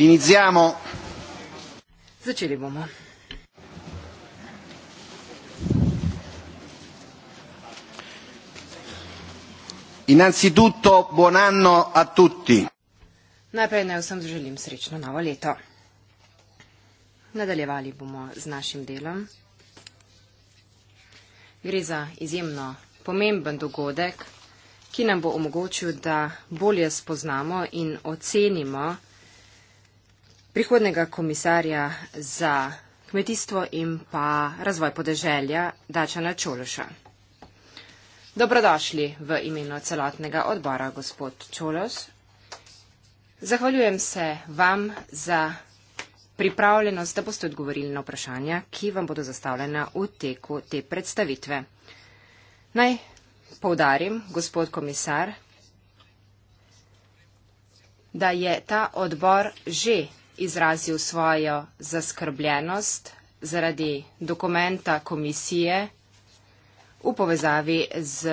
Iniziamo. Začeli bomo. Innanzitutto buon anno a tutti. Najprej naj vsem želim srečno novo leto. Nadaljevali bomo z našim delom. Gre za izjemno pomemben dogodek, ki nam bo omogočil, da bolje spoznamo in ocenimo, prihodnega komisarja za kmetijstvo in pa razvoj podeželja Dačana Čološa. Dobrodošli v imenu celotnega odbora, gospod Čološ. Zahvaljujem se vam za pripravljenost, da boste odgovorili na vprašanja, ki vam bodo zastavljena v teku te predstavitve. Naj poudarim, gospod komisar, da je ta odbor že izrazil svojo zaskrbljenost zaradi dokumenta komisije v povezavi z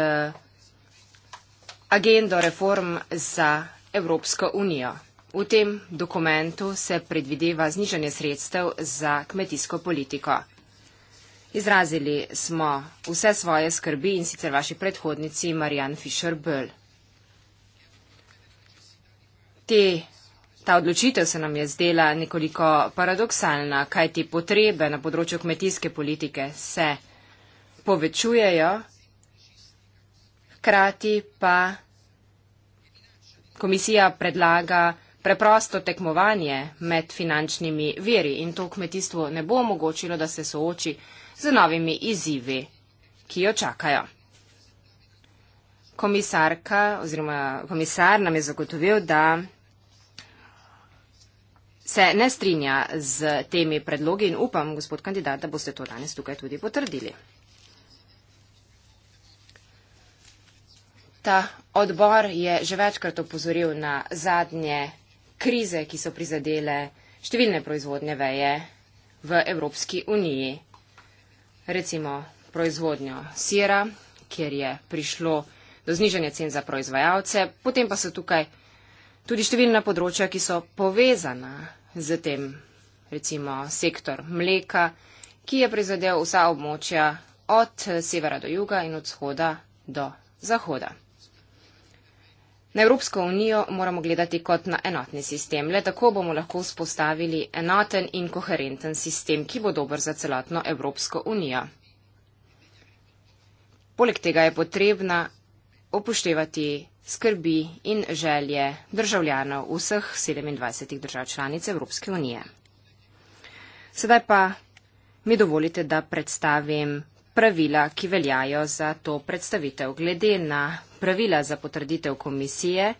agendo reform za Evropsko unijo. V tem dokumentu se predvideva znižanje sredstev za kmetijsko politiko. Izrazili smo vse svoje skrbi in sicer vaši predhodnici Marjan Fischer-Böll. Te Ta odločitev se nam je zdela nekoliko paradoksalna, kajti potrebe na področju kmetijske politike se povečujejo, hkrati pa komisija predlaga preprosto tekmovanje med finančnimi veri in to kmetijstvo ne bo omogočilo, da se sooči z novimi izzivi, ki jo čakajo. Komisarka oziroma komisar nam je zagotovil, da se ne strinja z temi predlogi in upam, gospod kandidat, da boste to danes tukaj tudi potrdili. Ta odbor je že večkrat opozoril na zadnje krize, ki so prizadele številne proizvodne veje v Evropski uniji. Recimo proizvodnjo sira, kjer je prišlo do znižanja cen za proizvajalce, potem pa so tukaj proizvodnje, tudi številna področja, ki so povezana z tem, recimo sektor mleka, ki je prizadel vsa območja od severa do juga in od shoda do zahoda. Na Evropsko unijo moramo gledati kot na enotni sistem. Le tako bomo lahko vzpostavili enoten in koherenten sistem, ki bo dober za celotno Evropsko unijo. Poleg tega je potrebna upoštevati skrbi in želje državljanov vseh 27 držav članic Evropske unije. Sedaj pa mi dovolite, da predstavim pravila, ki veljajo za to predstavitev. Glede na pravila za potrditev komisije,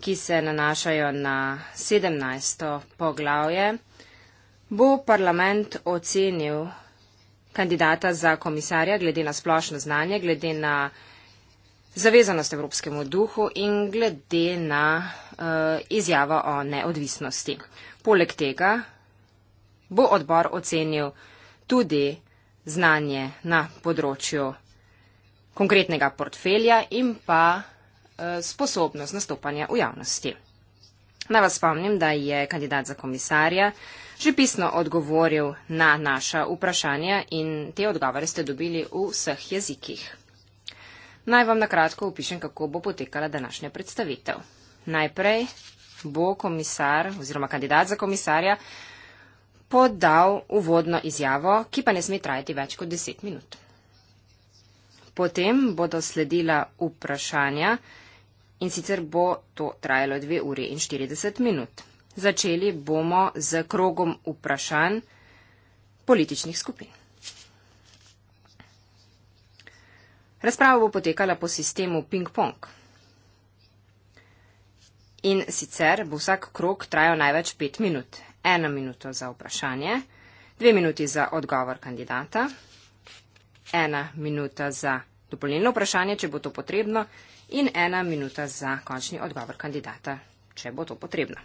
ki se nanašajo na 17. poglavje, bo parlament ocenil kandidata za komisarja glede na splošno znanje, glede na zavezanost evropskemu duhu in glede na uh, izjavo o neodvisnosti. Poleg tega bo odbor ocenil tudi znanje na področju konkretnega portfelja in pa uh, sposobnost nastopanja v javnosti. Naj vas spomnim, da je kandidat za komisarja že pisno odgovoril na naša vprašanja in te odgovore ste dobili v vseh jezikih. Naj vam na kratko opišem, kako bo potekala današnja predstavitev. Najprej bo komisar oziroma kandidat za komisarja podal uvodno izjavo, ki pa ne sme trajati več kot deset minut. Potem bodo sledila vprašanja in sicer bo to trajalo 2 uri in 40 minut. Začeli bomo z krogom vprašanj političnih skupin. Razprava bo potekala po sistemu ping-pong. In sicer bo vsak krok trajal največ pet minut. Eno minuto za vprašanje, dve minuti za odgovor kandidata, ena minuta za dopolnilno vprašanje, če bo to potrebno, in ena minuta za končni odgovor kandidata, če bo to potrebno.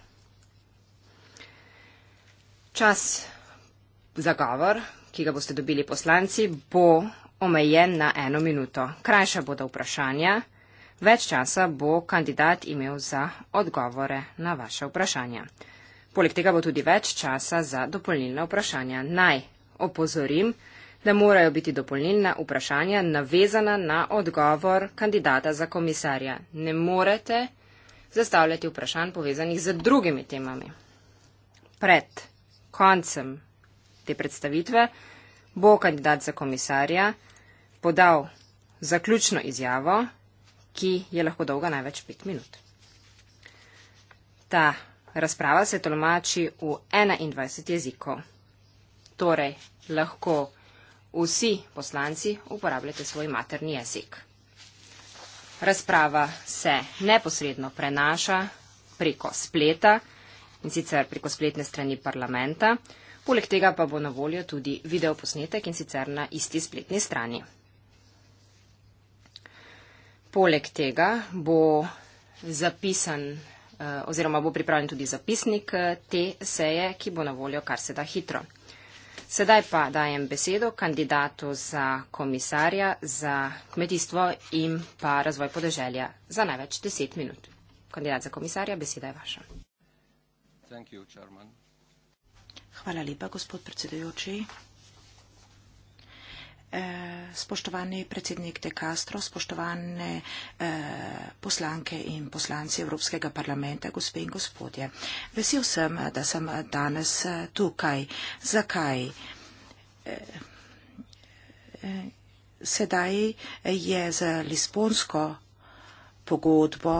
Čas za govor, ki ga boste dobili poslanci, bo omejen na eno minuto. Krajša bodo vprašanja, več časa bo kandidat imel za odgovore na vaše vprašanja. Poleg tega bo tudi več časa za dopolnilna vprašanja. Naj opozorim, da morajo biti dopolnilna vprašanja navezana na odgovor kandidata za komisarja. Ne morete zastavljati vprašanj povezanih z drugimi temami. Pred koncem te predstavitve bo kandidat za komisarja podal zaključno izjavo, ki je lahko dolga največ pet minut. Ta razprava se tolmači v 21 jezikov. Torej, lahko vsi poslanci uporabljate svoj materni jezik. Razprava se neposredno prenaša preko spleta in sicer preko spletne strani parlamenta. Poleg tega pa bo na voljo tudi videoposnetek in sicer na isti spletni strani. Poleg tega bo zapisan eh, oziroma bo pripravljen tudi zapisnik eh, te seje, ki bo na voljo kar se da hitro. Sedaj pa dajem besedo kandidatu za komisarja za kmetijstvo in pa razvoj podeželja za največ deset minut. Kandidat za komisarja, beseda je vaša. Thank you, chairman. Hvala lepa, gospod predsedujoči. Eh, spoštovani predsednik De Castro, spoštovane eh, poslanke in poslanci Evropskega parlamenta, gospe in gospodje. Vesel sem, da sem danes eh, tukaj. Zakaj? Sedaj je z Lisbonsko pogodbo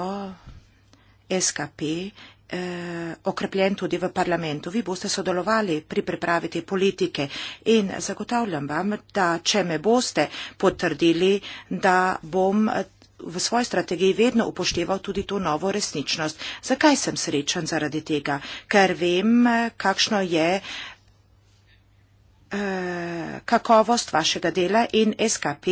SKP eh, okrepljen tudi v parlamentu. Vi boste sodelovali pri pripravi te politike in zagotavljam vam, da če me boste potrdili, da bom eh, v svoji strategiji vedno upošteval tudi to novo resničnost. Zakaj sem srečen zaradi tega? Ker vem, kakšno je eh, kakovost vašega dela in SKP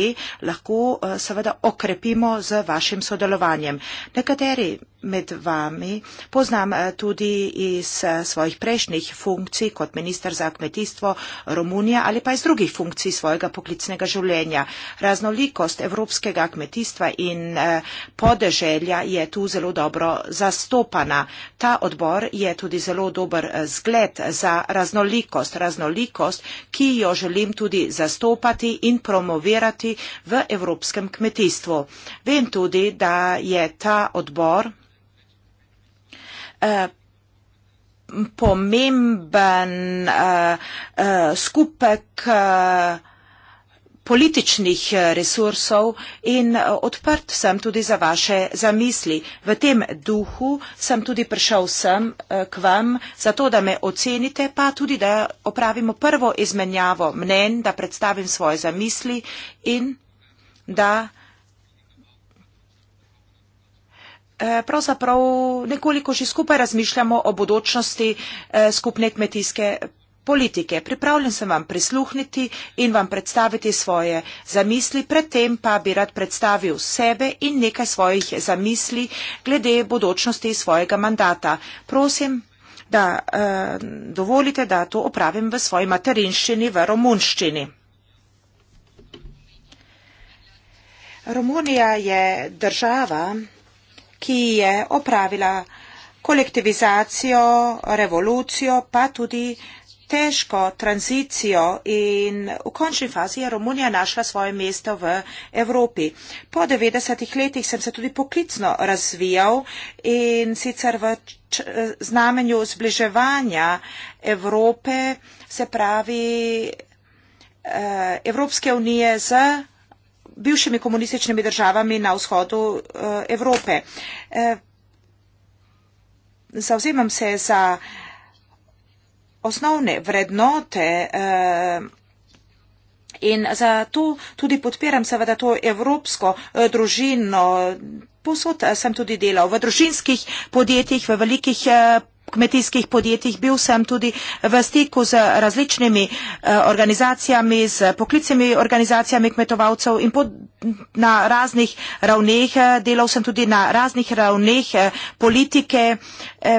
lahko eh, seveda okrepimo z vašim sodelovanjem. Nekateri med vami poznam eh, tudi iz eh, svojih prejšnjih funkcij kot minister za kmetijstvo Romunija ali pa iz drugih funkcij svojega poklicnega življenja. Raznolikost evropskega kmetijstva in eh, podeželja je tu zelo dobro zastopana. Ta odbor je tudi zelo dober zgled za raznolikost, raznolikost, ki jo želim tudi zastopati in promovirati v evropskem kmetijstvu. Vem tudi, da je ta odbor Eh, pomemben eh, eh, skupek političnih resursov in odprt sem tudi za vaše zamisli. V tem duhu sem tudi prišel sem k vam, zato da me ocenite, pa tudi da opravimo prvo izmenjavo mnen, da predstavim svoje zamisli in da pravzaprav nekoliko že skupaj razmišljamo o bodočnosti eh, skupne kmetijske politike. Pripravljen sem vam prisluhniti in vam predstaviti svoje zamisli, predtem pa bi rad predstavil sebe in nekaj svojih zamisli glede bodočnosti svojega mandata. Prosim, da eh, dovolite, da to opravim v svoji materinščini, v romunščini. Romunija je država, ki je opravila kolektivizacijo, revolucijo, pa tudi težko tranzicijo in v končni fazi je Romunija našla svoje mesto v Evropi. Po 90-ih letih sem se tudi poklicno razvijal in sicer v znamenju zbliževanja Evrope, se pravi eh, Evropske unije z bivšimi komunističnimi državami na vzhodu eh, Evrope. Eh, Zauzemam se za osnovne vrednote eh, in zato tudi podpiram seveda to evropsko družino. Posod sem tudi delal v družinskih podjetjih, v velikih podjetjih kmetijskih podjetjih, bil sem tudi v stiku z različnimi eh, organizacijami, z poklicnimi organizacijami kmetovalcev in pod, na raznih ravneh, eh, delal sem tudi na raznih ravneh eh, politike,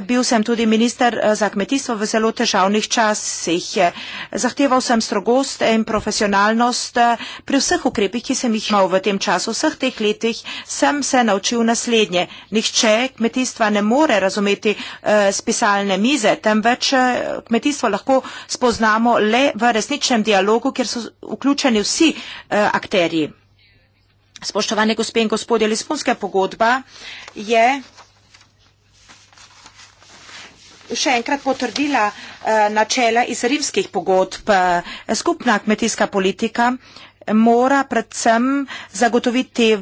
bil sem tudi minister za kmetijstvo v zelo težavnih časih. Zahteval sem strogost in profesionalnost pri vseh ukrepih, ki sem jih imel v tem času, vseh teh letih, sem se naučil naslednje. Nihče kmetijstva ne more razumeti spisati pisalne mize, temveč eh, kmetijstvo lahko spoznamo le v resničnem dialogu, kjer so vključeni vsi eh, akterji. Spoštovane gospe in gospodje, Lisbonska pogodba je še enkrat potrdila eh, načela iz rimskih pogodb. Skupna kmetijska politika mora predvsem zagotoviti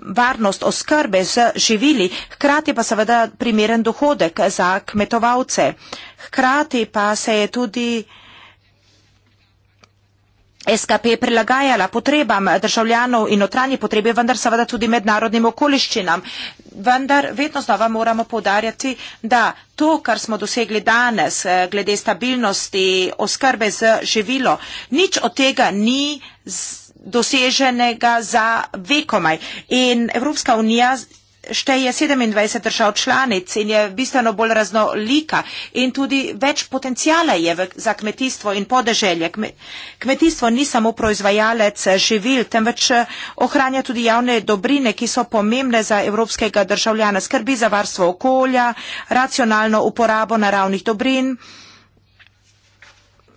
varnost oskrbe z živili, hkrati pa seveda primeren dohodek za kmetovalce. Hkrati pa se je tudi SKP prilagajala potrebam državljanov in notranji potrebi, vendar seveda tudi mednarodnim okoliščinam. Vendar vedno znova moramo povdarjati, da to, kar smo dosegli danes eh, glede stabilnosti oskrbe z živilo, nič od tega ni. Z doseženega za vekomaj. In Evropska unija šteje 27 držav članic in je bistveno bolj raznolika in tudi več potencijala je v, za kmetijstvo in podeželje. Kme, kmetijstvo ni samo proizvajalec živil, temveč eh, ohranja tudi javne dobrine, ki so pomembne za evropskega državljana. Skrbi za varstvo okolja, racionalno uporabo naravnih dobrin,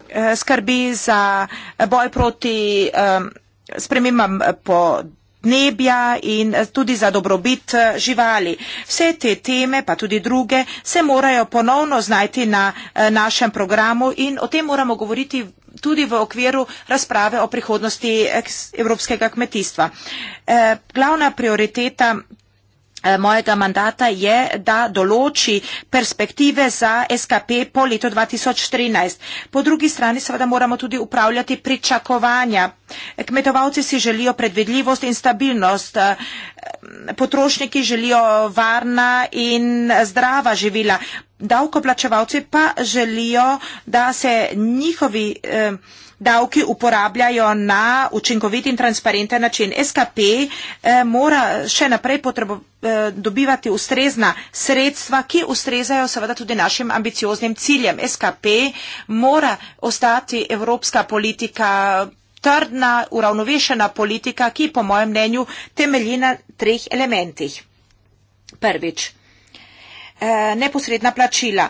eh, skrbi za eh, boj proti um, spremembam eh, po nebja in eh, tudi za dobrobit eh, živali. Vse te teme, pa tudi druge, se morajo ponovno znajti na našem programu in o tem moramo govoriti tudi v okviru razprave o prihodnosti evropskega kmetijstva. Glavna prioriteta Eh, mojega mandata je, da določi perspektive za SKP po letu 2013. Po drugi strani seveda moramo tudi upravljati pričakovanja. Kmetovalci si želijo predvedljivost in stabilnost, eh, potrošniki želijo varna in zdrava živila, davkoplačevalci pa želijo, da se njihovi eh, davki uporabljajo na učinkovit in transparenten način. SKP eh, mora še naprej potrebo, eh, dobivati ustrezna sredstva, ki ustrezajo seveda tudi našim ambicioznim ciljem. SKP mora ostati evropska politika trdna, uravnovešena politika, ki po mojem mnenju temelji na treh elementih. Prvič, eh, neposredna plačila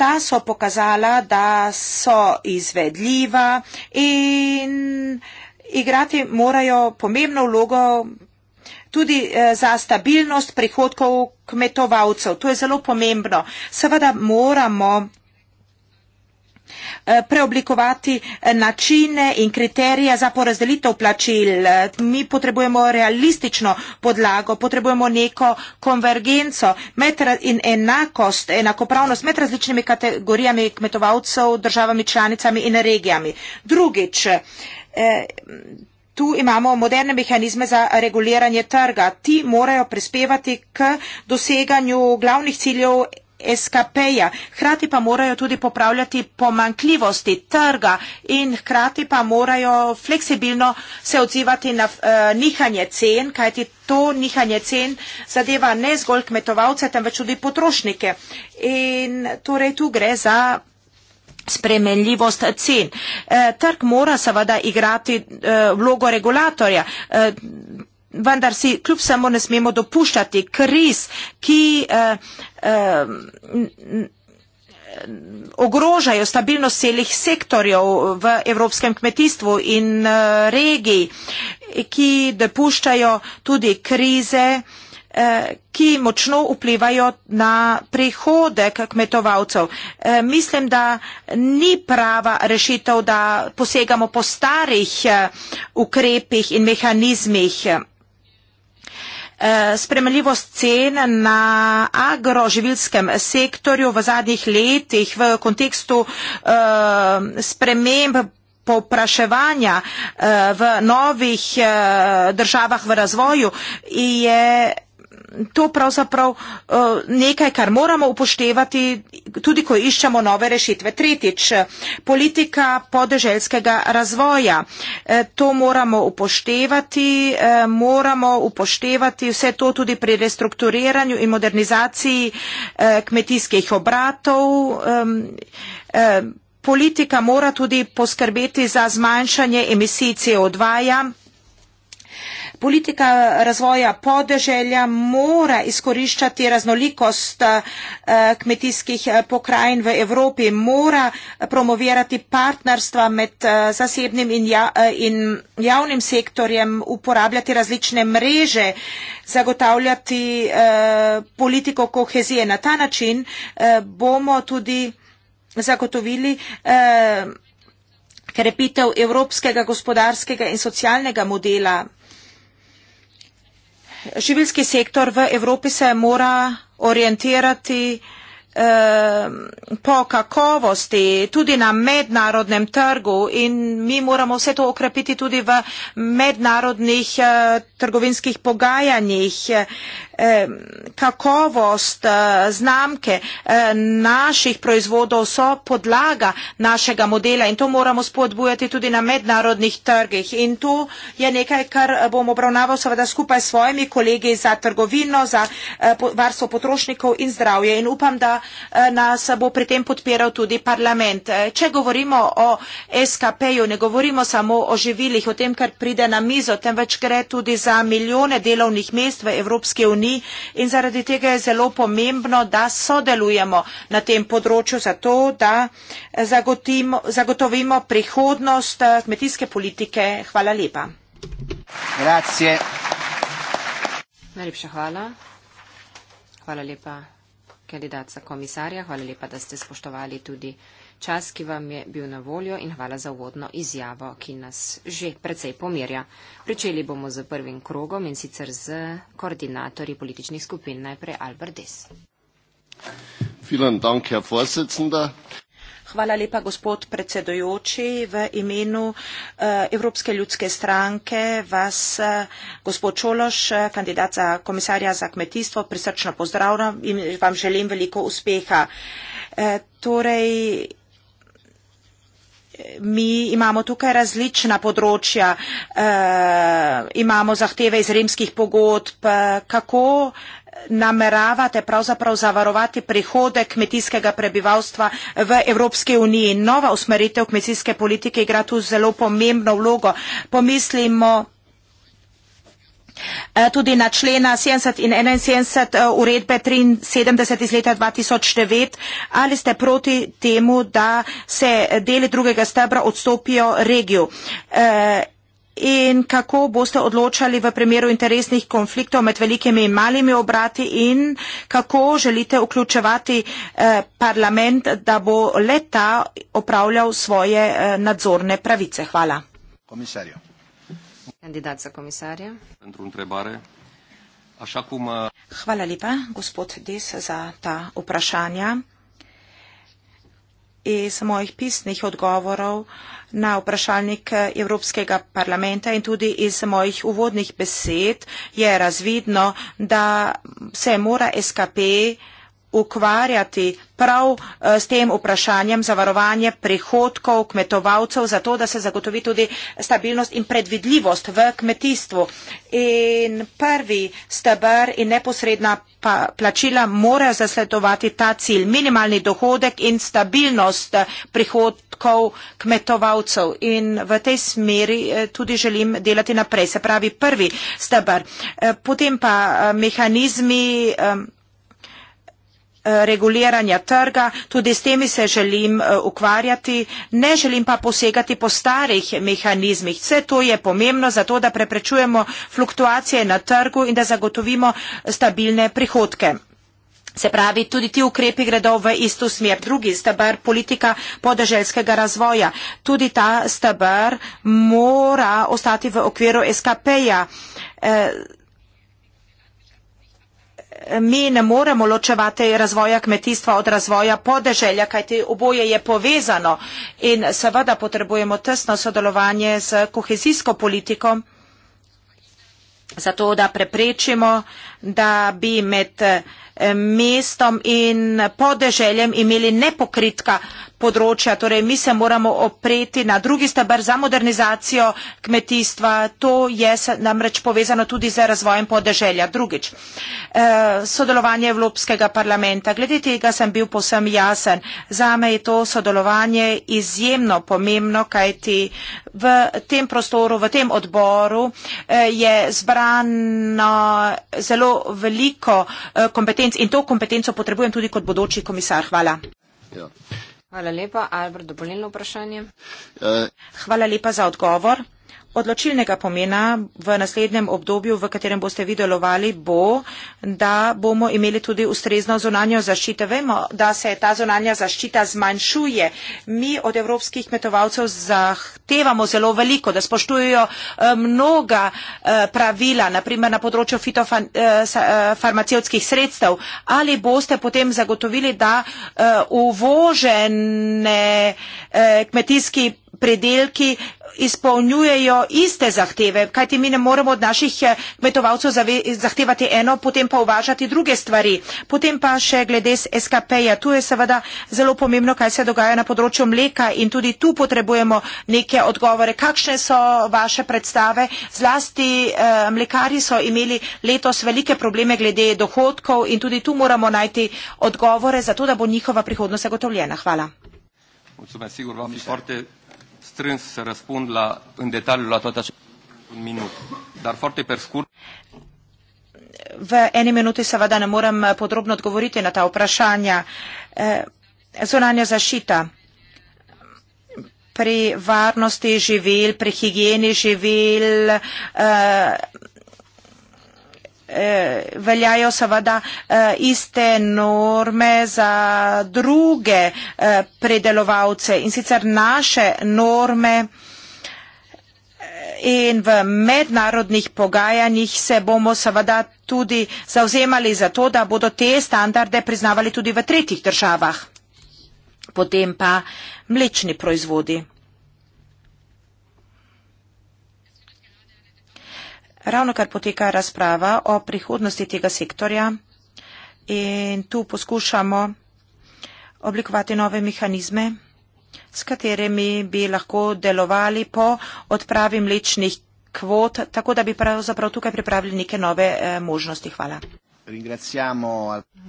ta so pokazala, da so izvedljiva in igrati morajo pomembno vlogo tudi eh, za stabilnost prihodkov kmetovalcev. To je zelo pomembno. Seveda moramo Eh, preoblikovati eh, načine in kriterije za porazdelitev plačil. Eh, mi potrebujemo realistično podlago, potrebujemo neko konvergenco in enakost, enakopravnost med različnimi kategorijami kmetovalcev, državami, članicami in regijami. Drugič, Tu imamo moderne mehanizme za reguliranje trga. Ti morajo prispevati k doseganju glavnih ciljev SKP-ja, hkrati pa morajo tudi popravljati pomankljivosti trga in hkrati pa morajo fleksibilno se odzivati na eh, nihanje cen, kajti to nihanje cen zadeva ne zgolj kmetovalce, temveč tudi potrošnike. In torej tu gre za spremenljivost cen. E, trg mora seveda igrati e, vlogo regulatorja. E, vendar si kljub samo ne smemo dopuščati kriz, ki eh, eh, ogrožajo stabilnost celih sektorjev v evropskem kmetijstvu in eh, regiji, ki dopuščajo tudi krize, eh, ki močno vplivajo na prihodek kmetovalcev. Eh, mislim, da ni prava rešitev, da posegamo po starih eh, ukrepih in mehanizmih. Eh, Eh, spremljivost cen na agroživilskem sektorju v zadnjih letih v kontekstu eh, sprememb popraševanja eh, v novih državah v razvoju je to pravzaprav eh, nekaj, kar moramo upoštevati, tudi ko iščemo nove rešitve. Tretjič, politika podeželskega razvoja. Eh, to moramo upoštevati, eh, moramo upoštevati vse to tudi pri restrukturiranju in modernizaciji kmetijskih obratov. Politika mora tudi poskrbeti za zmanjšanje emisij CO2-ja. -ja politika razvoja podeželja mora izkoriščati raznolikost eh, kmetijskih eh, pokrajin v Evropi, mora promovirati partnerstva med eh, zasebnim ja, in javnim sektorjem, uporabljati različne mreže, zagotavljati politiko kohezije. Na ta način bomo tudi zagotovili krepitev evropskega gospodarskega in socialnega modela živilski sektor v Evropi se mora orientirati eh, po kakovosti, tudi na mednarodnem trgu in mi moramo vse to okrepiti tudi v mednarodnih eh, trgovinskih pogajanjih kakovost eh, znamke eh, naših proizvodov so podlaga našega modela in to moramo spodbujati tudi na mednarodnih trgih. In to je nekaj, kar bom obravnaval seveda skupaj s svojimi kolegi za trgovino, za eh, varstvo potrošnikov in zdravje. In upam, da nas bo pri tem podpiral tudi parlament. Če govorimo o SKP-ju, ne govorimo samo o živilih, o tem, kar pride na mizo, temveč gre tudi za milijone delovnih mest v Evropski uniji ljudi in zaradi tega je zelo pomembno, da sodelujemo na tem področju, zato da zagotimo, zagotovimo prihodnost eh, kmetijske politike. Hvala lepa. Gracije. Najlepša hvala. Hvala lepa kandidat za komisarja. Hvala lepa, da ste spoštovali tudi čas, ki vam je bil na voljo in hvala za uvodno izjavo, ki nas že precej pomirja. Pričeli bomo z prvim krogom in sicer z koordinatorji političnih skupin, najprej Albert Des. Hvala lepa, gospod predsedojoči. V imenu uh, Evropske ljudske stranke vas, uh, gospod Čološ, eh, kandidat za komisarja za kmetijstvo, prisrčno pozdravljam in vam želim veliko uspeha. Uh, torej, mi imamo tukaj različna področja, uh, imamo zahteve iz rimskih pogodb, kako nameravate pravzaprav zavarovati prihode kmetijskega prebivalstva v Evropski uniji. Nova usmeritev kmetijske politike igra tu zelo pomembno vlogo. Pomislimo Eh, tudi na člena 70 in 71 eh, uredbe 73 iz leta 2009, ali ste proti temu, da se deli drugega stebra odstopijo regijo? Eh, in kako boste odločali v primeru interesnih konfliktov med velikimi in malimi obrati in kako želite vključevati parlament, da bo leta opravljal svoje nadzorne pravice? Hvala. Komisarjo. Kandidat za komisarja. Pentru întrebare. Așa cum... Hvala lepa, gospod Des, za ta vprašanja. Iz mojih pisnih odgovorov na vprašalnik Evropskega parlamenta in tudi iz mojih uvodnih besed je razvidno, da se mora SKP vprašati, ukvarjati prav eh, s tem vprašanjem zavarovanje prihodkov kmetovalcev, zato da se zagotovi tudi stabilnost in predvidljivost v kmetijstvu. In prvi stebr in neposredna plačila mora zasledovati ta cilj, minimalni dohodek in stabilnost prihodkov kmetovalcev. In v tej smeri eh, tudi želim delati naprej, se pravi prvi stebr. Eh, potem pa mehanizmi Eh, reguliranja trga, tudi s temi se želim eh, ukvarjati, ne želim pa posegati po starih mehanizmih. Vse to je pomembno zato, da preprečujemo fluktuacije na trgu in da zagotovimo stabilne prihodke. Se pravi, tudi ti ukrepi gredo v isto smer. Drugi stebr, politika podeželskega razvoja. Tudi ta stebr mora ostati v okviru SKP-ja. E, eh, mi ne moremo ločevati razvoja kmetijstva od razvoja podeželja, kajti oboje je povezano in seveda potrebujemo tesno sodelovanje z kohezijsko politiko, zato da preprečimo uh, da bi med eh, mestom in podeželjem imeli nepokritka področja. Torej, mi se moramo opreti na drugi stebr za modernizacijo kmetijstva. To je namreč povezano tudi z razvojem podeželja. Drugič, eh, sodelovanje Evropskega parlamenta. Glede tega sem bil posem jasen. Zame je to sodelovanje izjemno pomembno, kajti v tem prostoru, v tem odboru eh, je zbrano zelo veliko eh, kompetenc in to kompetenco potrebujem tudi kot bodoči komisar. Hvala. Ja. Hvala lepa, Albert, dopolnilno vprašanje. Eh. Hvala lepa za odgovor odločilnega pomena v naslednjem obdobju, v katerem boste vi delovali, bo, da bomo imeli tudi ustrezno zonanjo zaščito. Vemo, da se ta zonanja zaščita zmanjšuje. Mi od evropskih kmetovalcev zahtevamo zelo veliko, da spoštujejo eh, mnoga eh, pravila, naprimer na področju fitofarmacevskih eh, sredstev. Ali boste potem zagotovili, da uvožene kmetijski predelki izpolnjujejo iste zahteve, kajti mi ne moremo od naših eh, kmetovalcev zahtevati eno, potem pa uvažati druge stvari. Potem pa še glede SKP-ja. Tu je seveda zelo pomembno, kaj se dogaja na področju mleka in tudi tu potrebujemo neke odgovore. Kakšne so vaše predstave? Zlasti eh, mlekari so imeli letos velike probleme glede dohodkov in tudi tu moramo najti odgovore, zato da bo njihova prihodnost zagotovljena. Hvala. Mislim, strâns să răspund la, în detaliu la toate acestea un minut, dar foarte pe scurt. В эти минуты Савадана можем подробно отговорить на это вопрошение. Э, зональная защита при варности живил, при хигиене живил, э, eh, veljajo seveda eh, iste norme za druge eh, predelovalce in sicer naše norme eh, in v mednarodnih pogajanjih se bomo seveda tudi zauzemali za to, da bodo te standarde priznavali tudi v tretjih državah. Potem pa mlečni proizvodi. Ravno kar poteka razprava o prihodnosti tega sektorja in tu poskušamo oblikovati nove mehanizme, s katerimi bi lahko delovali po odpravi mlečnih kvot, tako da bi pravzaprav tukaj pripravili neke nove eh, možnosti. Hvala.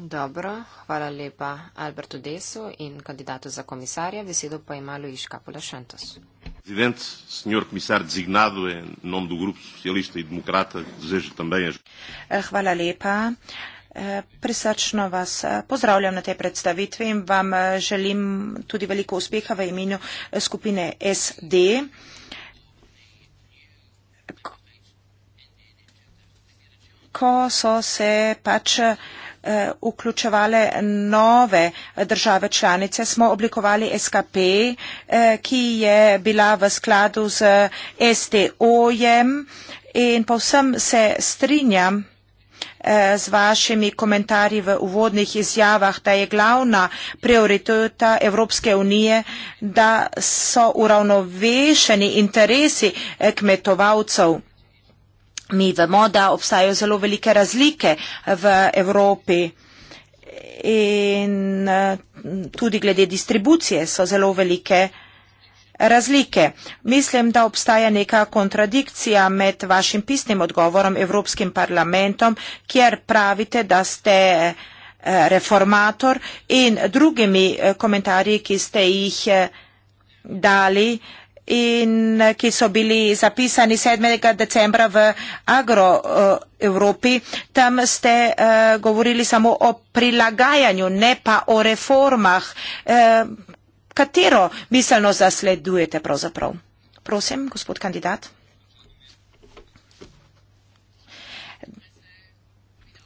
Dobro, hvala lepa Albertu Desu in kandidatu za komisarja. Besedo pa ima Luiška Pula Šantos. Presidente, Senhor Comissário Designado, em nome do Grupo Socialista e Democrata, desejo também as. Eh, hvala lepa. Eh, prisrčno vas eh, pozdravljam na tej predstavitvi in vam želim tudi veliko uspeha v imenu skupine SD. Ko so se pač Eh, vključevale nove države članice, smo oblikovali SKP, eh, ki je bila v skladu z STO-jem in povsem se strinjam eh, z vašimi komentarji v uvodnih izjavah, da je glavna prioriteta Evropske unije, da so uravnovešeni interesi kmetovalcev. Mi vemo, da obstajajo zelo velike razlike v Evropi in eh, tudi glede distribucije so zelo velike razlike. Mislim, da obstaja neka kontradikcija med vašim pisnim odgovorom Evropskim parlamentom, kjer pravite, da ste eh, reformator in drugimi eh, komentarji, ki ste jih dali, in eh, ki so bili zapisani 7. decembra v Agro uh, Evropi, tam ste uh, govorili samo o prilagajanju, ne pa o reformah. Uh, katero miselno zasledujete pravzaprav? Prosim, gospod kandidat.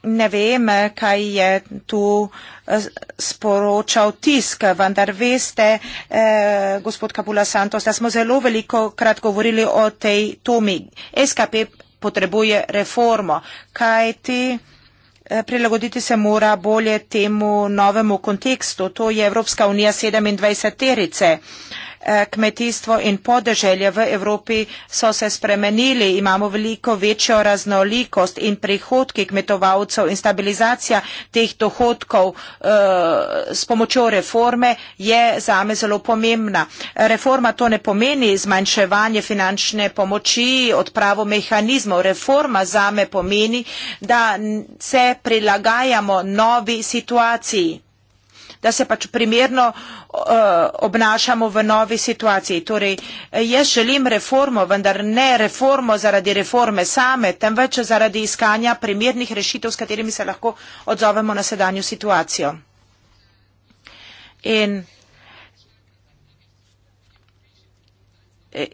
ne vem, kaj je tu eh, sporočal tisk, vendar veste, eh, gospod Kapula Santos, da smo zelo veliko krat govorili o tej tumi. SKP potrebuje reformo, kaj ti eh, prilagoditi se mora bolje temu novemu kontekstu. To je Evropska unija 27 terice. Eh, kmetijstvo in podeželje v Evropi so se spremenili, imamo veliko večjo raznolikost in prihodki kmetovalcev in stabilizacija teh dohodkov eh, s pomočjo reforme je zame zelo pomembna. Reforma to ne pomeni zmanjševanje finančne pomoči, odpravo mehanizmov. Reforma zame pomeni, da se prilagajamo novi situaciji da se pač primerno eh, obnašamo v novi situaciji. Torej, eh, jaz želim reformo, vendar ne reformo zaradi reforme same, temveč zaradi iskanja primernih rešitev, s katerimi se lahko odzovemo na sedanju situacijo. In eh,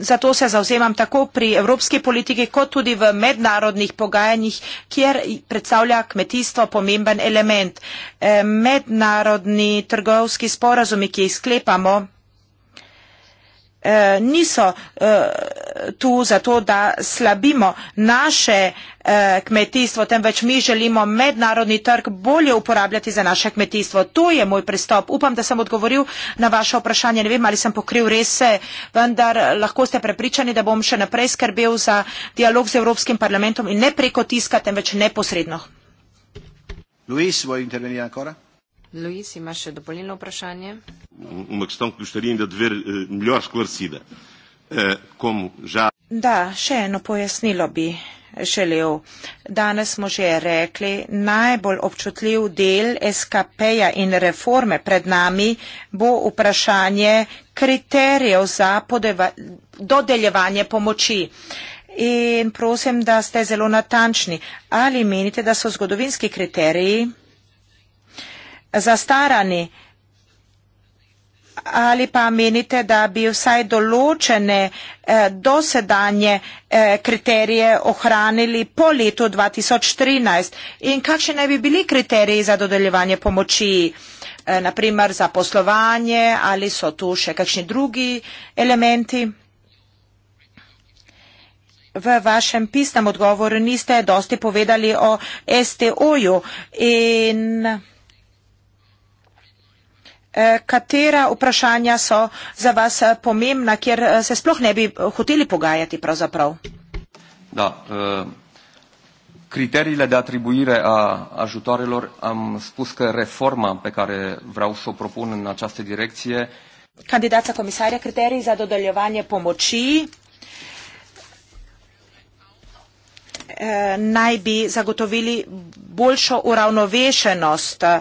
Zato se zauzemam tako pri evropski politiki, kot tudi v mednarodnih pogajanjih, kjer predstavlja kmetijstvo pomemben element. Eh, mednarodni trgovski sporazumi, ki jih sklepamo, Eh, niso eh, tu zato, da slabimo naše eh, kmetijstvo, temveč mi želimo mednarodni trg bolje uporabljati za naše kmetijstvo. To je moj pristop. Upam, da sem odgovoril na vaše vprašanje. Ne vem, ali sem pokril res vse, vendar lahko ste prepričani, da bom še naprej skrbel za dialog z Evropskim parlamentom in ne preko tiska, temveč neposredno. Luis, voi intervenire ancora? Luís, imaš še dopolnilno vprašanje? Uma questão que gostaria ainda de ver eh, melhor esclarecida. Eh, como já... Da, še eno pojasnilo bi želel. Danes smo že rekli, najbolj občutljiv del SKP-ja in reforme pred nami bo vprašanje kriterijev za dodeljevanje pomoči. In prosim, da ste zelo natančni. Ali menite, da so zgodovinski kriteriji zastarani. Ali pa menite, da bi vsaj določene eh, dosedanje eh, kriterije ohranili po letu 2013? In kakšni naj bi bili kriteriji za dodeljevanje pomoči, eh, naprimer za poslovanje ali so tu še kakšni drugi elementi? V vašem pisnem odgovoru niste dosti povedali o STO-ju in. Eh, katera vprašanja so za vas eh, pomembna, kjer eh, se sploh ne bi hoteli pogajati pravzaprav? Da, criteriile de atribuire a ajutoarelor, am spus că reforma pe care vreau să o propun în această direcție... Candidața comisară, criterii za dodăliovanie pomoci naibii zagotovili bolșo uravnoveșenost uh,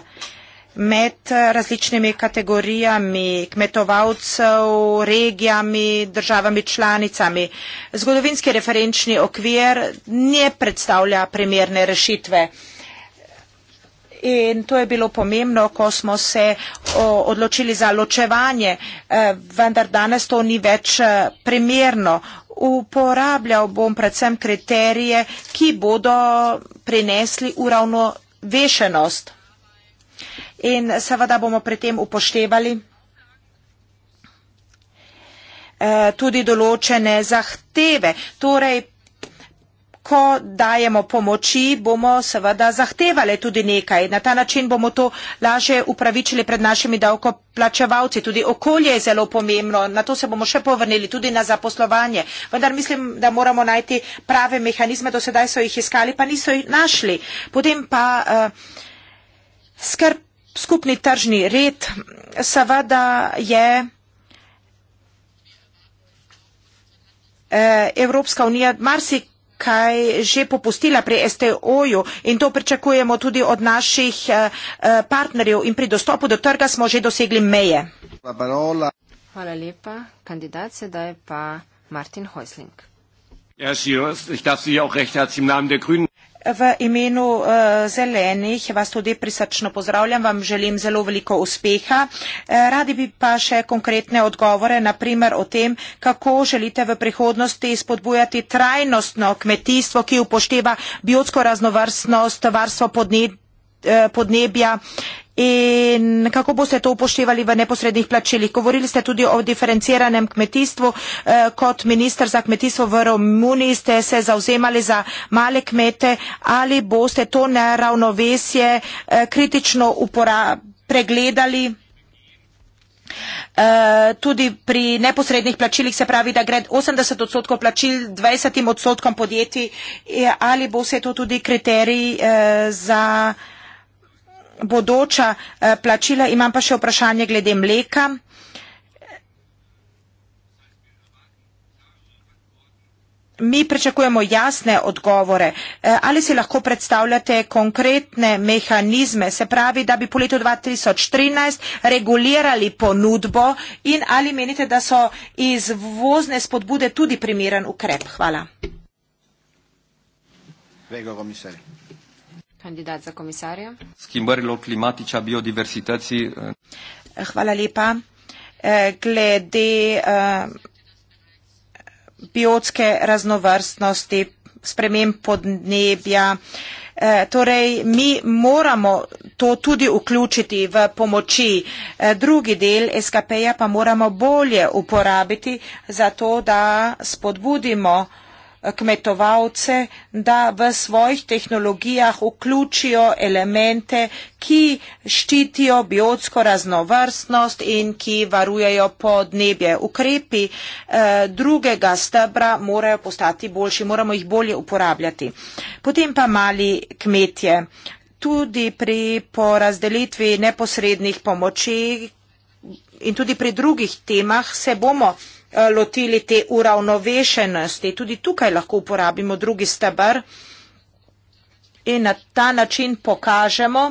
med različnimi kategorijami kmetovalcev, regijami, državami članicami. Zgodovinski referenčni okvir ne predstavlja primerne rešitve. In to je bilo pomembno, ko smo se odločili za ločevanje, eh, vendar danes to ni več eh, primerno. Uporabljal bom predvsem kriterije, ki bodo prinesli uravnovešenost in seveda bomo pri tem upoštevali eh, tudi določene zahteve. Torej, ko dajemo pomoči, bomo seveda zahtevali tudi nekaj. Na ta način bomo to lažje upravičili pred našimi davkoplačevalci. Tudi okolje je zelo pomembno, na to se bomo še povrnili, tudi na zaposlovanje. Vendar mislim, da moramo najti prave mehanizme, do sedaj so jih iskali, pa niso jih našli. Potem pa uh, skrb skupni tržni red seveda je eh, Evropska unija marsik kaj že popustila pri STO-ju in to pričakujemo tudi od naših eh, eh, partnerjev in pri dostopu do trga smo že dosegli meje. Hvala lepa. Kandidat sedaj pa Martin Heusling. Ja, Sijos, ich darf Sie auch recht herzlich im Namen der Grünen v imenu uh, zelenih vas tudi prisrčno pozdravljam, vam želim zelo veliko uspeha. Uh, radi bi pa še konkretne odgovore, naprimer o tem, kako želite v prihodnosti spodbujati trajnostno kmetijstvo, ki upošteva biotsko raznovrstnost, varstvo podne, uh, podnebja in kako boste to upoštevali v neposrednih plačilih. Govorili ste tudi o diferenciranem kmetijstvu. Eh, kot minister za kmetijstvo v Romuniji ste se zauzemali za male kmete. Ali boste to neravnovesje eh, kritično pregledali? Eh, tudi pri neposrednih plačilih se pravi, da gre 80 odstotkov plačil 20 odstotkom podjetij. Ali bo se to tudi kriterij za bodoča eh, plačila. Imam pa še vprašanje glede mleka. Mi pričakujemo jasne odgovore. Eh, ali si lahko predstavljate konkretne mehanizme, se pravi, da bi po letu 2013 regulirali ponudbo in ali menite, da so izvozne spodbude tudi primeren ukrep? Hvala. Prego, komisarji kandidat za komisarja. Schimbările climatice a biodiversității. Eh, Hvala lepa. Eh, glede eh, biotske raznovrstnosti, sprememb podnebja. Torej, mi moramo to tudi vključiti v pomoči. Drugi del SKP-ja pa moramo bolje uporabiti za to, da spodbudimo kmetovalce, da v svojih tehnologijah vključijo elemente, ki ščitijo biotsko raznovrstnost in ki varujejo podnebje. Ukrepi eh, drugega stebra morajo postati boljši, moramo jih bolje uporabljati. Potem pa mali kmetje. Tudi pri porazdelitvi neposrednih pomoči in tudi pri drugih temah se bomo Eh, lotili te uravnovešenosti. Tudi tukaj lahko uporabimo drugi stebr in na ta način pokažemo,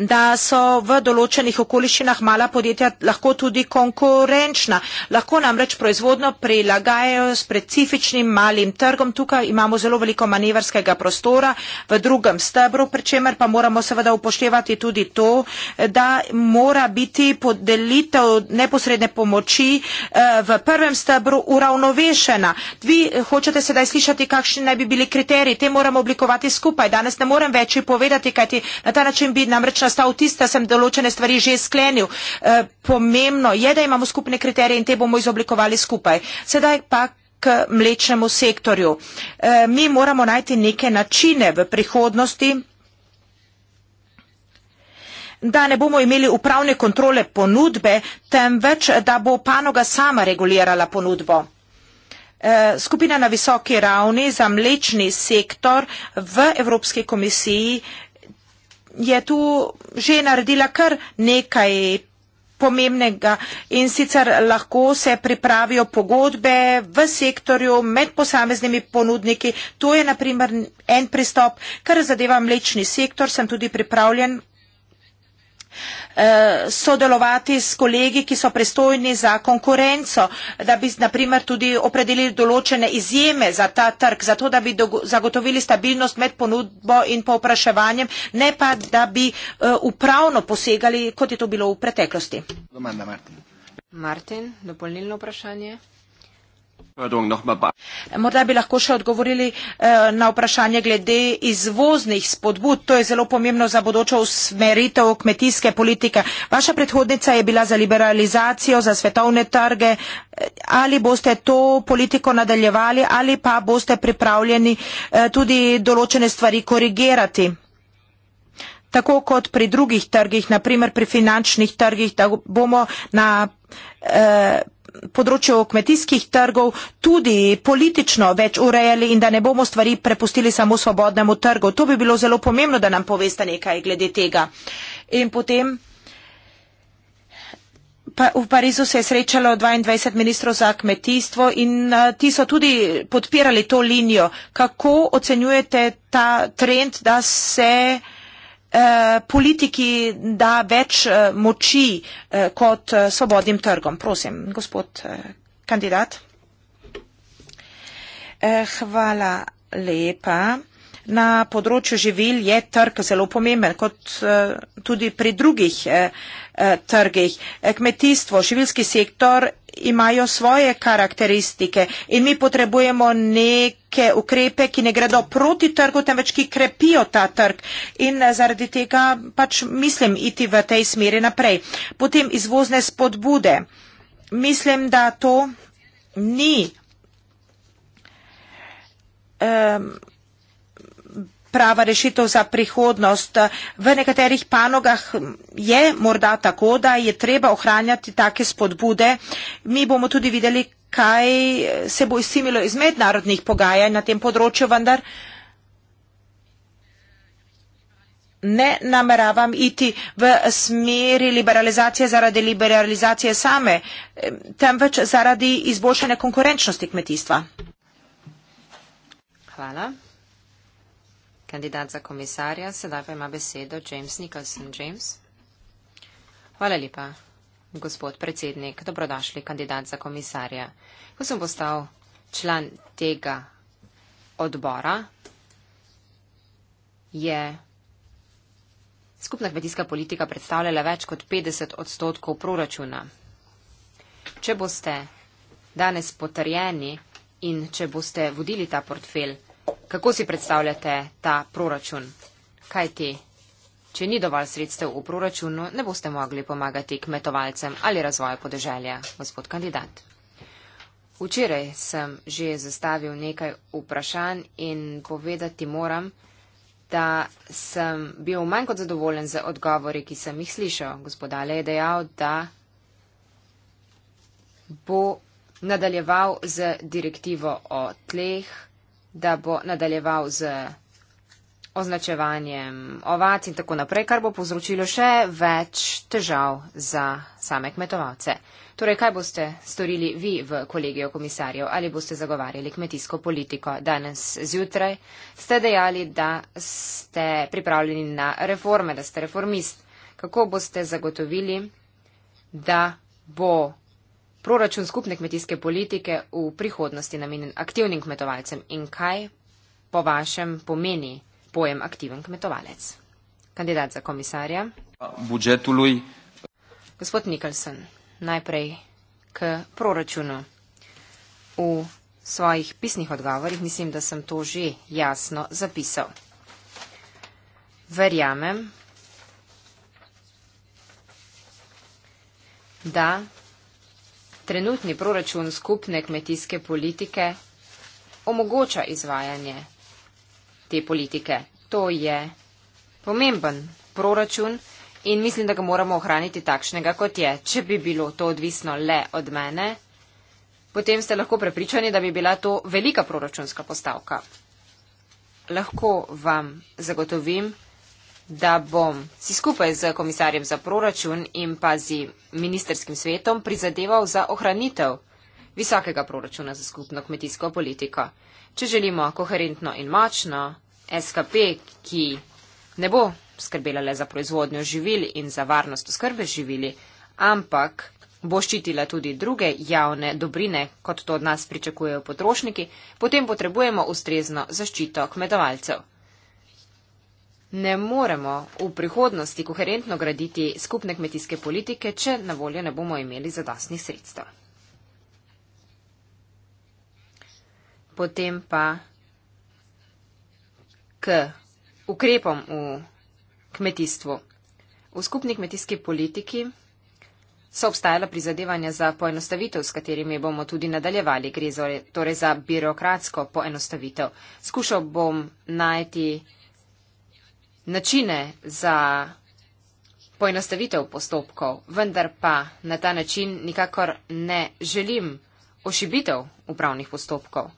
da so v določenih okoliščinah mala podjetja lahko tudi konkurenčna. Lahko namreč proizvodno prilagajajo specifičnim malim trgom. Tukaj imamo zelo veliko manevrskega prostora v drugem stebru, pri čemer pa moramo seveda upoštevati tudi to, da mora biti podelitev neposredne pomoči eh, v prvem stebru uravnovešena. Vi hočete sedaj slišati, kakšni naj bi bili kriteriji. Te moramo oblikovati skupaj. Danes ne morem več povedati, kajti na ta način bi namreč sestal tiste, sem določene stvari že sklenil. E, pomembno je, da imamo skupne kriterije in te bomo izoblikovali skupaj. Sedaj pa k mlečnemu sektorju. E, mi moramo najti neke načine v prihodnosti, da ne bomo imeli upravne kontrole ponudbe, temveč, da bo panoga sama regulirala ponudbo. Eh, skupina na visoki ravni za mlečni sektor v Evropski komisiji je tu že naredila kar nekaj pomembnega in sicer lahko se pripravijo pogodbe v sektorju med posameznimi ponudniki. To je naprimer en pristop, kar zadeva mlečni sektor, sem tudi pripravljen Eh, sodelovati s kolegi, ki so pristojni za konkurenco, da bi naprimer tudi opredelili določene izjeme za ta trg, zato da bi zagotovili stabilnost med ponudbo in povpraševanjem, ne pa da bi eh, upravno posegali, kot je to bilo v preteklosti. Martin, dopolnilno vprašanje. Morda bi lahko še odgovorili eh, na vprašanje glede izvoznih spodbud. To je zelo pomembno za bodočo usmeritev kmetijske politike. Vaša predhodnica je bila za liberalizacijo, za svetovne trge. Eh, ali boste to politiko nadaljevali ali pa boste pripravljeni eh, tudi določene stvari korigirati? Tako kot pri drugih trgih, naprimer pri finančnih trgih, da bomo na. Eh, področju kmetijskih trgov tudi politično več urejali in da ne bomo stvari prepustili samo svobodnemu trgu. To bi bilo zelo pomembno, da nam poveste nekaj glede tega. In potem pa v Parizu se je srečalo 22 ministrov za kmetijstvo in ti so tudi podpirali to linijo. Kako ocenjujete ta trend, da se Eh, politiki da več eh, moči eh, kot svobodnim trgom. Prosim, gospod kandidat. Hvala lepa. Na področju živil je trg zelo pomemben, kot tudi pri drugih trgih. Kmetijstvo, živilski sektor imajo svoje karakteristike in mi potrebujemo neke ukrepe, ki ne gredo proti trgu, temveč ki krepijo ta trg in eh, zaradi tega pač mislim iti v tej smeri naprej. Potem izvozne spodbude. Mislim, da to ni. Um, prava rešitev za prihodnost. V nekaterih panogah je morda tako, da je treba ohranjati take spodbude. Mi bomo tudi videli, kaj se bo izsimilo iz mednarodnih pogajanj na tem področju, vendar ne nameravam iti v smeri liberalizacije zaradi liberalizacije same, temveč zaradi izboljšanja konkurenčnosti kmetijstva. Hvala. Kandidat za komisarja, sedaj pa ima besedo James Nicholson. James. Hvala lepa, gospod predsednik. Dobrodošli, kandidat za komisarja. Ko sem postal član tega odbora, je skupna kmetijska politika predstavljala več kot 50 odstotkov proračuna. Če boste danes potrjeni in če boste vodili ta portfelj, Kako si predstavljate ta proračun? Kaj ti? Če ni dovolj sredstev v proračunu, ne boste mogli pomagati kmetovalcem ali razvoju podeželja, gospod kandidat. Včeraj sem že zastavil nekaj vprašanj in povedati moram, da sem bil manj kot zadovoljen z odgovori, ki sem jih slišal. Gospodale je dejal, da bo nadaljeval z direktivo o tleh 2021-2022 da bo nadaljeval z označevanjem ovac in tako naprej, kar bo povzročilo še več težav za same kmetovalce. Torej, kaj boste storili vi v kolegijo komisarjev? Ali boste zagovarjali kmetijsko politiko? Danes zjutraj ste dejali, da ste pripravljeni na reforme, da ste reformist. Kako boste zagotovili, da bo proračun skupne kmetijske politike v prihodnosti namenjen aktivnim kmetovalcem in kaj po vašem pomeni pojem aktiven kmetovalec? Kandidat za komisarja. Budžetului. Gospod Nikolson, najprej k proračunu. V svojih pisnih odgovorih mislim, da sem to že jasno zapisal. Verjamem, da Trenutni proračun skupne kmetijske politike omogoča izvajanje te politike. To je pomemben proračun in mislim, da ga moramo ohraniti takšnega, kot je. Če bi bilo to odvisno le od mene, potem ste lahko prepričani, da bi bila to velika proračunska postavka. Lahko vam zagotovim, da bom si skupaj z komisarjem za proračun in pa z ministerskim svetom prizadeval za ohranitev visokega proračuna za skupno kmetijsko politiko. Če želimo koherentno in mačno SKP, ki ne bo skrbela le za proizvodnjo živil in za varnost oskrbe živili, ampak bo ščitila tudi druge javne dobrine, kot to od nas pričakujejo potrošniki, potem potrebujemo ustrezno zaščito kmetovalcev ne moremo v prihodnosti koherentno graditi skupne kmetijske politike, če na voljo ne bomo imeli zadostnih sredstev. Potem pa k ukrepom v kmetijstvu. V skupni kmetijski politiki so obstajala prizadevanja za poenostavitev, s katerimi bomo tudi nadaljevali. Gre torej za birokratsko poenostavitev. Skušal bom najti načine za poenostavitev postopkov, vendar pa na ta način nikakor ne želim ošibitev upravnih postopkov.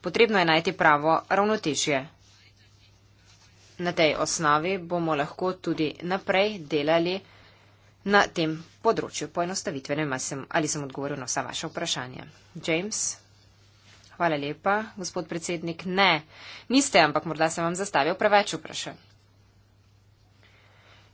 Potrebno je najti pravo ravnotežje. Na tej osnovi bomo lahko tudi naprej delali na tem področju poenostavitve. Ne vem, ali sem odgovoril na vsa vaše vprašanje. James? Hvala lepa, gospod predsednik. Ne, niste, ampak morda sem vam zastavil preveč vprašanj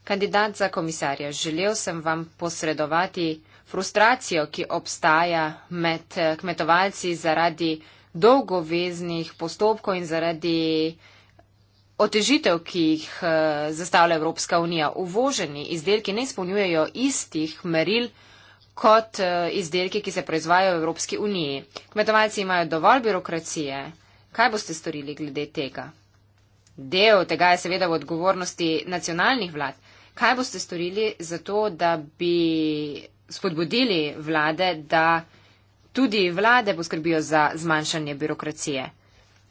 kandidat za komisarja, želel sem vam posredovati frustracijo, ki obstaja med eh, kmetovalci zaradi dolgoveznih postopkov in zaradi otežitev, ki jih eh, zastavlja Evropska unija. Uvoženi izdelki ne izpolnjujejo istih meril kot eh, izdelki, ki se proizvajajo v Evropski uniji. Kmetovalci imajo dovolj birokracije. Kaj boste storili glede tega? Del tega je seveda v odgovornosti nacionalnih vlad. Kaj boste storili za to, da bi spodbudili vlade, da tudi vlade poskrbijo za zmanjšanje birokracije?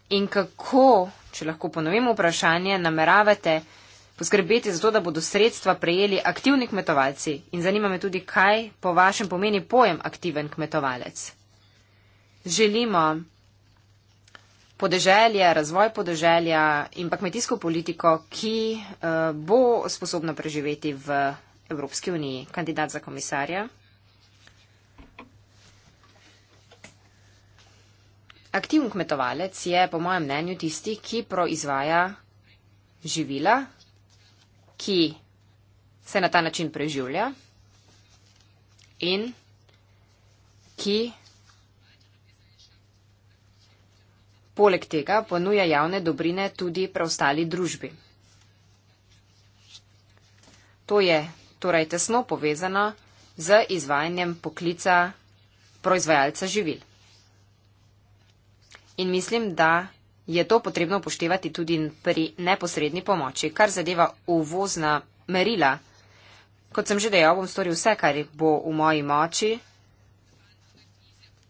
In kako, če lahko ponovim vprašanje, nameravate poskrbeti za to, da bodo sredstva prejeli aktivni kmetovalci? In zanima me tudi, kaj po vašem pomeni pojem aktiven kmetovalec. Želimo podeželje, razvoj podeželja in pa kmetijsko politiko, ki eh, bo sposobna preživeti v Evropski uniji. Kandidat za komisarja. Aktivn kmetovalec je po mojem mnenju tisti, ki proizvaja živila, ki se na ta način preživlja in ki Poleg tega ponuja javne dobrine tudi preostali družbi. To je torej tesno povezano z izvajanjem poklica proizvajalca živil. In mislim, da je to potrebno upoštevati tudi pri neposredni pomoči, kar zadeva uvozna merila. Kot sem že dejal, bom storil vse, kar bo v moji moči,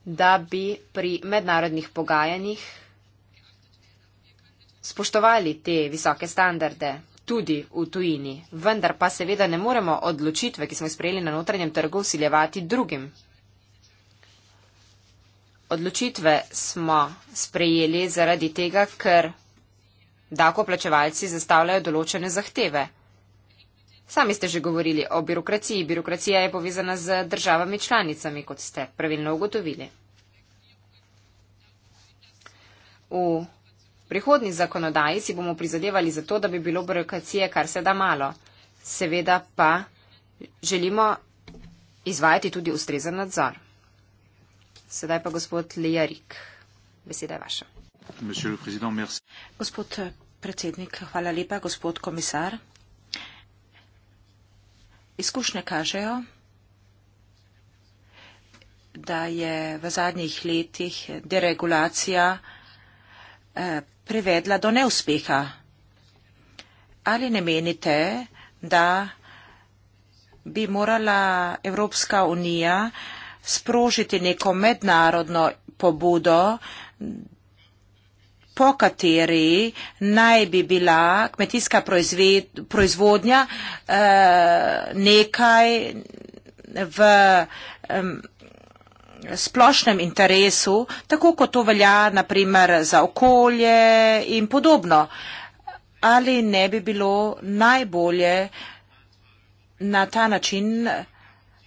da bi pri mednarodnih pogajanjih spoštovali te visoke standarde. Tudi v tujini. Vendar pa seveda ne moremo odločitve, ki smo jih sprejeli na notranjem trgu, usiljevati drugim. Odločitve smo sprejeli zaradi tega, ker dakoplačevalci zastavljajo določene zahteve. Sami ste že govorili o birokraciji. Birokracija je povezana z državami članicami, kot ste pravilno ugotovili. V V prihodni zakonodaji si bomo prizadevali za to, da bi bilo birokracije kar se da malo. Seveda pa želimo izvajati tudi ustrezen nadzor. Sedaj pa gospod Lejarik. Beseda je vaša. Gospod eh, predsednik, hvala lepa, gospod komisar. Izkušnje kažejo, da je v zadnjih letih deregulacija eh, privedla do neuspeha. Ali ne menite, da bi morala Evropska unija sprožiti neko mednarodno pobudo, po kateri naj bi bila kmetijska proizvodnja eh, nekaj v. Eh, splošnem interesu, tako kot to velja naprimer za okolje in podobno. Ali ne bi bilo najbolje na ta način,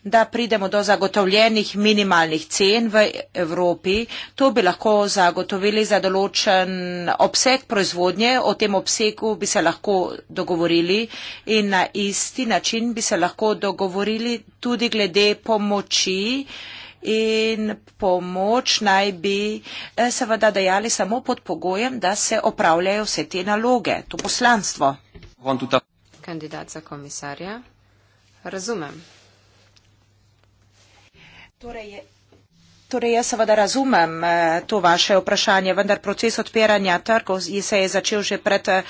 da pridemo do zagotovljenih minimalnih cen v Evropi. To bi lahko zagotovili za določen obseg proizvodnje, o tem obsegu bi se lahko dogovorili in na isti način bi se lahko dogovorili tudi glede pomoči uh, in pomoč naj bi eh, seveda dejali samo pod pogojem, da se opravljajo vse te naloge, to poslanstvo. Kandidat za komisarja. Razumem. Torej je Torej, jaz seveda razumem eh, to vaše vprašanje, vendar proces odpiranja trgov se je začel že pred eh,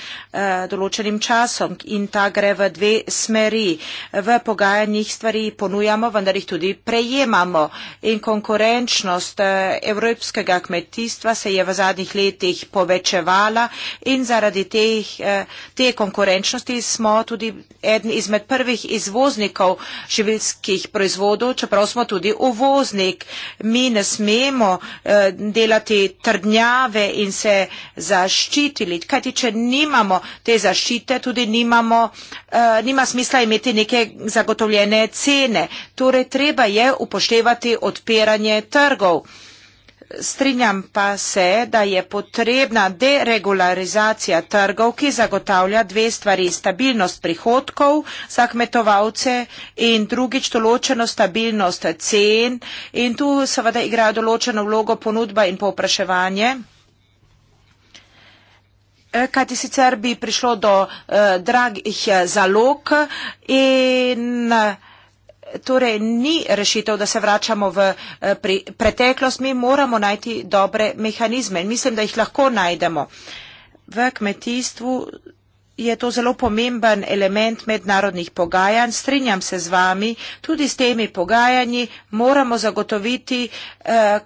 določenim časom in ta gre v dve smeri. V pogajanjih stvari ponujamo, vendar jih tudi prejemamo. In konkurenčnost eh, evropskega kmetijstva se je v zadnjih letih povečevala in zaradi teh, te konkurenčnosti smo tudi eden izmed prvih izvoznikov živilskih proizvodov, čeprav smo tudi uvoznik. Mi ne smemo eh, delati trdnjave in se zaščitili. Kajti, če nimamo te zaščite, tudi nimamo, eh, nima smisla imeti neke zagotovljene cene. Torej, treba je upoštevati odpiranje trgov. Strinjam pa se, da je potrebna deregularizacija trgov, ki zagotavlja dve stvari. Stabilnost prihodkov za kmetovalce in drugič določeno stabilnost cen. In tu seveda igra določeno vlogo ponudba in povpraševanje. Eh, kajti sicer bi prišlo do eh, dragih eh, zalog in. Eh, Torej, ni rešitev, da se vračamo v eh, pri, preteklost, mi moramo najti dobre mehanizme in mislim, da jih lahko najdemo. V kmetijstvu je to zelo pomemben element mednarodnih pogajanj. Strinjam se z vami, tudi s temi pogajanji moramo zagotoviti eh,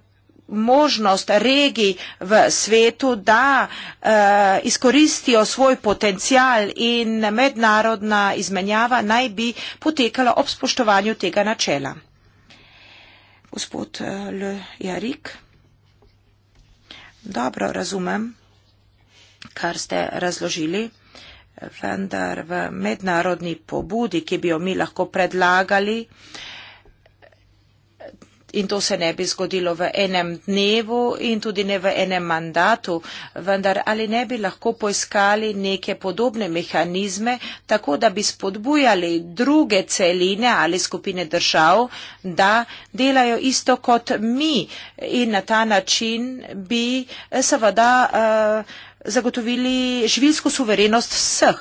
možnost regij v svetu, da uh, izkoristijo svoj potencial in mednarodna izmenjava naj bi potekala ob spoštovanju tega načela. Gospod eh, L. Jarik. Dobro razumem, kar ste razložili, vendar v mednarodni pobudi, ki bi jo mi lahko predlagali, uh, in to se ne bi zgodilo v enem dnevu in tudi ne v enem mandatu, vendar ali ne bi lahko poiskali neke podobne mehanizme, tako da bi spodbujali druge celine ali skupine držav, da delajo isto kot mi in na ta način bi eh, seveda eh, zagotovili živilsko suverenost vseh.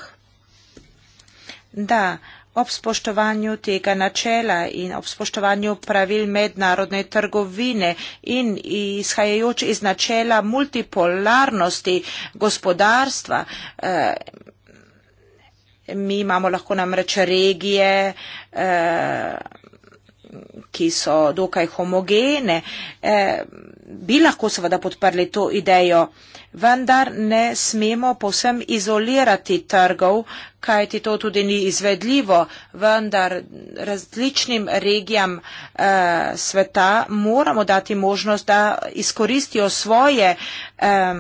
Da, ob spoštovanju tega načela in ob spoštovanju pravil mednarodne trgovine in izhajajoč iz načela multipolarnosti gospodarstva. Eh, mi imamo lahko namreč regije, eh, ki so dokaj homogene, eh, bi lahko seveda podprli to idejo, vendar ne smemo povsem izolirati trgov, kajti to tudi ni izvedljivo, vendar različnim regijam eh, sveta moramo dati možnost, da izkoristijo svoje eh,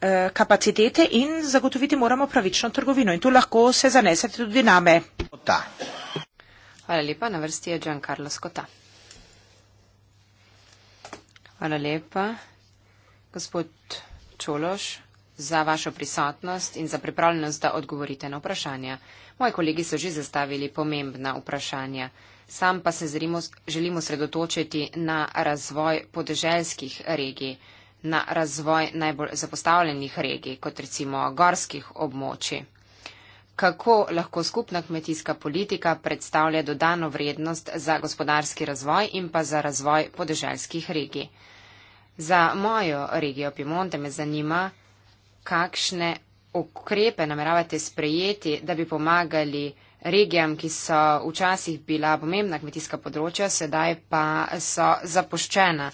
eh kapacitete in zagotoviti moramo pravično trgovino. In tu lahko se zanesete tudi name. Hvala lepa. Na vrsti je Giancarlo Skota. Hvala lepa, gospod Čološ, za vašo prisotnost in za pripravljenost, da odgovorite na vprašanja. Moji kolegi so že zastavili pomembna vprašanja. Sam pa se zrimo, želim osredotočiti na razvoj podeželskih regij, na razvoj najbolj zapostavljenih regij, kot recimo gorskih območij kako lahko skupna kmetijska politika predstavlja dodano vrednost za gospodarski razvoj in pa za razvoj podeželskih regij. Za mojo regijo Pimonte me zanima, kakšne ukrepe nameravate sprejeti, da bi pomagali regijam, ki so včasih bila pomembna kmetijska področja, sedaj pa so zapoščena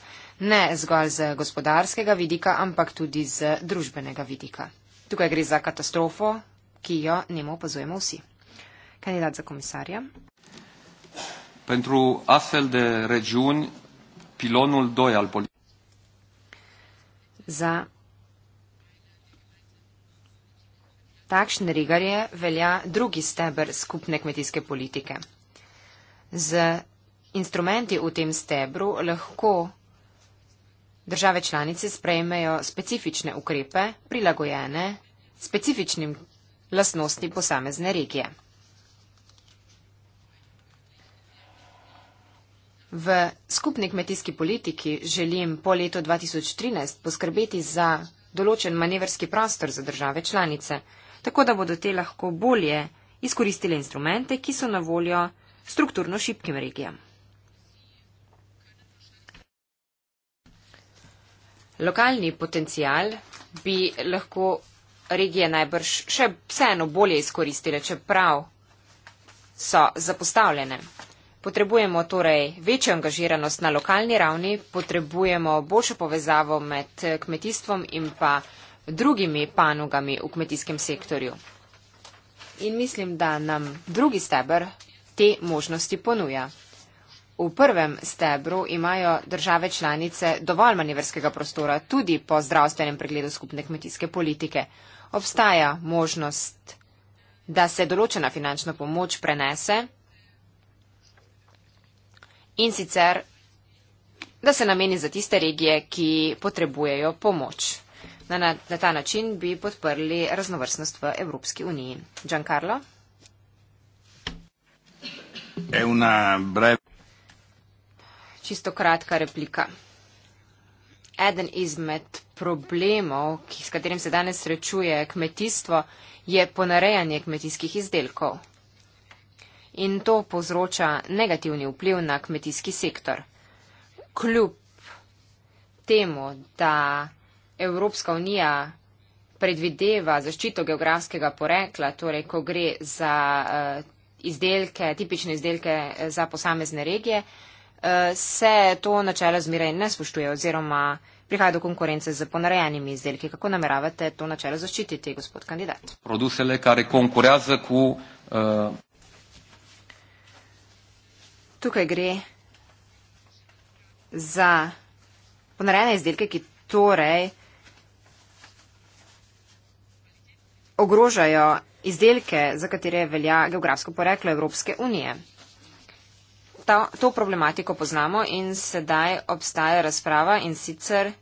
ne zgolj z gospodarskega vidika, ampak tudi z družbenega vidika. Tukaj gre za katastrofo, ki jo nemo opazujemo vsi. Kandidat za komisarja. Za takšne regarje velja drugi steber skupne kmetijske politike. Z instrumenti v tem stebru lahko države članice sprejmejo specifične ukrepe, prilagojene specifičnim lasnosti posamezne regije. V skupni kmetijski politiki želim po letu 2013 poskrbeti za določen manevrski prostor za države članice, tako da bodo te lahko bolje izkoristile instrumente, ki so na voljo strukturno šipkim regijam. Lokalni potencial bi lahko regije najbrž še vseeno bolje izkoristile, čeprav so zapostavljene. Potrebujemo torej večjo angažiranost na lokalni ravni, potrebujemo boljšo povezavo med eh, kmetijstvom in pa drugimi panogami v kmetijskem sektorju. In mislim, da nam drugi stebr te možnosti ponuja. V prvem stebru imajo države članice dovolj manjverskega prostora tudi po zdravstvenem pregledu skupne kmetijske politike obstaja možnost, da se določena finančna pomoč prenese in sicer, da se nameni za tiste regije, ki potrebujejo pomoč. Na, na, na ta način bi podprli raznovrstnost v Evropski uniji. Giancarlo? Je una breve. Čisto kratka replika eden izmed problemov, ki, s katerim se danes srečuje kmetijstvo, je ponarejanje kmetijskih izdelkov. In to povzroča negativni vpliv na kmetijski sektor. Kljub temu, da Evropska unija predvideva zaščito geografskega porekla, torej ko gre za eh, izdelke, tipične izdelke eh, za posamezne regije, se to načelo zmeraj ne spoštuje oziroma prihaja do konkurence z ponarejenimi izdelki. Kako nameravate to načelo zaščititi, gospod kandidat? Eh, Tukaj gre za ponarejene izdelke, ki torej ogrožajo izdelke, za katere velja geografsko poreklo Evropske unije ta, to problematiko poznamo in sedaj obstaja razprava in sicer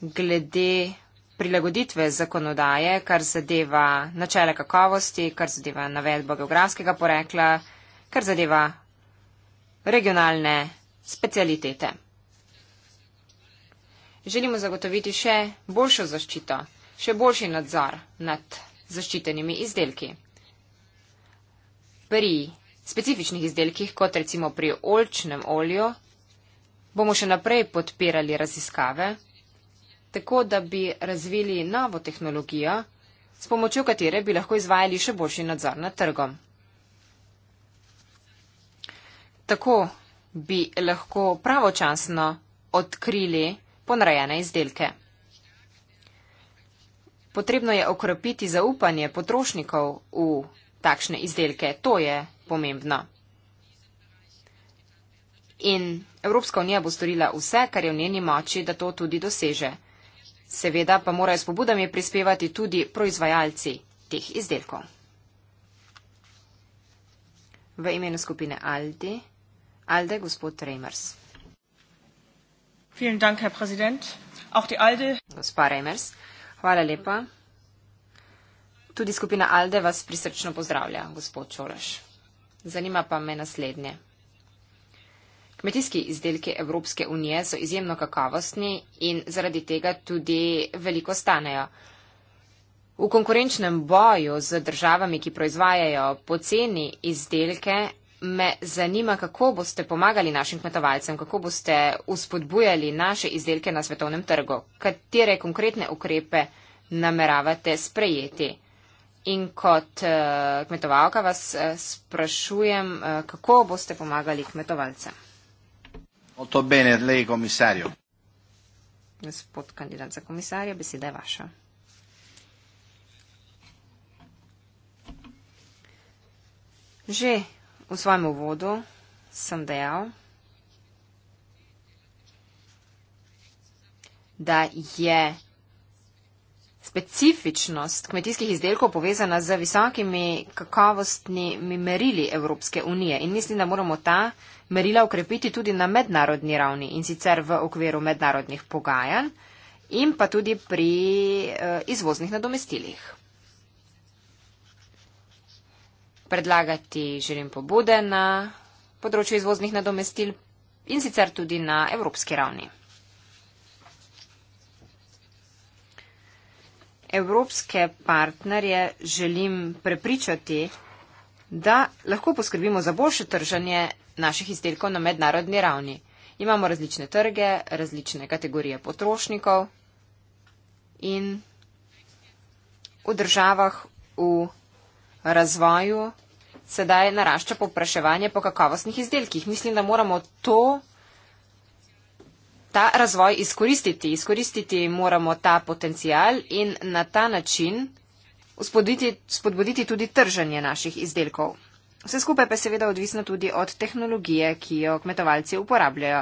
glede prilagoditve zakonodaje, kar zadeva načele kakovosti, kar zadeva navedbo geografskega porekla, kar zadeva regionalne specialitete. Želimo zagotoviti še boljšo zaščito, še boljši nadzor nad zaščitenimi izdelki. Pri specifičnih izdelkih, kot recimo pri olčnem olju, bomo še naprej podpirali raziskave, tako da bi razvili novo tehnologijo, s pomočjo katere bi lahko izvajali še boljši nadzor nad trgom. Tako bi lahko pravočasno odkrili ponarejene izdelke. Potrebno je okrepiti zaupanje potrošnikov v takšne izdelke. To je pomembna. In Evropska unija bo storila vse, kar je v njeni moči, da to tudi doseže. Seveda pa morajo s pobudami prispevati tudi proizvajalci teh izdelkov. V imenu skupine Aldi, Alde, gospod Reimers. Dank, Herr Auch die Alde. Gospa Reimers, hvala lepa. Tudi skupina Alde vas prisrčno pozdravlja, gospod Čolaš. Zanima pa me naslednje. Kmetijski izdelki Evropske unije so izjemno kakavostni in zaradi tega tudi veliko stanejo. V konkurenčnem boju z državami, ki proizvajajo poceni izdelke, me zanima, kako boste pomagali našim kmetovalcem, kako boste uspodbujali naše izdelke na svetovnem trgu, katere konkretne ukrepe nameravate sprejeti. In kot uh, kmetovalka vas uh, sprašujem, uh, kako boste pomagali kmetovalcem. Molto bene, lei komisarjo. Gospod kandidat za komisarja, beseda je vaša. Že v svojem uvodu sem dejal, da je specifičnost kmetijskih izdelkov povezana z visokimi kakovostnimi merili Evropske unije. In mislim, da moramo ta merila ukrepiti tudi na mednarodni ravni in sicer v okviru mednarodnih pogajanj in pa tudi pri eh, izvoznih nadomestilih. Predlagati želim pobude na področju izvoznih nadomestil in sicer tudi na evropski ravni. evropske partnerje želim prepričati, da lahko poskrbimo za boljše tržanje naših izdelkov na mednarodni ravni. Imamo različne trge, različne kategorije potrošnikov in v državah v razvoju sedaj narašča popraševanje po kakovostnih izdelkih. Mislim, da moramo to ta razvoj izkoristiti. Izkoristiti moramo ta potencial in na ta način spodbuditi, spodbuditi tudi trženje naših izdelkov. Vse skupaj pa je seveda odvisno tudi od tehnologije, ki jo kmetovalci uporabljajo.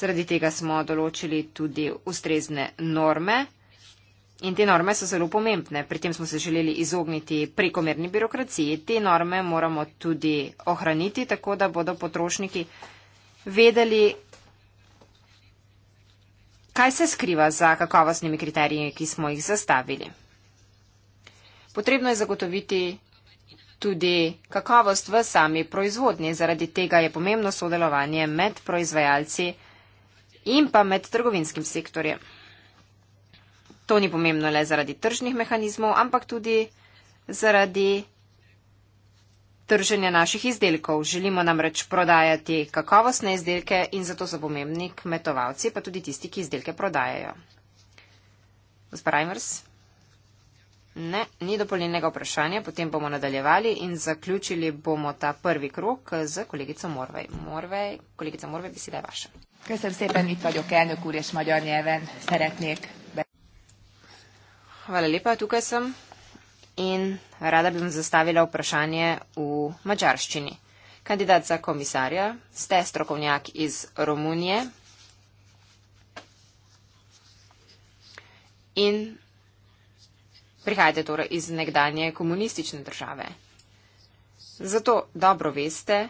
Zaradi tega smo določili tudi ustrezne norme. In te norme so zelo pomembne. Pri tem smo se želeli izogniti prekomerni birokraciji. Te norme moramo tudi ohraniti, tako da bodo potrošniki vedeli, kaj se skriva za kakovostnimi kriteriji, ki smo jih zastavili. Potrebno je zagotoviti tudi kakovost v sami proizvodnji, zaradi tega je pomembno sodelovanje med proizvajalci in pa med trgovinskim sektorjem. To ni pomembno le zaradi tržnih mehanizmov, ampak tudi zaradi trženja naših izdelkov. Želimo namreč prodajati kakovostne izdelke in zato so pomembni kmetovalci, pa tudi tisti, ki izdelke prodajajo. Gospod Reimers? Ne, ni dopolnilnega vprašanja, potem bomo nadaljevali in zaključili bomo ta prvi krok z kolegico Morvej. Morvej, kolegica Morvej, beseda je vaša. Köszönöm szépen, itt vagyok elnök úr, és magyar nyelven szeretnék. Hvala lepa, tukaj sem in rada bi vam zastavila vprašanje v mačarščini. Kandidat za komisarja, ste strokovnjak iz Romunije in prihajate torej iz nekdanje komunistične države. Zato dobro veste,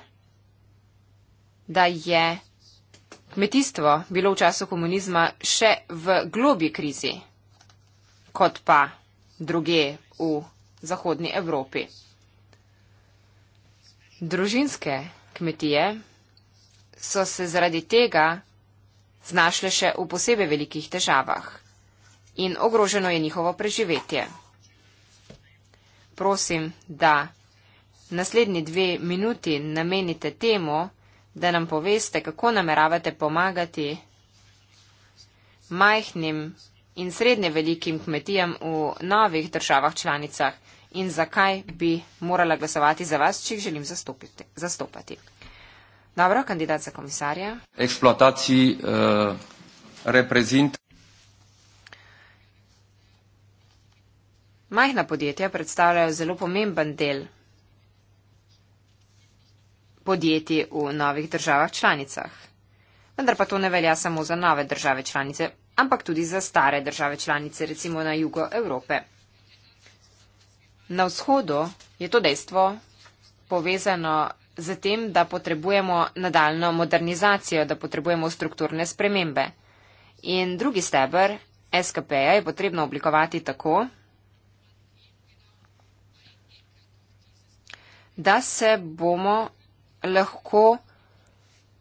da je kmetijstvo bilo v času komunizma še v globi krizi, kot pa druge v Zahodni Evropi. Družinske kmetije so se zaradi tega znašle še v posebej velikih težavah in ogroženo je njihovo preživetje. Prosim, da naslednji dve minuti namenite temu, da nam poveste, kako nameravate pomagati majhnim in srednje velikim kmetijam v novih državah članicah in zakaj bi morala glasovati za vas, če jih želim zastupiti, zastopati. Dobro, kandidat za komisarja. Eksploataciji uh, eh, reprezent. Majhna podjetja predstavljajo zelo pomemben del podjetij v novih državah članicah. Vendar pa to ne velja samo za nove države članice ampak tudi za stare države članice, recimo na jugo Evrope. Na vzhodu je to dejstvo povezano z tem, da potrebujemo nadaljno modernizacijo, da potrebujemo strukturne spremembe. In drugi stebr SKP-ja je potrebno oblikovati tako, da se bomo lahko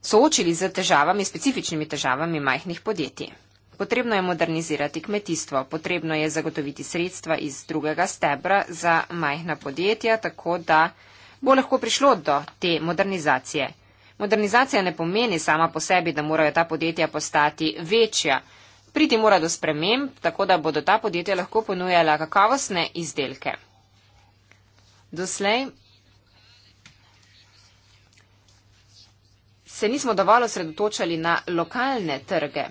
soočili z težavami, specifičnimi težavami majhnih podjetij. Potrebno je modernizirati kmetijstvo, potrebno je zagotoviti sredstva iz drugega stebra za majhna podjetja, tako da bo lahko prišlo do te modernizacije. Modernizacija ne pomeni sama po sebi, da morajo ta podjetja postati večja. Priti mora do sprememb, tako da bodo ta podjetja lahko ponujala kakovostne izdelke. Doslej se nismo dovolj osredotočali na lokalne trge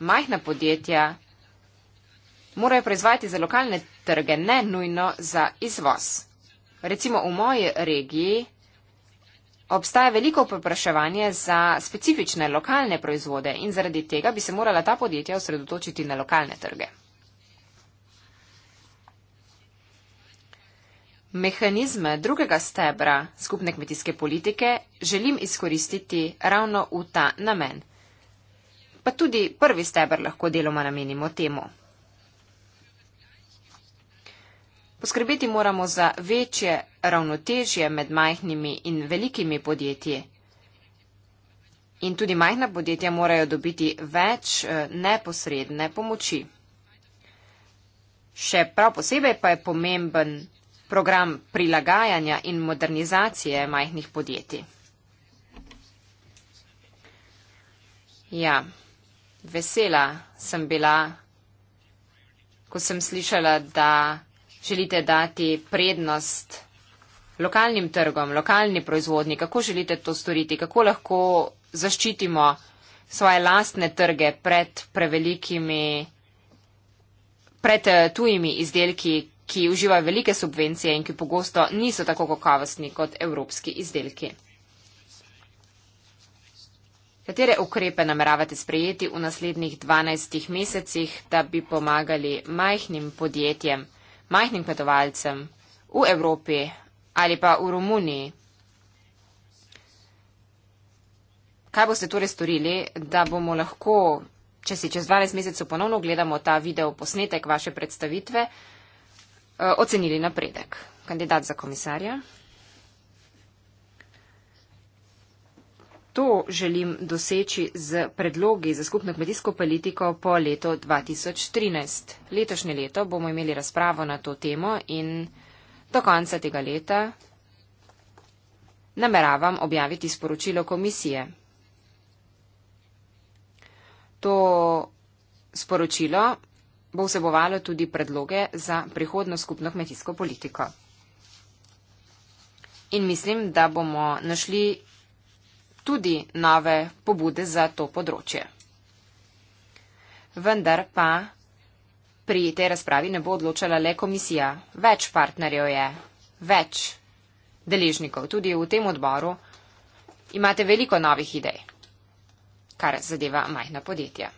majhna podjetja morajo proizvajati za lokalne trge, ne nujno za izvoz. Recimo v moji regiji obstaja veliko popraševanje za specifične lokalne proizvode in zaradi tega bi se morala ta podjetja osredotočiti na lokalne trge. Mehanizme drugega stebra skupne kmetijske politike želim izkoristiti ravno v ta namen pa tudi prvi stebr lahko deloma namenimo temu. Poskrbeti moramo za večje ravnotežje med majhnimi in velikimi podjetji. In tudi majhna podjetja morajo dobiti več eh, neposredne pomoči. Še prav posebej pa je pomemben program prilagajanja in modernizacije majhnih podjetij. Ja, Vesela sem bila, ko sem slišala, da želite dati prednost lokalnim trgom, lokalni proizvodnji. Kako želite to storiti? Kako lahko zaščitimo svoje lastne trge pred prevelikimi, pred eh, tujimi izdelki, ki uživajo velike subvencije in ki pogosto niso tako kakovostni kot evropski izdelki? Katere ukrepe nameravate sprejeti v naslednjih 12 mesecih, da bi pomagali majhnim podjetjem, majhnim kmetovalcem v Evropi ali pa v Romuniji? Kaj boste torej storili, da bomo lahko, če si čez 12 mesecev ponovno gledamo ta video posnetek vaše predstavitve, eh, ocenili napredek? Kandidat za komisarja. to želim doseči z predlogi za skupno kmetijsko politiko po letu 2013. Letošnje leto bomo imeli razpravo na to temo in do konca tega leta nameravam objaviti sporočilo komisije. To sporočilo bo vsebovalo tudi predloge za prihodno skupno kmetijsko politiko. In mislim, da bomo našli tudi nove pobude za to področje. Vendar pa pri tej razpravi ne bo odločala le komisija, več partnerjev je, več deležnikov. Tudi v tem odboru imate veliko novih idej, kar zadeva majhna podjetja.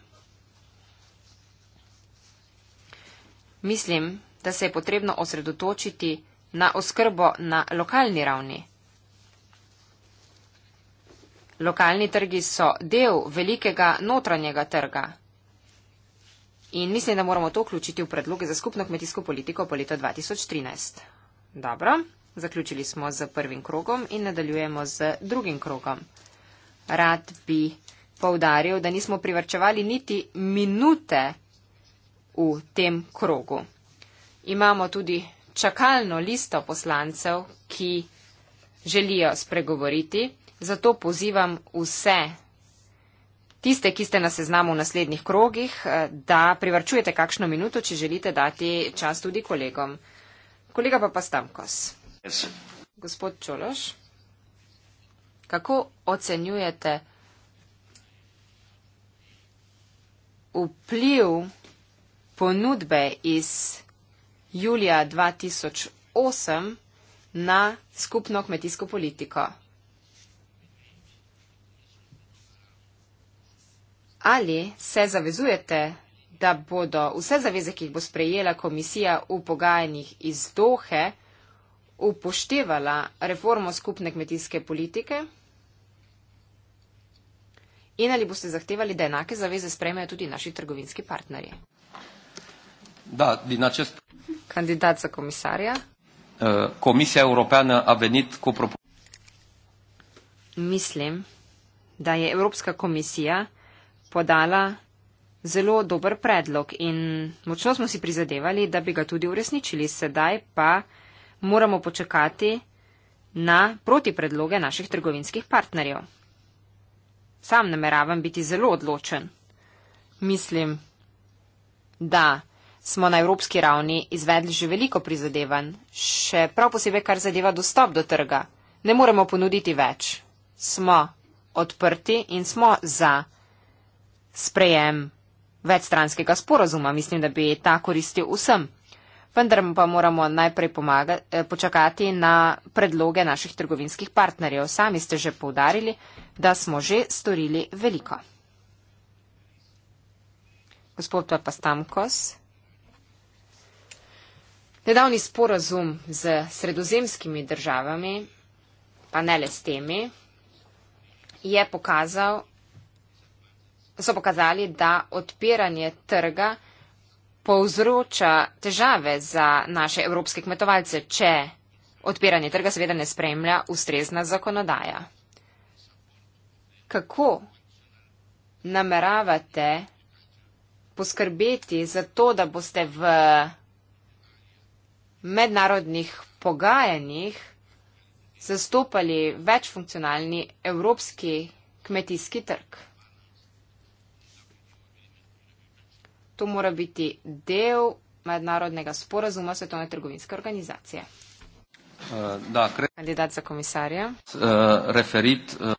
Mislim, da se je potrebno osredotočiti na oskrbo na lokalni ravni. Lokalni trgi so del velikega notranjega trga. In mislim, da moramo to vključiti v predloge za skupno kmetijsko politiko po leto 2013. Dobro, zaključili smo z prvim krogom in nadaljujemo z drugim krogom. Rad bi povdaril, da nismo privrčevali niti minute v tem krogu. Imamo tudi čakalno listo poslancev, ki želijo spregovoriti. Zato pozivam vse tiste, ki ste na seznamu v naslednjih krogih, eh, da privrčujete kakšno minuto, če želite dati čas tudi kolegom. Kolega pa pa Stamkos. Yes. Gospod Čološ, kako ocenjujete vpliv ponudbe iz julija 2008 na skupno kmetijsko politiko? Ali se zavezujete, da bodo vse zaveze, ki jih bo sprejela komisija v pogajanjih iz Dohe, upoštevala reformo skupne kmetijske politike? In ali boste zahtevali, da enake zaveze sprejmejo tudi naši trgovinski partnerji? Da, inače. Kandidat za komisarja. Komisija eh, Evropejna a venit ko propo. Mislim, da je Evropska komisija podala zelo dober predlog in močno smo si prizadevali, da bi ga tudi uresničili. Sedaj pa moramo počakati na protipredloge naših trgovinskih partnerjev. Sam nameravam biti zelo odločen. Mislim, da smo na evropski ravni izvedli že veliko prizadevanj, še prav posebej, kar zadeva dostop do trga. Ne moremo ponuditi več. Smo odprti in smo za sprejem večstranskega sporozuma. Mislim, da bi ta koristil vsem. Vendar pa moramo najprej pomaga, eh, počakati na predloge naših trgovinskih partnerjev. Sami ste že povdarili, da smo že storili veliko. Gospod Papastamkos, nedavni sporozum z sredozemskimi državami, pa ne le s temi, je pokazal, so pokazali, da odpiranje trga povzroča težave za naše evropske kmetovalce, če odpiranje trga seveda ne spremlja ustrezna zakonodaja. Kako nameravate poskrbeti za to, da boste v mednarodnih pogajanjih zastopali večfunkcionalni evropski kmetijski trg? To mora biti del mednarodnega sporazuma Svetovne trgovinske organizacije. Uh, da, kre... Kandidat za komisarja. Uh, referit. Uh...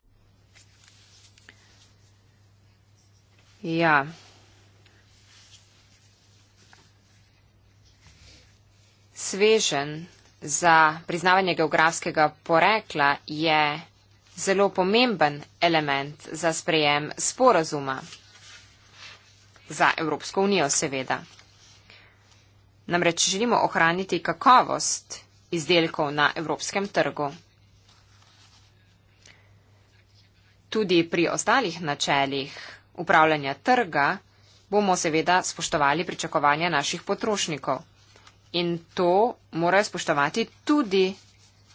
Ja. Svežen za priznavanje geografskega porekla je zelo pomemben element za sprejem sporazuma za Evropsko unijo, seveda. Namreč želimo ohraniti kakovost izdelkov na evropskem trgu. Tudi pri ostalih načeljih upravljanja trga bomo seveda spoštovali pričakovanja naših potrošnikov. In to morajo spoštovati tudi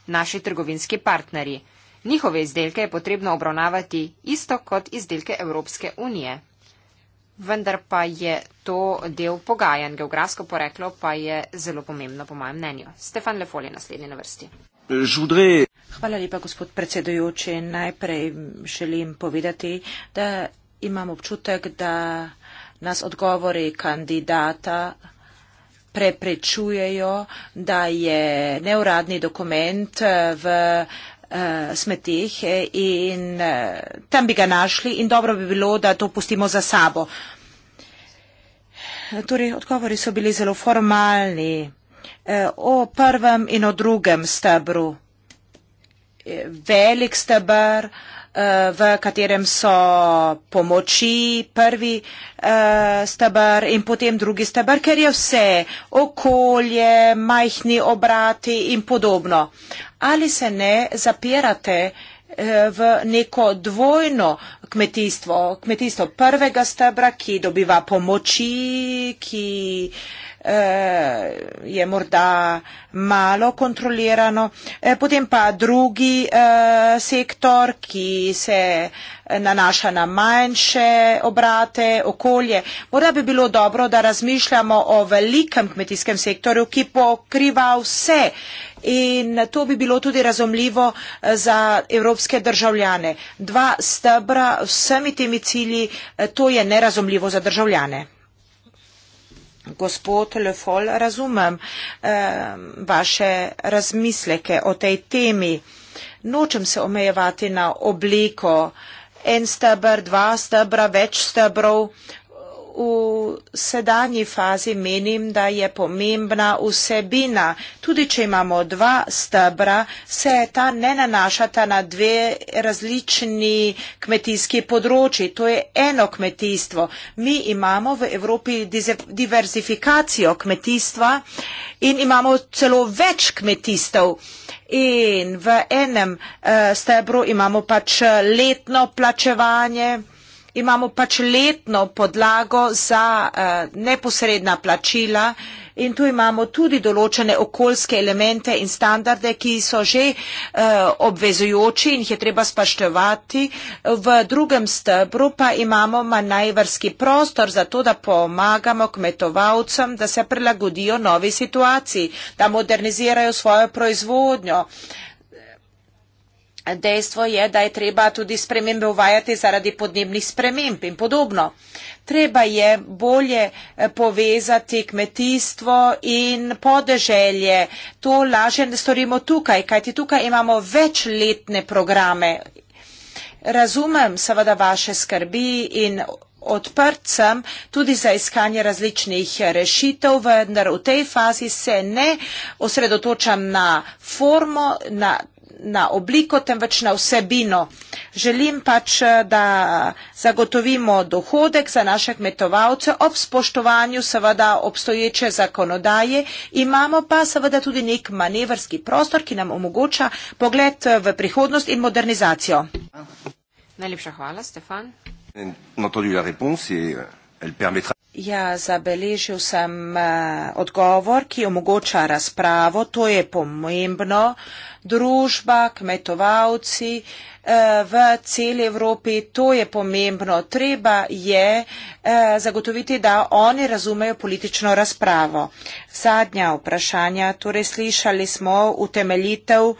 naši trgovinski partnerji. Njihove izdelke je potrebno obravnavati isto kot izdelke Evropske unije vendar pa je to del pogajanj. Geografsko poreklo pa je zelo pomembno, po mojem mnenju. Stefan Lefol je naslednji na vrsti. Žudre. Hvala lepa, gospod predsedujoči. Najprej želim povedati, da imam občutek, da nas odgovori kandidata preprečujejo, da je neuradni dokument v Eh, smetih eh, in eh, tam bi ga našli in dobro bi bilo, da to pustimo za sabo. Torej, odgovori so bili zelo formalni o prvem in o drugem stebru. Velik stebr, v katerem so pomoči prvi eh, stebr in potem drugi stebr, ker je vse okolje, majhni obrati in podobno. Ali se ne zapirate eh, v neko dvojno kmetijstvo, kmetijstvo prvega stebra, ki dobiva pomoči, ki eh, je morda malo kontrolirano. Eh, potem pa drugi eh, sektor, ki se eh, nanaša na manjše obrate, okolje. Morda bi bilo dobro, da razmišljamo o velikem kmetijskem sektorju, ki pokriva vse. In to bi bilo tudi razumljivo eh, za evropske državljane. Dva stebra vsemi temi cilji, eh, to je nerazumljivo za državljane. Gospod Lefol, razumem eh, vaše razmisleke o tej temi. Nočem se omejevati na obliko en stebr, dva stebra, več stebrov v sedanji fazi menim, da je pomembna vsebina. Tudi, če imamo dva stebra, se ta ne nanašata na dve različni kmetijski področji. To je eno kmetijstvo. Mi imamo v Evropi diverzifikacijo kmetijstva in imamo celo več kmetijstev. In v enem eh, stebru imamo pač letno plačevanje imamo pač letno podlago za uh, neposredna plačila in tu imamo tudi določene okoljske elemente in standarde, ki so že uh, obvezujoči in jih je treba spaštevati. V drugem stebru pa imamo manajvrski prostor za to, da pomagamo kmetovalcem, da se prilagodijo novi situaciji, da modernizirajo svojo proizvodnjo, Dejstvo je, da je treba tudi spremembe uvajati zaradi podnebnih sprememb in podobno. Treba je bolje eh, povezati kmetijstvo in podeželje. To lažje storimo tukaj, kajti tukaj imamo večletne programe. Razumem seveda vaše skrbi in odprt sem tudi za iskanje različnih rešitev, vendar v tej fazi se ne osredotočam na formo, na na obliko, temveč na vsebino. Želim pač, eh, da zagotovimo dohodek za naše kmetovalce ob spoštovanju seveda obstoječe zakonodaje. Imamo pa seveda tudi nek manevrski prostor, ki nam omogoča pogled eh, v prihodnost in modernizacijo. Najlepša hvala, Stefan. In, no, Ja, zabeležil sem uh, odgovor, ki omogoča razpravo. To je pomembno. Družba, kmetovalci uh, v celi Evropi, to je pomembno. Treba je uh, zagotoviti, da oni razumejo politično razpravo. Zadnja vprašanja. Torej, slišali smo utemeljitev uh,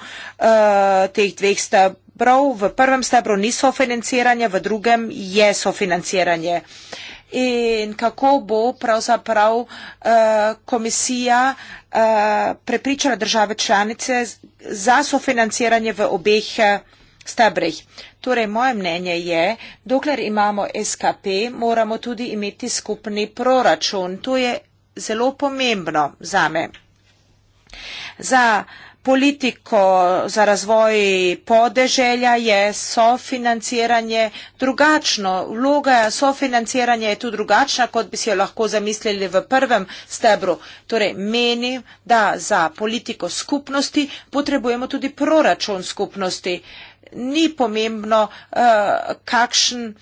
teh dveh stab. Prav v prvem stebru niso financiranje, v drugem je sofinanciranje. Uh, in kako bo pravzaprav uh, komisija uh, prepričala države članice za sofinanciranje v obeh eh, stebrih. Torej, moje mnenje je, dokler imamo SKP, moramo tudi imeti skupni proračun. To je zelo pomembno za me. Za uh, politiko za razvoj podeželja je sofinanciranje drugačno. Vloga sofinanciranja je tu drugačna, kot bi si jo lahko zamislili v prvem stebru. Torej, menim, da za politiko skupnosti potrebujemo tudi proračun skupnosti. Ni pomembno, eh, kakšen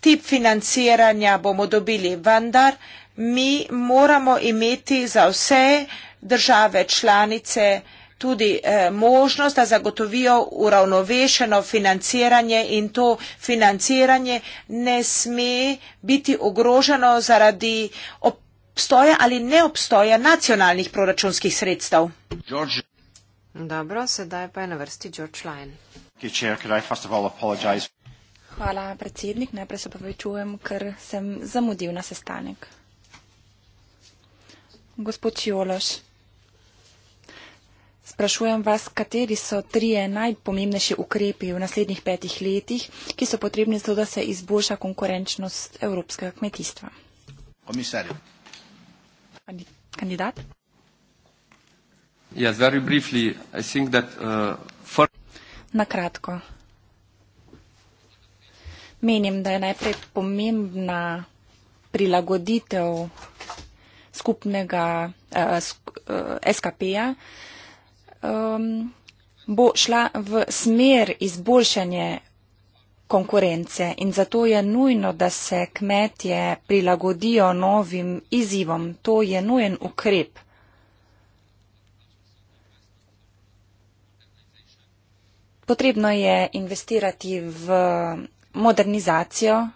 tip financiranja bomo dobili, vendar mi moramo imeti za vse države članice, tudi eh, možnost, da zagotovijo uravnovešeno financiranje in to financiranje ne sme biti ogroženo zaradi obstoja ali neobstoja nacionalnih proračunskih sredstev. George. Dobro, sedaj pa je na vrsti George Lyon. Hvala, predsednik. Najprej se povečujem, ker sem zamudil na sestanek. Gospod Čiološ. Sprašujem vas, kateri so trije najpomembnejši ukrepi v naslednjih petih letih, ki so potrebni za to, da se izboljša konkurenčnost evropskega kmetijstva. Komisar. Kandidat. Yes, very briefly, I think that, uh, for... Na kratko. Menim, da je najprej pomembna prilagoditev skupnega uh, eh, sk uh, eh, SKP-ja um, bo šla v smer izboljšanje konkurence in zato je nujno, da se kmetje prilagodijo novim izzivom. To je nujen ukrep. Potrebno je investirati v modernizacijo,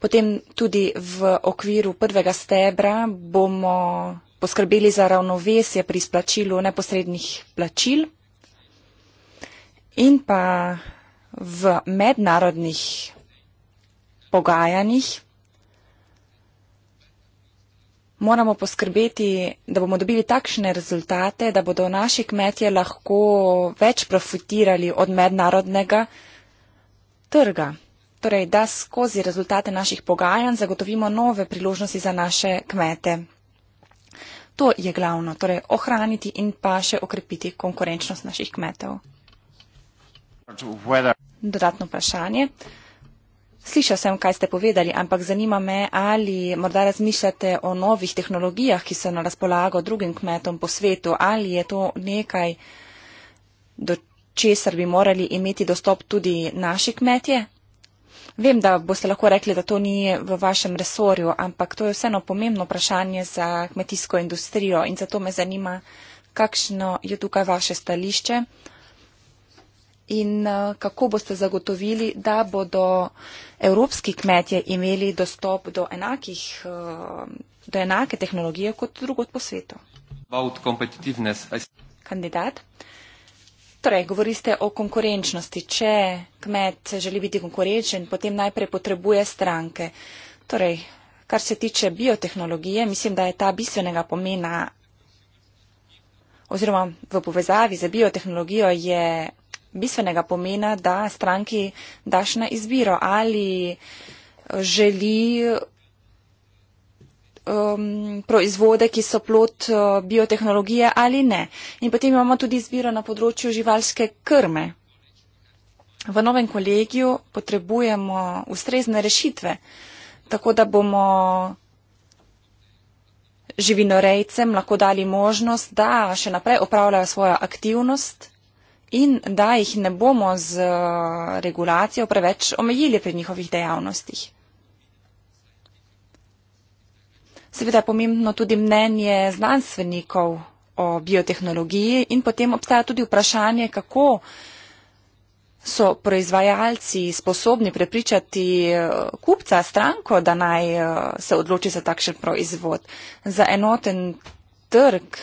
potem tudi v okviru prvega stebra bomo poskrbeli za ravnovesje pri splačilu neposrednih plačil in pa v mednarodnih pogajanjih moramo poskrbeti, da bomo dobili takšne rezultate, da bodo naši kmetje lahko več profitirali od mednarodnega trga. Torej, da skozi rezultate naših pogajanj zagotovimo nove priložnosti za naše kmete. To je glavno, torej ohraniti in pa še okrepiti konkurenčnost naših kmetov. Dodatno vprašanje. Slišal sem, kaj ste povedali, ampak zanima me, ali morda razmišljate o novih tehnologijah, ki so na razpolago drugim kmetom po svetu, ali je to nekaj, do česar bi morali imeti dostop tudi naši kmetje, Vem, da boste lahko rekli, da to ni v vašem resorju, ampak to je vseeno pomembno vprašanje za kmetijsko industrijo in zato me zanima, kakšno je tukaj vaše stališče in eh, kako boste zagotovili, da bodo evropski kmetje imeli dostop do, enakih, eh, do enake tehnologije kot drugot po svetu. Kandidat. Torej, govorite o konkurenčnosti. Če kmet želi biti konkurenčen, potem najprej potrebuje stranke. Torej, kar se tiče biotehnologije, mislim, da je ta bistvenega pomena oziroma v povezavi z biotehnologijo je bistvenega pomena, da stranki daš na izbiro ali želi um, proizvode, ki so plot uh, biotehnologije ali ne. In potem imamo tudi izbiro na področju živalske krme. V novem kolegiju potrebujemo ustrezne rešitve, tako da bomo živinorejcem lahko dali možnost, da še naprej opravljajo svojo aktivnost in da jih ne bomo z uh, regulacijo preveč omejili pri njihovih dejavnostih. Seveda je pomembno tudi mnenje znanstvenikov o biotehnologiji in potem obstaja tudi vprašanje, kako so proizvajalci sposobni prepričati eh, kupca, stranko, da naj eh, se odloči za takšen proizvod. Za enoten trg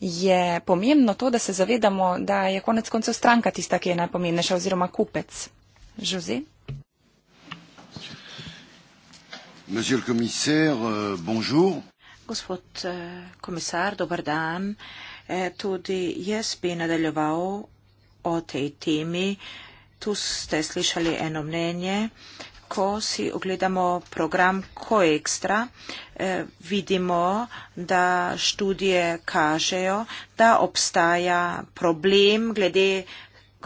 je pomembno to, da se zavedamo, da je konec koncev stranka tista, ki je najpomembnejša oziroma kupec. Žuzi. Monsieur le commissaire, euh, bonjour. Gospod uh, komisar, dober dan. E, tudi jaz bi nadaljeval o tej temi. Tu ste slišali eno mnenje. Ko si ogledamo program Koextra, eh, vidimo, da študije kažejo, da obstaja problem glede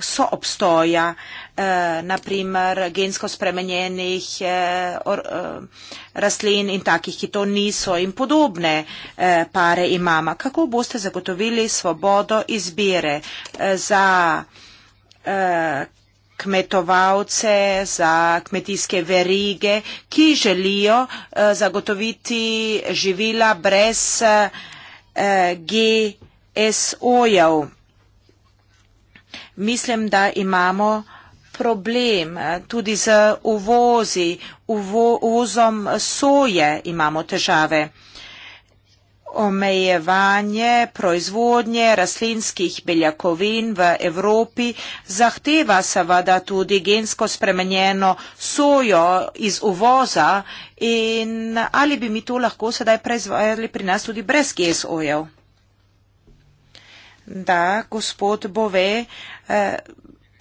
soobstoja eh, Eh, naprimer gensko spremenjenih eh, or, eh, rastlin in takih, ki to niso in podobne eh, pare imamo. Kako boste zagotovili svobodo izbire eh, za eh, kmetovalce, za kmetijske verige, ki želijo eh, zagotoviti živila brez eh, GSO-jev? Mislim, da imamo problem eh, tudi z uvozi, uvo, uvozom soje imamo težave. Omejevanje proizvodnje rastlinskih beljakovin v Evropi zahteva seveda tudi gensko spremenjeno sojo iz uvoza in ali bi mi to lahko sedaj proizvajali pri nas tudi brez GSO-jev? Da, gospod Bove, eh,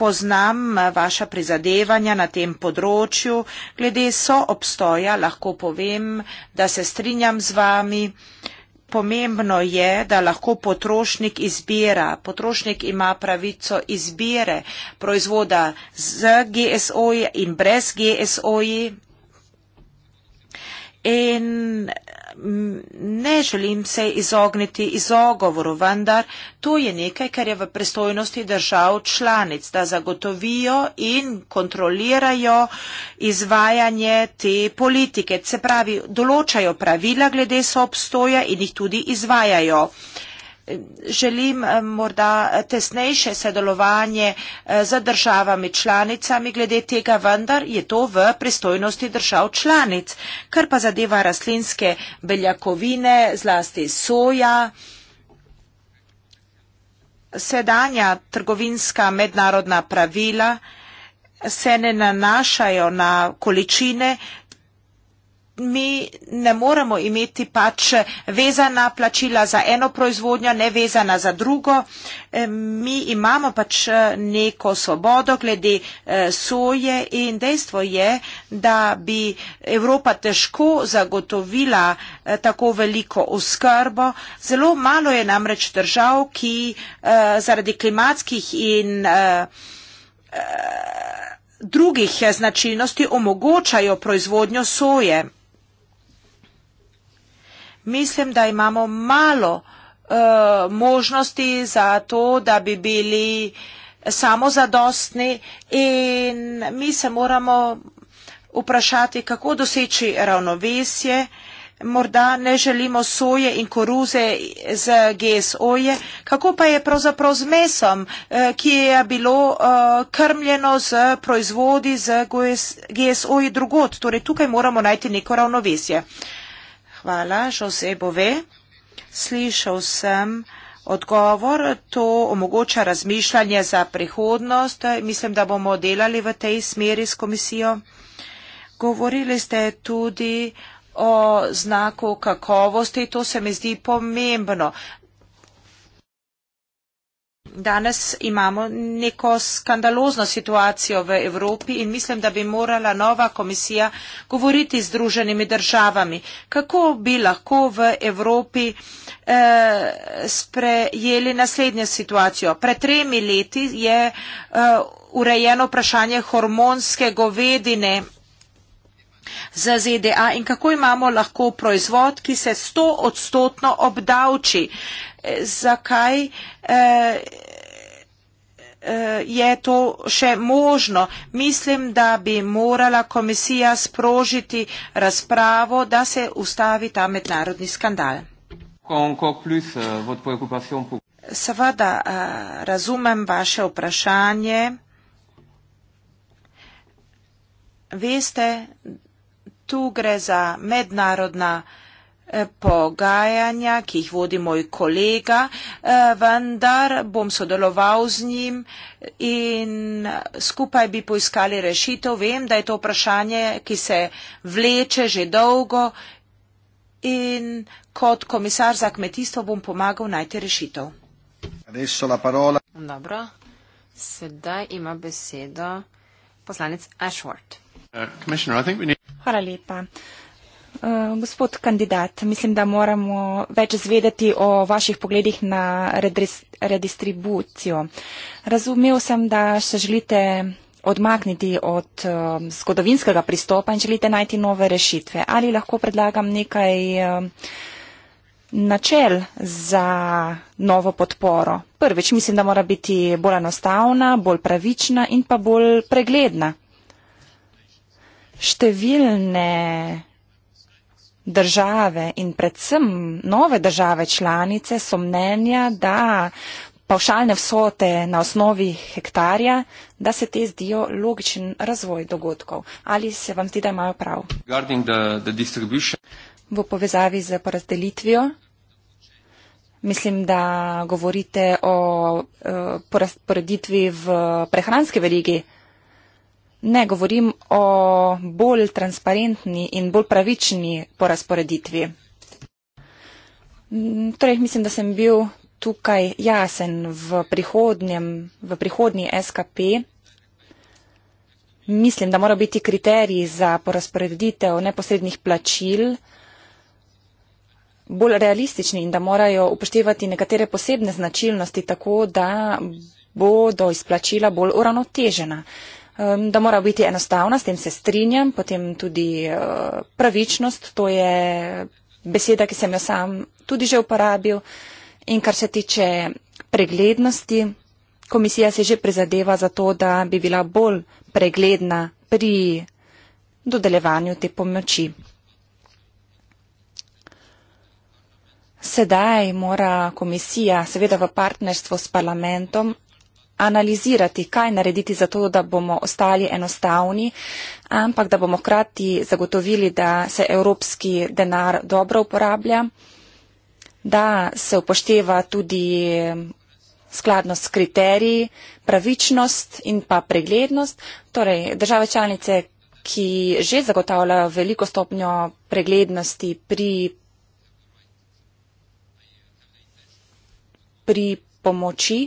poznam vaša prizadevanja na tem področju. Glede soobstoja lahko povem, da se strinjam z vami. Pomembno je, da lahko potrošnik izbira. Potrošnik ima pravico izbire proizvoda z GSO-ji in brez GSO-ji. In ne želim se izogniti izogovoru, vendar to je nekaj, kar je v prestojnosti držav članic, da zagotovijo in kontrolirajo izvajanje te politike. Se pravi, določajo pravila glede soobstoja in jih tudi izvajajo. Uh, želim eh, morda eh, tesnejše sodelovanje eh, z državami članicami glede tega, vendar je to v pristojnosti držav članic. Kar pa zadeva rastlinske beljakovine, zlasti soja, sedanja trgovinska mednarodna pravila se ne nanašajo na količine, mi ne moremo imeti pač vezana plačila za eno proizvodnjo, ne vezana za drugo. Eh, mi imamo pač eh, neko svobodo glede eh, soje in dejstvo je, da bi Evropa težko zagotovila tako veliko oskrbo. Zelo malo je namreč držav, ki zaradi klimatskih in drugih značilnosti omogočajo proizvodnjo soje mislim, da imamo malo uh, možnosti za to, da bi bili samozadostni in mi se moramo vprašati, kako doseči ravnovesje. Morda ne želimo soje in koruze z GSO-je. Kako pa je pravzaprav z mesom, eh, ki je bilo eh, krmljeno z proizvodi z GSO-ji drugot? Torej, tukaj moramo najti neko ravnovesje. Uh, Hvala, Jose Bove. Slišal sem odgovor, to omogoča razmišljanje za prihodnost. Mislim, da bomo delali v tej smeri s komisijo. Govorili ste tudi o znaku kakovosti, to se mi zdi pomembno danes imamo neko skandalozno situacijo v Evropi in mislim, da bi morala nova komisija govoriti z druženimi državami. Kako bi lahko v Evropi eh, sprejeli naslednjo situacijo? Pred tremi leti je eh, urejeno vprašanje hormonske govedine za ZDA in kako imamo lahko proizvod, ki se sto odstotno obdavči. Eh, zakaj eh, eh, je to še možno. Mislim, da bi morala komisija sprožiti razpravo, da se ustavi ta mednarodni skandal. Euh, Seveda eh, razumem vaše vprašanje. Veste, tu gre za mednarodna Eh, pogajanja, ki jih vodi moj kolega, eh, vendar bom sodeloval z njim in skupaj bi poiskali rešitev. Vem, da je to vprašanje, ki se vleče že dolgo in kot komisar za kmetijstvo bom pomagal najti rešitev. Dobro, sedaj ima besedo poslanec Ashworth. Uh, Hvala lepa. Eh, gospod kandidat, mislim, da moramo več zvedeti o vaših pogledih na redistribucijo. Razumel sem, da se želite odmakniti od uh, zgodovinskega pristopa in želite najti nove rešitve. Ali lahko predlagam nekaj uh, načel za novo podporo? Prvič, mislim, da mora biti bolj enostavna, bolj pravična in pa bolj pregledna. Številne države in predvsem nove države članice so mnenja, da pavšalne vsote na osnovi hektarja, da se te zdijo logičen razvoj dogodkov. Ali se vam zdi, da imajo prav? V povezavi z porazdelitvijo. Mislim, da govorite o uh, poreditvi v prehranske verigi. Ne govorim o bolj transparentni in bolj pravični porazporeditvi. Mm, torej, mislim, da sem bil tukaj jasen v, v prihodnji SKP. Mislim, da morajo biti kriteriji za porazporeditev neposrednih plačil bolj realistični in da morajo upoštevati nekatere posebne značilnosti, tako da bodo izplačila bolj uravnotežena um, da mora biti enostavna, s tem se strinjam, potem tudi uh, pravičnost, to je beseda, ki sem jo sam tudi že uporabil. In kar se tiče preglednosti, komisija se že prizadeva za to, da bi bila bolj pregledna pri dodeljevanju te pomoči. Sedaj mora komisija, seveda v partnerstvu s parlamentom, analizirati, kaj narediti za to, da bomo ostali enostavni, ampak da bomo hkrati zagotovili, da se evropski denar dobro uporablja, da se upošteva tudi skladnost kriteriji, pravičnost in pa preglednost. Torej, države članice, ki že zagotavljajo veliko stopnjo preglednosti pri, pri pomoči,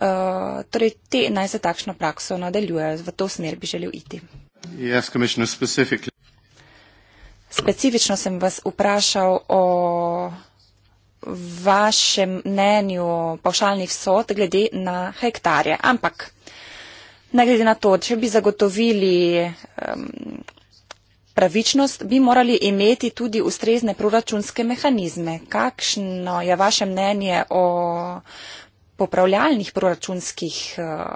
Eh, torej te naj se takšno prakso nadaljujejo. V to smer bi želel iti. Yes, Specifično sem vas vprašal o vašem mnenju pavšalnih sod glede na hektarje. Ampak, ne glede na to, če bi zagotovili um, pravičnost, bi morali imeti tudi ustrezne proračunske mehanizme. Kakšno je vaše mnenje o popravljalnih proračunskih eh,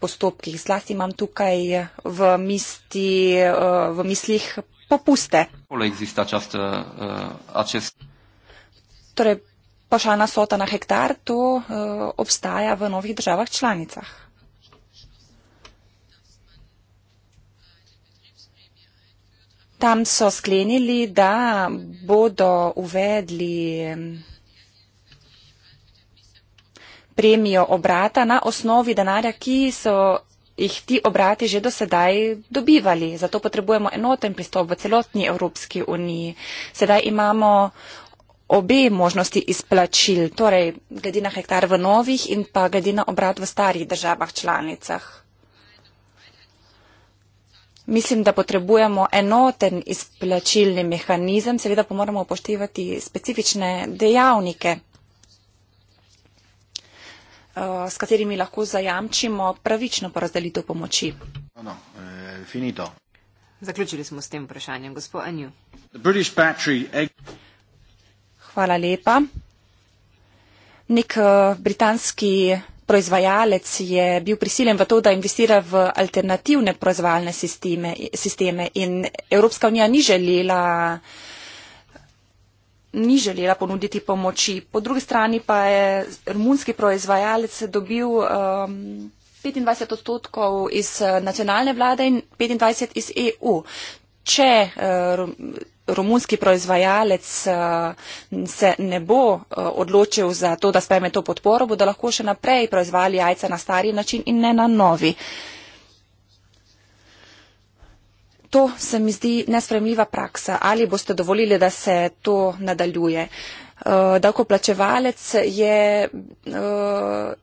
postopkih. Zlasti imam tukaj eh, v, misti, eh, v mislih popuste. Torej, pašalna sota na hektar, to obstaja v novih državah članicah. Tam so sklenili, da bodo uvedli premijo obrata na osnovi denarja, ki so jih ti obrati že do sedaj dobivali. Zato potrebujemo enoten pristop v celotni Evropski uniji. Sedaj imamo obe možnosti izplačil, torej glede na hektar v novih in pa glede na obrat v starih državah članicah. Mislim, da potrebujemo enoten izplačilni mehanizem, seveda pa moramo upoštevati specifične dejavnike. Eh, s katerimi lahko zajamčimo pravično porazdelitev pomoči. No, no, eh, Zaključili smo s tem vprašanjem, gospod Anju. Battery... Hvala lepa. Nek eh, britanski proizvajalec je bil prisilen v to, da investira v alternativne proizvalne sisteme, sisteme in Evropska unija ni želela uh, ni želela ponuditi pomoči. Po drugi strani pa je rumunski proizvajalec dobil um, 25 odstotkov iz uh, nacionalne vlade in 25 iz EU. Če uh, rumunski proizvajalec uh, se ne bo uh, odločil za to, da sprejme to podporo, bodo lahko še naprej proizvali jajca na stari način in ne na novi. Uh, to se mi zdi nespremljiva praksa. Ali boste dovolili, da se to nadaljuje? Eh, davkoplačevalec je. Eh,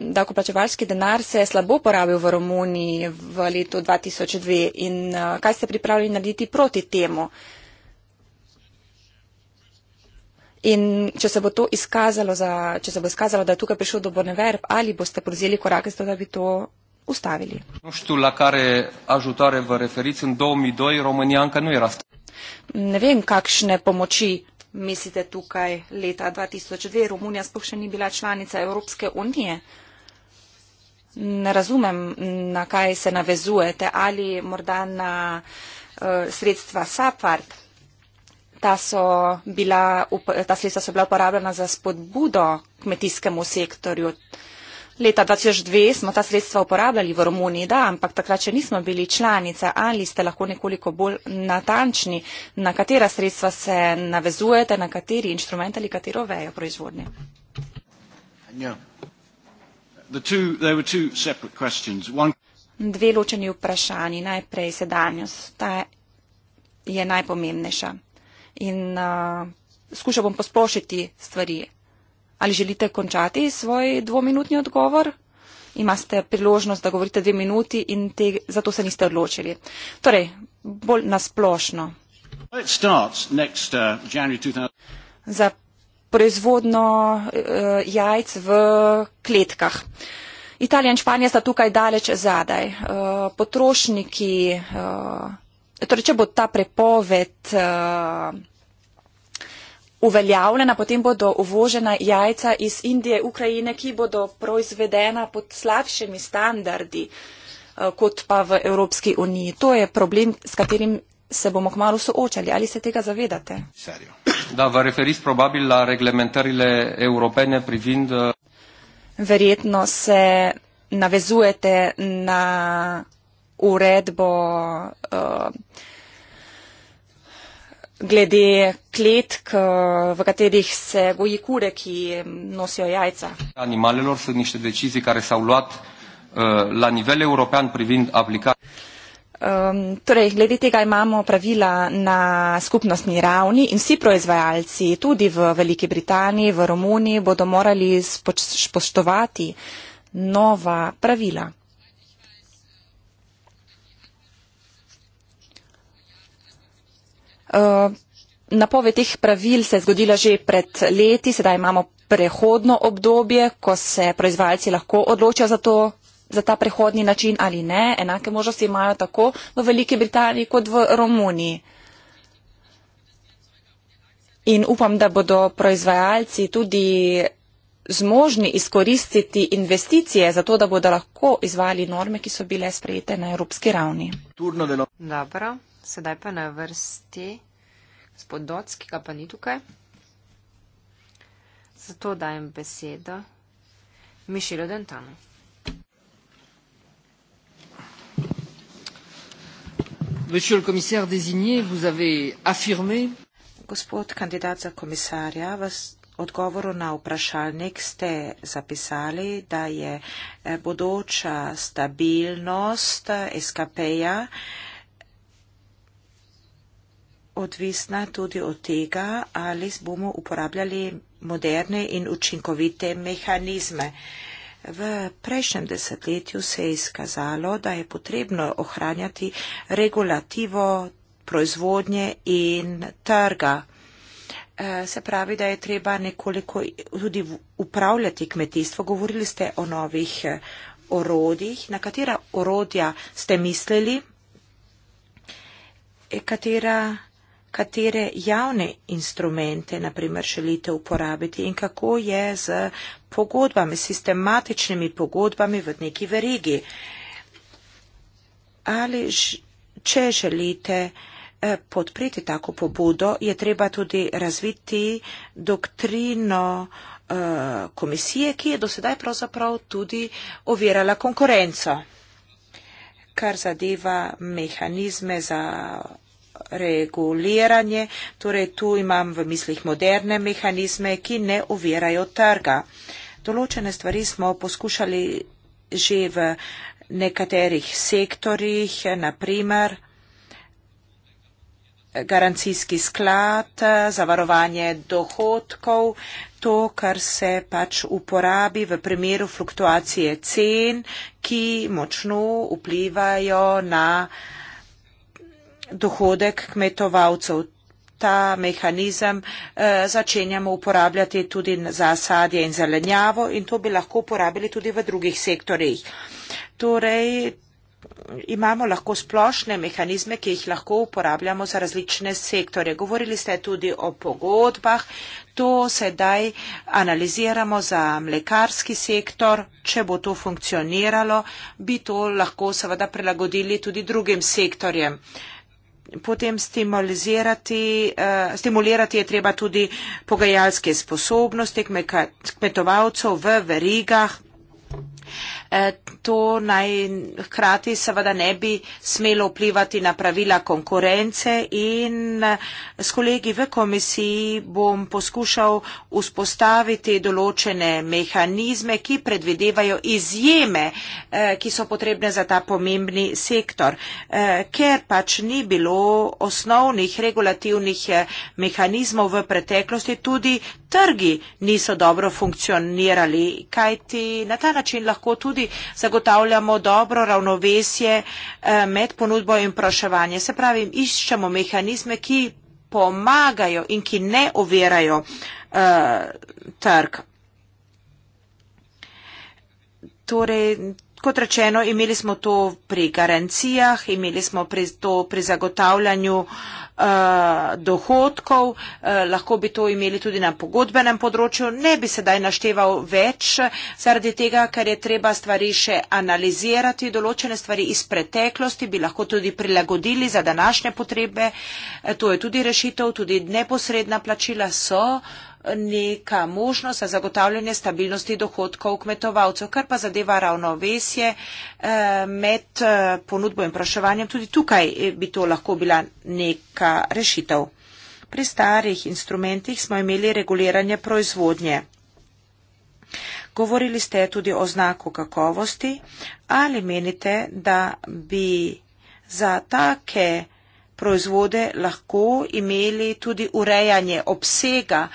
davkoplačevalski denar se je slabo porabil v Romuniji v letu 2002 in eh, kaj ste pripravljeni narediti proti temu? In če se bo to izkazalo, za, če se bo izkazalo, da je tukaj prišlo do borne verb, ali boste prevzeli korake za to, da bi to ustavili. Ne vem, kakšne pomoči mislite tukaj leta 2002. Romunija sploh še ni bila članica Evropske unije. Ne razumem, na kaj se navezujete ali morda na uh, sredstva SAPARD. Ta, so bila, ta sredstva so bila uporabljena za spodbudo kmetijskemu sektorju. Uh, Leta 2002 smo ta sredstva uporabljali v Romuniji, da, ampak takrat, če nismo bili članica, ali ste lahko nekoliko bolj natančni, na katera sredstva se navezujete, na kateri inštrument ali katero vejo proizvodnje? Ja. Dve ločeni vprašanji. Najprej sedanjost. Ta je najpomembnejša. In uh, skušal bom posplošiti stvari. Ali želite končati svoj dvominutni odgovor? Imate priložnost, da govorite dve minuti in te, zato se niste odločili. Torej, bolj nasplošno. Uh, za proizvodno uh, jajc v kletkah. Italija in Španija sta tukaj daleč zadaj. Uh, potrošniki, uh, torej, če bo ta prepoved. Uh, uveljavljena, potem bodo uvožena jajca iz Indije, Ukrajine, ki bodo proizvedena pod slabšimi standardi eh, kot pa v Evropski uniji. To je problem, s katerim se bomo kmalo soočali. Ali se tega zavedate? Da, privind... Eh, Verjetno se navezujete na uredbo uh, glede kletk, eh, v katerih se goji kure, ki nosijo jajca. Animalelor sunt niște decizii care s-au luat eh, la nivel european privind aplicarea. Um, torej, glede tega imamo pravila na skupnostni ravni in vsi proizvajalci, tudi v Veliki Britaniji, v Romuniji, bodo morali spoštovati nova pravila. Eh, Napove teh pravil se je zgodila že pred leti, sedaj imamo prehodno obdobje, ko se proizvajalci lahko odločajo za, to, za ta prehodni način ali ne. Enake možnosti imajo tako v Veliki Britaniji kot v Romuniji. In upam, da bodo proizvajalci tudi zmožni izkoristiti investicije za to, da bodo lahko izvali norme, ki so bile sprejete na evropski ravni. Dobro. Sedaj pa na vrsti gospod Doc, ki ga pa ni tukaj. Zato dajem besedo Mišilo Dentanu. Monsieur le commissaire désigné, vous avez affirmé. Gospod kandidat za komisarja, v odgovoru na vprašalnik ste zapisali, da je eh, bodoča stabilnost SKP-ja eh, odvisna tudi od tega, ali bomo uporabljali moderne in učinkovite mehanizme. V prejšnjem desetletju se je izkazalo, da je potrebno ohranjati regulativo proizvodnje in trga. Eh, se pravi, da je treba nekoliko tudi upravljati kmetijstvo. Govorili ste o novih eh, orodjih. Na katera orodja ste mislili? Eh, katera katere javne instrumente, naprimer, želite uporabiti in kako je z pogodbami, sistematičnimi pogodbami v neki verigi. Ali, če želite eh, podpreti tako pobudo, je treba tudi razviti doktrino eh, komisije, ki je dosedaj pravzaprav tudi ovirala konkurenco, kar zadeva mehanizme za reguliranje, torej tu imam v mislih moderne mehanizme, ki ne ovirajo trga. Določene stvari smo poskušali že v nekaterih sektorjih, naprimer garancijski sklad, zavarovanje dohodkov, to, kar se pač uporabi v primeru fluktuacije cen, ki močno vplivajo na uh, dohodek kmetovalcev. Ta mehanizem eh, začenjamo uporabljati tudi za sadje in zelenjavo in to bi lahko uporabili tudi v drugih sektorjih. Torej, imamo lahko splošne mehanizme, ki jih lahko uporabljamo za različne sektore. Govorili ste tudi o pogodbah. To sedaj analiziramo za mlekarski sektor. Če bo to funkcioniralo, bi to lahko seveda prilagodili tudi drugim sektorjem. Eh, potem stimulirati, uh, eh, stimulirati je treba tudi pogajalske sposobnosti kmetovalcev v verigah. Eh, to naj hkrati seveda ne bi smelo vplivati na pravila konkurence in eh, s kolegi v komisiji bom poskušal vzpostaviti določene mehanizme, ki predvidevajo izjeme, eh, ki so potrebne za ta pomembni sektor. Ker pač ni bilo osnovnih regulativnih mehanizmov v preteklosti, tudi trgi niso dobro funkcionirali, kajti na ta način lahko tudi tudi zagotavljamo dobro ravnovesje eh, med ponudbo in praševanje. Se pravi, iščemo mehanizme, ki pomagajo in ki ne ovirajo eh, trg. Torej, kot rečeno, imeli smo to pri garancijah, imeli smo to pri zagotavljanju Eh, dohodkov, eh, lahko bi to imeli tudi na pogodbenem področju. Ne bi sedaj našteval več, eh, zaradi tega, ker je treba stvari še analizirati, določene stvari iz preteklosti bi lahko tudi prilagodili za današnje potrebe. To je tudi rešitev, tudi neposredna plačila so. Uh, neka možnost za zagotavljanje stabilnosti dohodkov kmetovalcev, kar pa zadeva ravnovesje eh, med eh, ponudbo in praševanjem. Tudi tukaj eh, bi to lahko bila neka rešitev. Pri starih instrumentih smo imeli reguliranje proizvodnje. Govorili ste tudi o znaku kakovosti. Ali menite, da bi za take proizvode lahko imeli tudi urejanje obsega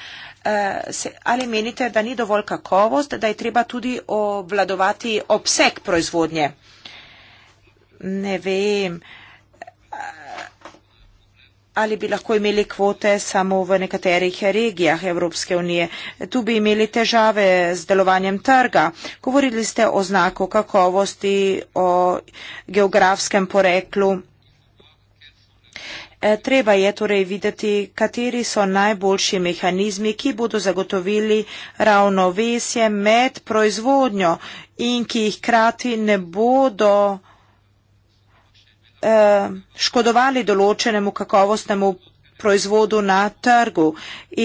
Eh, se, ali menite, da ni dovolj kakovost, da je treba tudi obvladovati obseg proizvodnje? Ne vem, eh, ali bi lahko imeli kvote samo v nekaterih regijah Evropske unije. Tu bi imeli težave z delovanjem trga. Govorili ste o znaku kakovosti, o geografskem poreklu. E, treba je torej videti, kateri so najboljši mehanizmi, ki bodo zagotovili ravnovesje med proizvodnjo in ki jih krati ne bodo e, škodovali določenemu kakovostnemu proizvodu na trgu.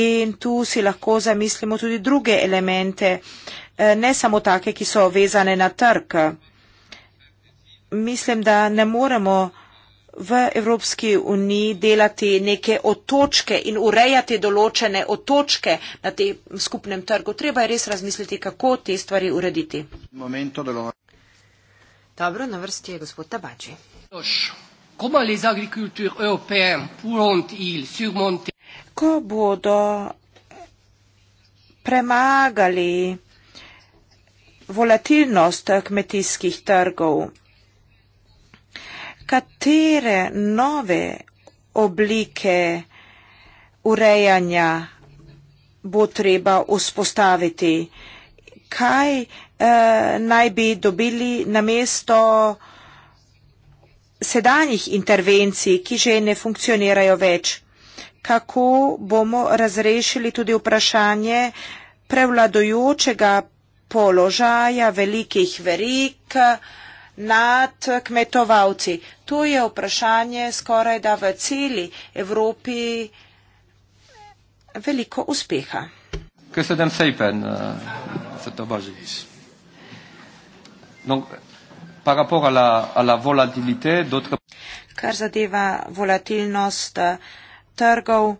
In tu si lahko zamislimo tudi druge elemente, e, ne samo take, ki so vezane na trg. Mislim, da ne moremo v Evropski uniji delati neke otočke in urejati določene otočke na tem skupnem trgu. Treba je res razmisliti, kako te stvari urediti. Dobro, na vrsti je gospod Tabači. Ko bodo premagali volatilnost kmetijskih trgov, katere nove oblike urejanja bo treba vzpostaviti, kaj eh, naj bi dobili na mesto sedanjih intervencij, ki že ne funkcionirajo več. Kako bomo razrešili tudi vprašanje prevladojočega položaja velikih verik, eh, nad kmetovalci. Tu je vprašanje skoraj da v celi Evropi veliko uspeha. Köszönöm szépen, Fötö Bazsis. No, par rapport a la, a la volatilité, d'autres... Kar zadeva volatilnost eh, trgov,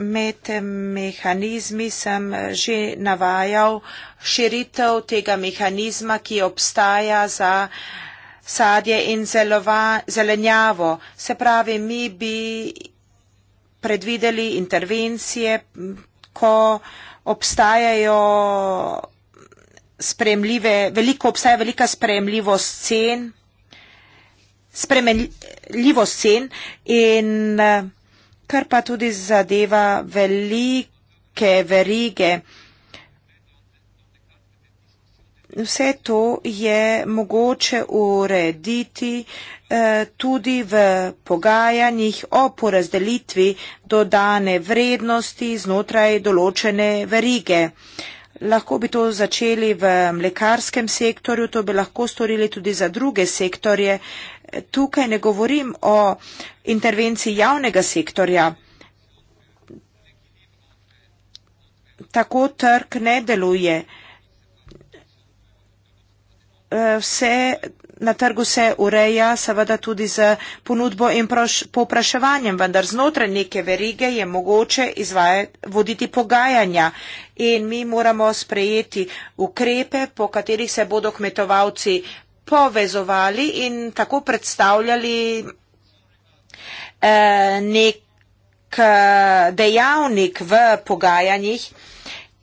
med mehanizmi sem že navajal širitev tega mehanizma, ki obstaja za sadje in zelova, zelenjavo. Se pravi, mi bi predvideli intervencije, ko obstajajo spremljive, veliko obstaja velika spremljivost cen, spremenljivost cen in uh, kar pa tudi zadeva velike verige. Vse to je mogoče urediti eh, tudi v pogajanjih o porazdelitvi dodane vrednosti znotraj določene verige. Lahko bi to začeli v mlekarskem sektorju, to bi lahko storili tudi za druge sektorje, tukaj ne govorim o intervenciji javnega sektorja. Tako trg ne deluje. Vse, na trgu se ureja seveda tudi z ponudbo in proš, popraševanjem, vendar znotraj neke verige je mogoče izvajati, voditi pogajanja in mi moramo sprejeti ukrepe, po katerih se bodo kmetovalci povezovali in tako predstavljali eh, nek eh, dejavnik v pogajanjih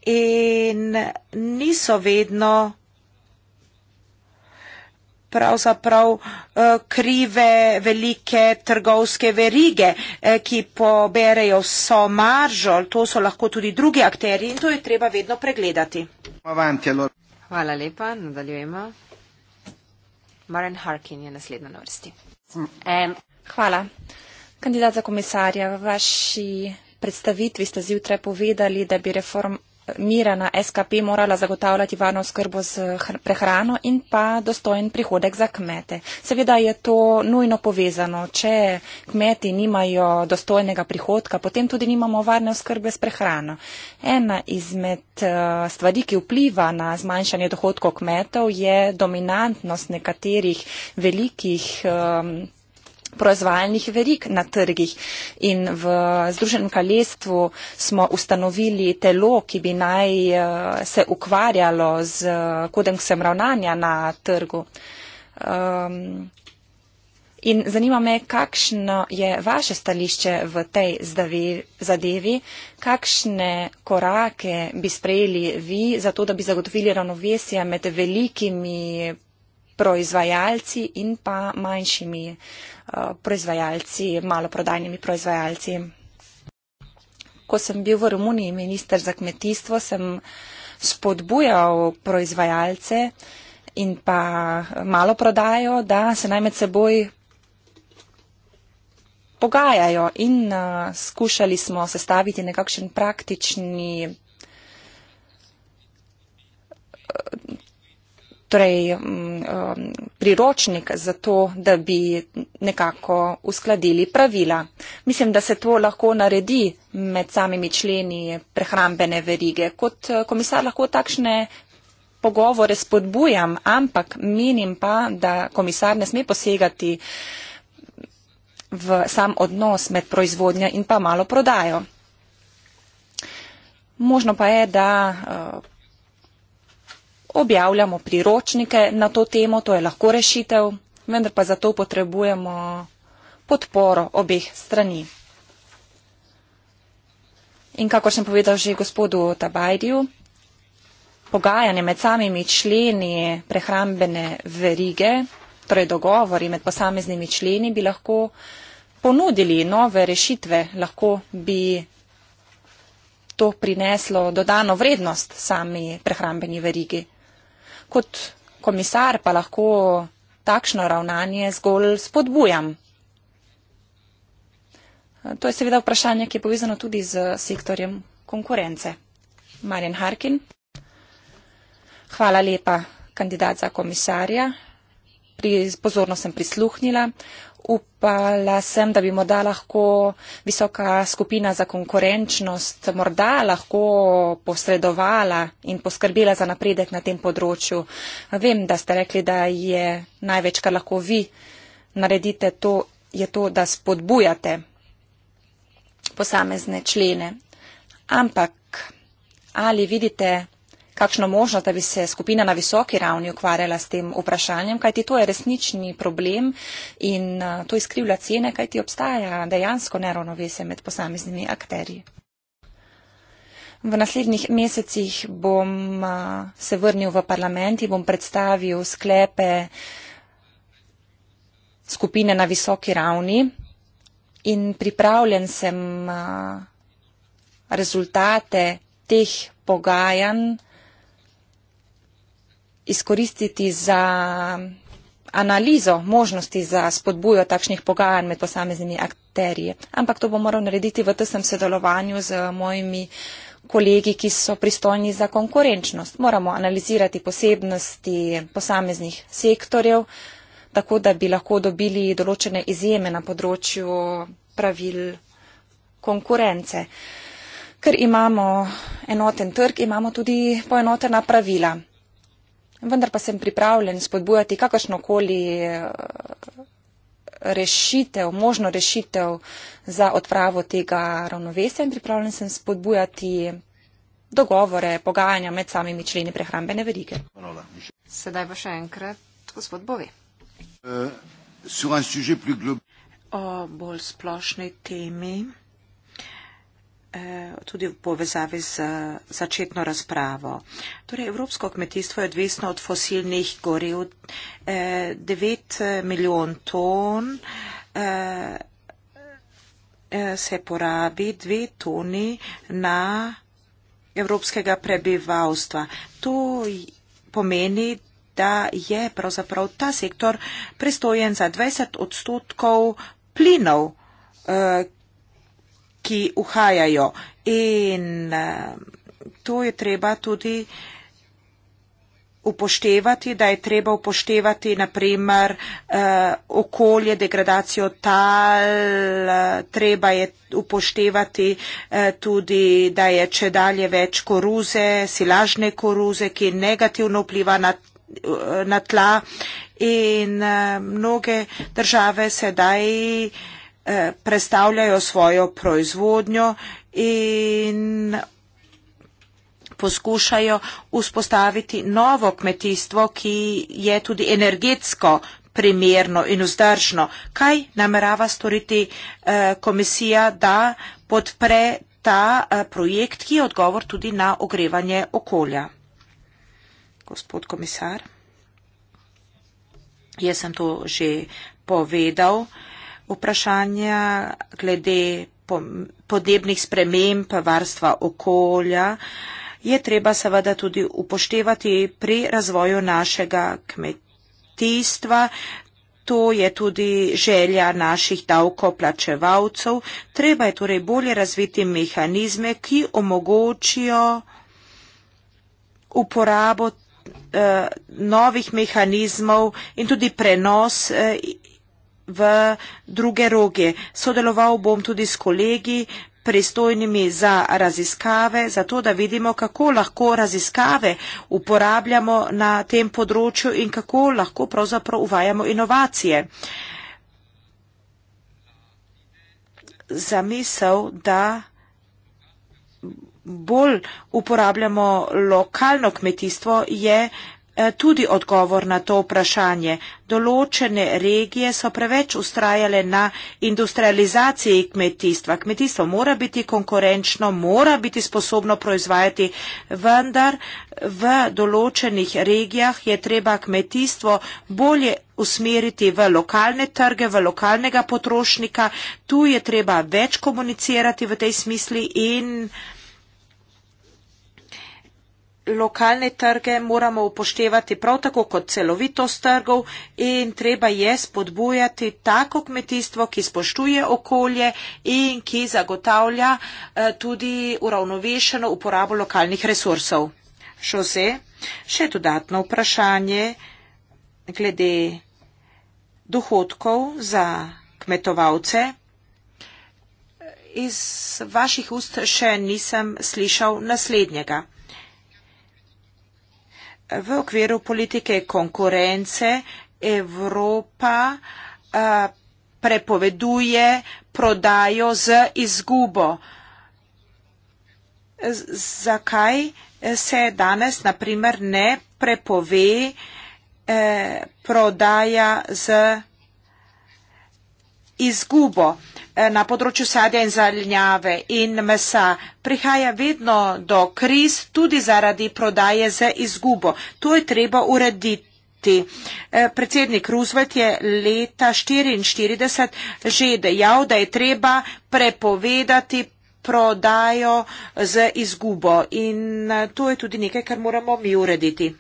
in niso vedno pravzaprav eh, krive velike trgovske verige, ki poberejo vso maržo, to so lahko tudi drugi akteri in to je treba vedno pregledati. Hvala lepa, nadaljujemo. Maren Harkin je naslednja na vrsti. Hvala. Kandidat za komisarja, v vaši predstavitvi ste zjutraj povedali, da bi reform, mira na SKP morala zagotavljati varno skrbo z prehrano in pa dostojen prihodek za kmete. Seveda je to nujno povezano. Če kmeti nimajo dostojnega prihodka, potem tudi nimamo varne skrbe s prehrano. Ena izmed eh, stvari, ki vpliva na zmanjšanje dohodkov kmetov, je dominantnost nekaterih velikih um, proizvajalnih verik na trgih in v Združenem kraljestvu smo ustanovili telo, ki bi naj eh, se ukvarjalo z eh, kodeksem ravnanja na trgu. Um, in zanima me, kakšno je vaše stališče v tej zadevi, kakšne korake bi sprejeli vi za to, da bi zagotovili ravnovesje med velikimi proizvajalci in pa manjšimi proizvajalci, maloprodajnimi proizvajalci. Ko sem bil v Romuniji minister za kmetijstvo, sem spodbujal proizvajalce in pa maloprodajo, da se naj med seboj pogajajo in uh, skušali smo sestaviti nekakšen praktični torej, mm, um, priročnik za to, da bi nekako uskladili pravila. Mislim, da se to lahko naredi med samimi členi prehrambene verige. Kot eh, komisar lahko takšne pogovore spodbujam, ampak menim pa, da komisar ne sme posegati v sam odnos med proizvodnjo in pa malo prodajo. Možno pa je, da uh, objavljamo priročnike na to temo, to je lahko rešitev, vendar pa zato potrebujemo podporo obeh strani. In kako sem povedal že gospodu Tabajdiju, pogajanje med samimi členi prehrambene verige, torej dogovori med posameznimi členi, bi lahko ponudili nove rešitve, lahko bi to prineslo dodano vrednost sami prehrambeni verigi kot komisar pa lahko takšno ravnanje zgolj spodbujam. To je seveda vprašanje, ki je povezano tudi z sektorjem konkurence. Marjen Harkin. Hvala lepa, kandidat za komisarja. Pri, pozorno sem prisluhnila upala sem, da bi morda lahko visoka skupina za konkurenčnost morda lahko posredovala in poskrbela za napredek na tem področju. Vem, da ste rekli, da je največ, kar lahko vi naredite, to je to, da spodbujate posamezne člene. Ampak ali vidite kakšno možnost, da bi se skupina na visoki ravni ukvarjala s tem vprašanjem, kajti to je resnični problem in eh, to izkrivlja cene, kajti obstaja dejansko neravnovesje med posameznimi akterji. V naslednjih mesecih bom eh, se vrnil v parlament in bom predstavil sklepe skupine na visoki ravni in pripravljen sem eh, rezultate teh pogajanj izkoristiti za analizo možnosti za spodbujo takšnih pogajanj med posameznimi akterji. Ampak to bom moral narediti v tesnem sodelovanju z mojimi kolegi, ki so pristojni za konkurenčnost. Moramo analizirati posebnosti posameznih sektorjev, tako da bi lahko dobili določene izjeme na področju pravil konkurence. Ker imamo enoten trg, imamo tudi poenotena pravila vendar pa sem pripravljen spodbujati kakršnokoli eh, rešitev, možno rešitev za odpravo tega ravnovesja in pripravljen sem spodbujati dogovore, pogajanja med samimi členi prehrambene verige. Sedaj pa še enkrat gospod Bovi. Uh, o bolj splošni temi. Eh, tudi v povezavi z začetno razpravo. Torej, evropsko kmetijstvo je odvisno od fosilnih goriv. 9 eh, milijon ton eh, se porabi, 2 toni na evropskega prebivalstva. To pomeni, da je pravzaprav ta sektor prestojen za 20 odstotkov plinov, ki uhajajo. In eh, tu je treba tudi upoštevati, da je treba upoštevati naprimer eh, okolje, degradacijo tal, eh, treba je upoštevati tudi, da je če dalje več koruze, silažne koruze, ki negativno vpliva na, na tla in mnoge države sedaj Eh, predstavljajo svojo proizvodnjo in poskušajo vzpostaviti novo kmetijstvo, ki je tudi energetsko primerno in vzdržno. Kaj namerava storiti eh, komisija, da podpre ta eh, projekt, ki je odgovor tudi na ogrevanje okolja? Gospod komisar, jaz sem to že povedal vprašanja glede podnebnih sprememb, varstva okolja, je treba seveda tudi upoštevati pri razvoju našega kmetijstva. To je tudi želja naših davkoplačevalcev. Treba je torej bolje razviti mehanizme, ki omogočijo uporabo eh, novih mehanizmov in tudi prenos eh, v druge roge. Sodeloval bom tudi s kolegi pristojnimi za raziskave, zato da vidimo, kako lahko raziskave uporabljamo na tem področju in kako lahko pravzaprav uvajamo inovacije. Zamisel, da bolj uporabljamo lokalno kmetijstvo, je Eh, tudi odgovor na to vprašanje. Določene regije so preveč ustrajale na industrializaciji kmetijstva. Kmetijstvo mora biti konkurenčno, mora biti sposobno proizvajati, vendar v določenih regijah je treba kmetijstvo bolje usmeriti v lokalne trge, v lokalnega potrošnika. Tu je treba več komunicirati v tej smisli in lokalne trge moramo upoštevati prav tako kot celovitost trgov in treba je spodbujati tako kmetijstvo, ki spoštuje okolje in ki zagotavlja eh, tudi uravnovešeno uporabo lokalnih resursov. Šose, še dodatno vprašanje glede dohodkov za kmetovalce. Iz vaših ust še nisem slišal naslednjega v okviru politike konkurence Evropa a, eh, prepoveduje prodajo z izgubo. Zakaj se danes naprimer ne prepove e, prodaja z izgubo? E, Eh, na področju sadja in zelenjave in mesa prihaja vedno do kriz tudi zaradi prodaje za izgubo. To je treba urediti. Eh, predsednik Roosevelt je leta 1944 že dejal, da je treba prepovedati prodajo z izgubo in eh, to je tudi nekaj, kar moramo mi urediti.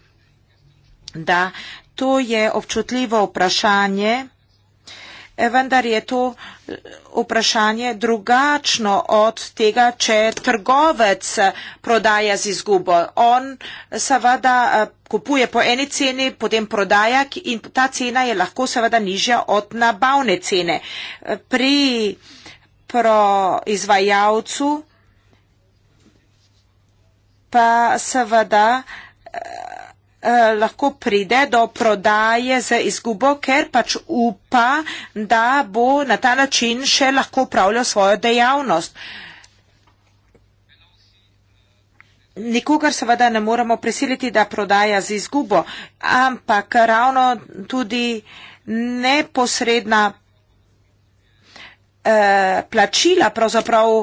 Da, to je občutljivo vprašanje. Eh, vendar je to eh, vprašanje drugačno od tega, če trgovec eh, prodaja z izgubo. On seveda kupuje po eni ceni, potem prodaja in ta cena je lahko seveda nižja od nabavne cene. Pri proizvajalcu pa seveda Eh, lahko pride do prodaje z izgubo, ker pač upa, da bo na ta način še lahko upravljal svojo dejavnost. Nikogar seveda ne moremo prisiliti, da prodaja z izgubo, ampak ravno tudi neposredna eh, plačila pravzaprav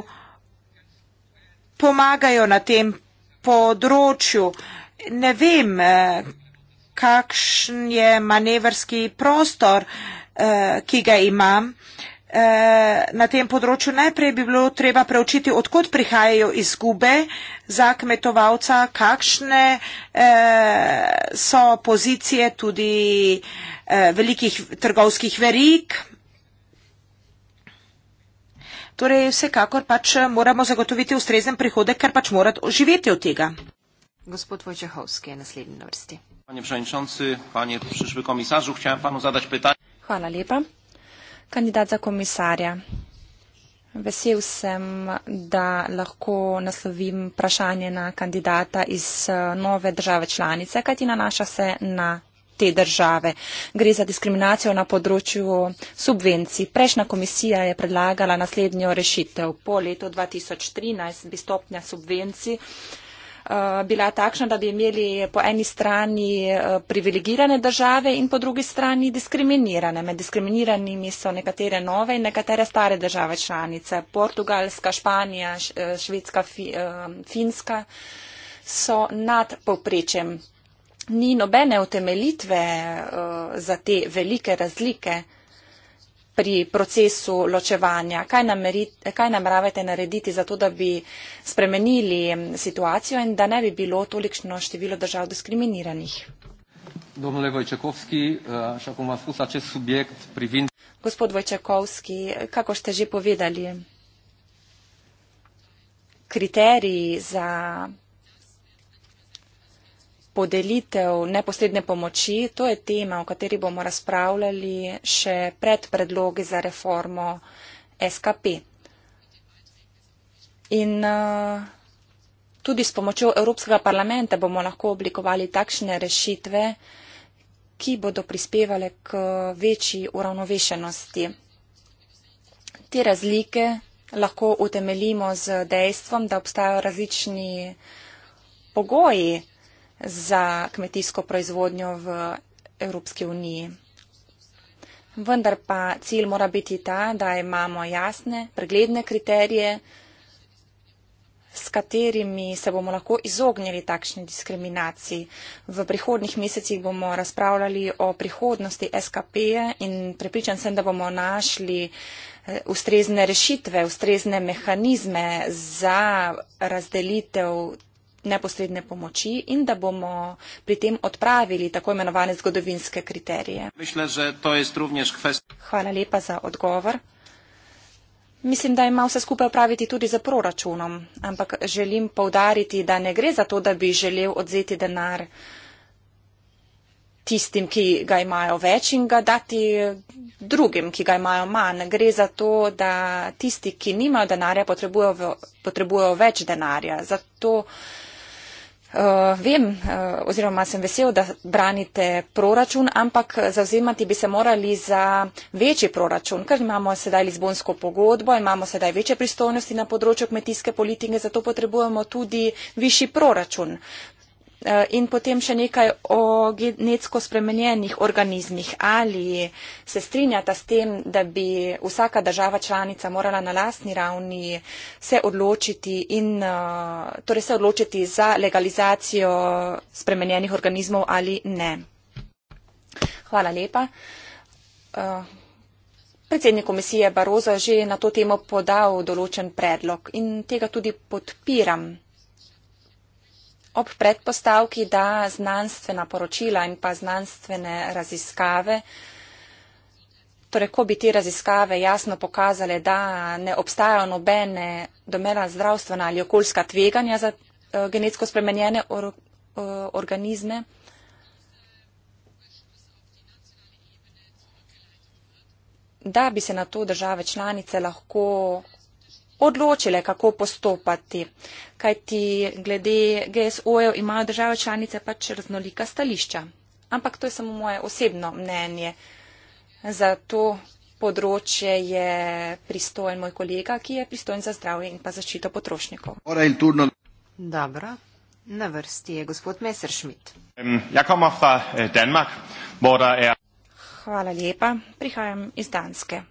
pomagajo na tem področju. Eh, ne vem, eh, kakšen je manevrski prostor, eh, ki ga imam. Eh, na tem področju najprej bi bilo treba preučiti, odkot prihajajo izgube za kmetovalca, kakšne so pozicije tudi velikih trgovskih verik. Torej, vsekakor pač moramo zagotoviti ustrezen prihodek, ker pač morate živeti od tega. Gospod Vojčehovski je naslednji na vrsti. Hvala lepa. Kandidat za komisarja. Vesel sem, da lahko naslovim vprašanje na kandidata iz eh, nove države članice, kajti nanaša se na te države. Gre za diskriminacijo na področju subvencij. Prejšnja komisija je predlagala naslednjo rešitev. Po letu 2013 bi stopnja subvencij Eh, bila takšna, da bi imeli po eni strani eh, privilegirane države in po drugi strani diskriminirane. Med diskriminiranimi so nekatere nove in nekatere stare države članice. Portugalska, Španija, eh, Švedska, Finska so nad povprečjem. Ni nobene utemelitve za te velike razlike pri procesu ločevanja. Kaj, namerite, kaj nameravate narediti za to, da bi spremenili situacijo in da ne bi bilo tolikšno število držav diskriminiranih? E, Gospod Vojčakovski, kako ste že povedali, kriteriji za podelitev neposredne pomoči, to je tema, o kateri bomo razpravljali še pred predlogi za reformo SKP. In uh, tudi s pomočjo Evropskega parlamenta bomo lahko oblikovali takšne rešitve, ki bodo prispevale k večji uravnovešenosti. Te razlike lahko utemelimo z dejstvom, da obstajajo različni pogoji za kmetijsko proizvodnjo v Evropski uniji. Vendar pa cilj mora biti ta, da imamo jasne, pregledne kriterije, s katerimi se bomo lahko izognili takšni diskriminaciji. V prihodnih mesecih bomo razpravljali o prihodnosti SKP -e in prepričan sem, da bomo našli eh, ustrezne rešitve, ustrezne mehanizme za razdelitev neposredne pomoči in da bomo pri tem odpravili tako imenovane zgodovinske kriterije. Mišle, Hvala lepa za odgovor. Mislim, da ima vse skupaj upraviti tudi za proračunom, ampak želim povdariti, da ne gre za to, da bi želel odzeti denar tistim, ki ga imajo več in ga dati drugim, ki ga imajo manj. Gre za to, da tisti, ki nimajo denarja, potrebujo, potrebujo več denarja. Zato Eh, vem eh, oziroma sem vesel, da branite proračun, ampak zauzemati bi se morali za večji proračun, ker imamo sedaj Lizbonsko pogodbo, imamo sedaj večje pristojnosti na področju kmetijske politike, zato potrebujemo tudi višji proračun. Eh, in potem še nekaj o genetsko spremenjenih organizmih. Ali se strinjata s tem, da bi vsaka država članica morala na lastni ravni se odločiti, in, eh, torej se odločiti za legalizacijo spremenjenih organizmov ali ne? Hvala lepa. Eh, predsednik komisije Barozo je že na to temo podal določen predlog in tega tudi podpiram ob predpostavki, da znanstvena poročila in pa znanstvene raziskave, torej ko bi te raziskave jasno pokazale, da ne obstajajo nobene domena zdravstvena ali okoljska tveganja za eh, genetsko spremenjene or, eh, organizme. da bi se na to države članice lahko odločile, kako postopati. Kaj ti glede GSO-jev imajo države članice pač raznolika stališča. Ampak to je samo moje osebno mnenje. Za to področje je pristojen moj kolega, ki je pristojen za zdravje in pa zaščito potrošnikov. Dobro. Na vrsti je gospod Messerschmidt. Ja, eh, er- Hvala lepa. Prihajam iz Danske.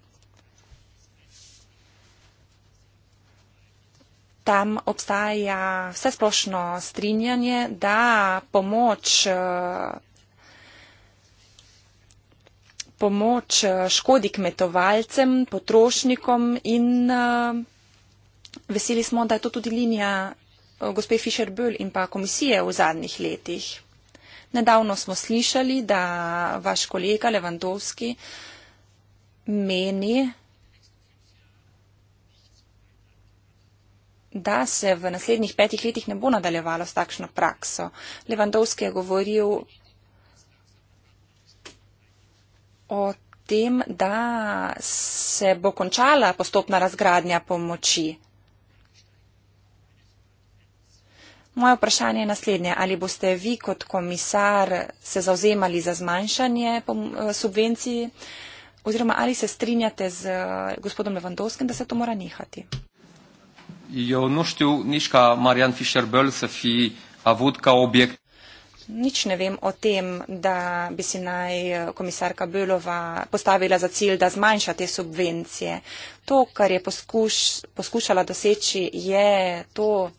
tam obstaja vse splošno strinjanje, da pomoč, eh, pomoč eh, škodi kmetovalcem, potrošnikom in eh, veseli smo, da je to tudi linija gospe Fischer-Böll in pa komisije v zadnjih letih. Nedavno smo slišali, da vaš kolega Levandovski meni, da se v naslednjih petih letih ne bo nadaljevalo s takšno prakso. Levandovski je govoril o tem, da se bo končala postopna razgradnja pomoči. Moje vprašanje je naslednje. Ali boste vi kot komisar se zauzemali za zmanjšanje subvencij oziroma ali se strinjate z gospodom Levandovskim, da se to mora nehati? Eu nu știu nici ca Marian Fischer Böll să fi avut ca obiect. Nič ne vem o tem, da bi si naj eh, komisarka Bölova postavila za cilj, da zmanjša te subvencije. To, kar je poskuš, poskušala doseči, je to,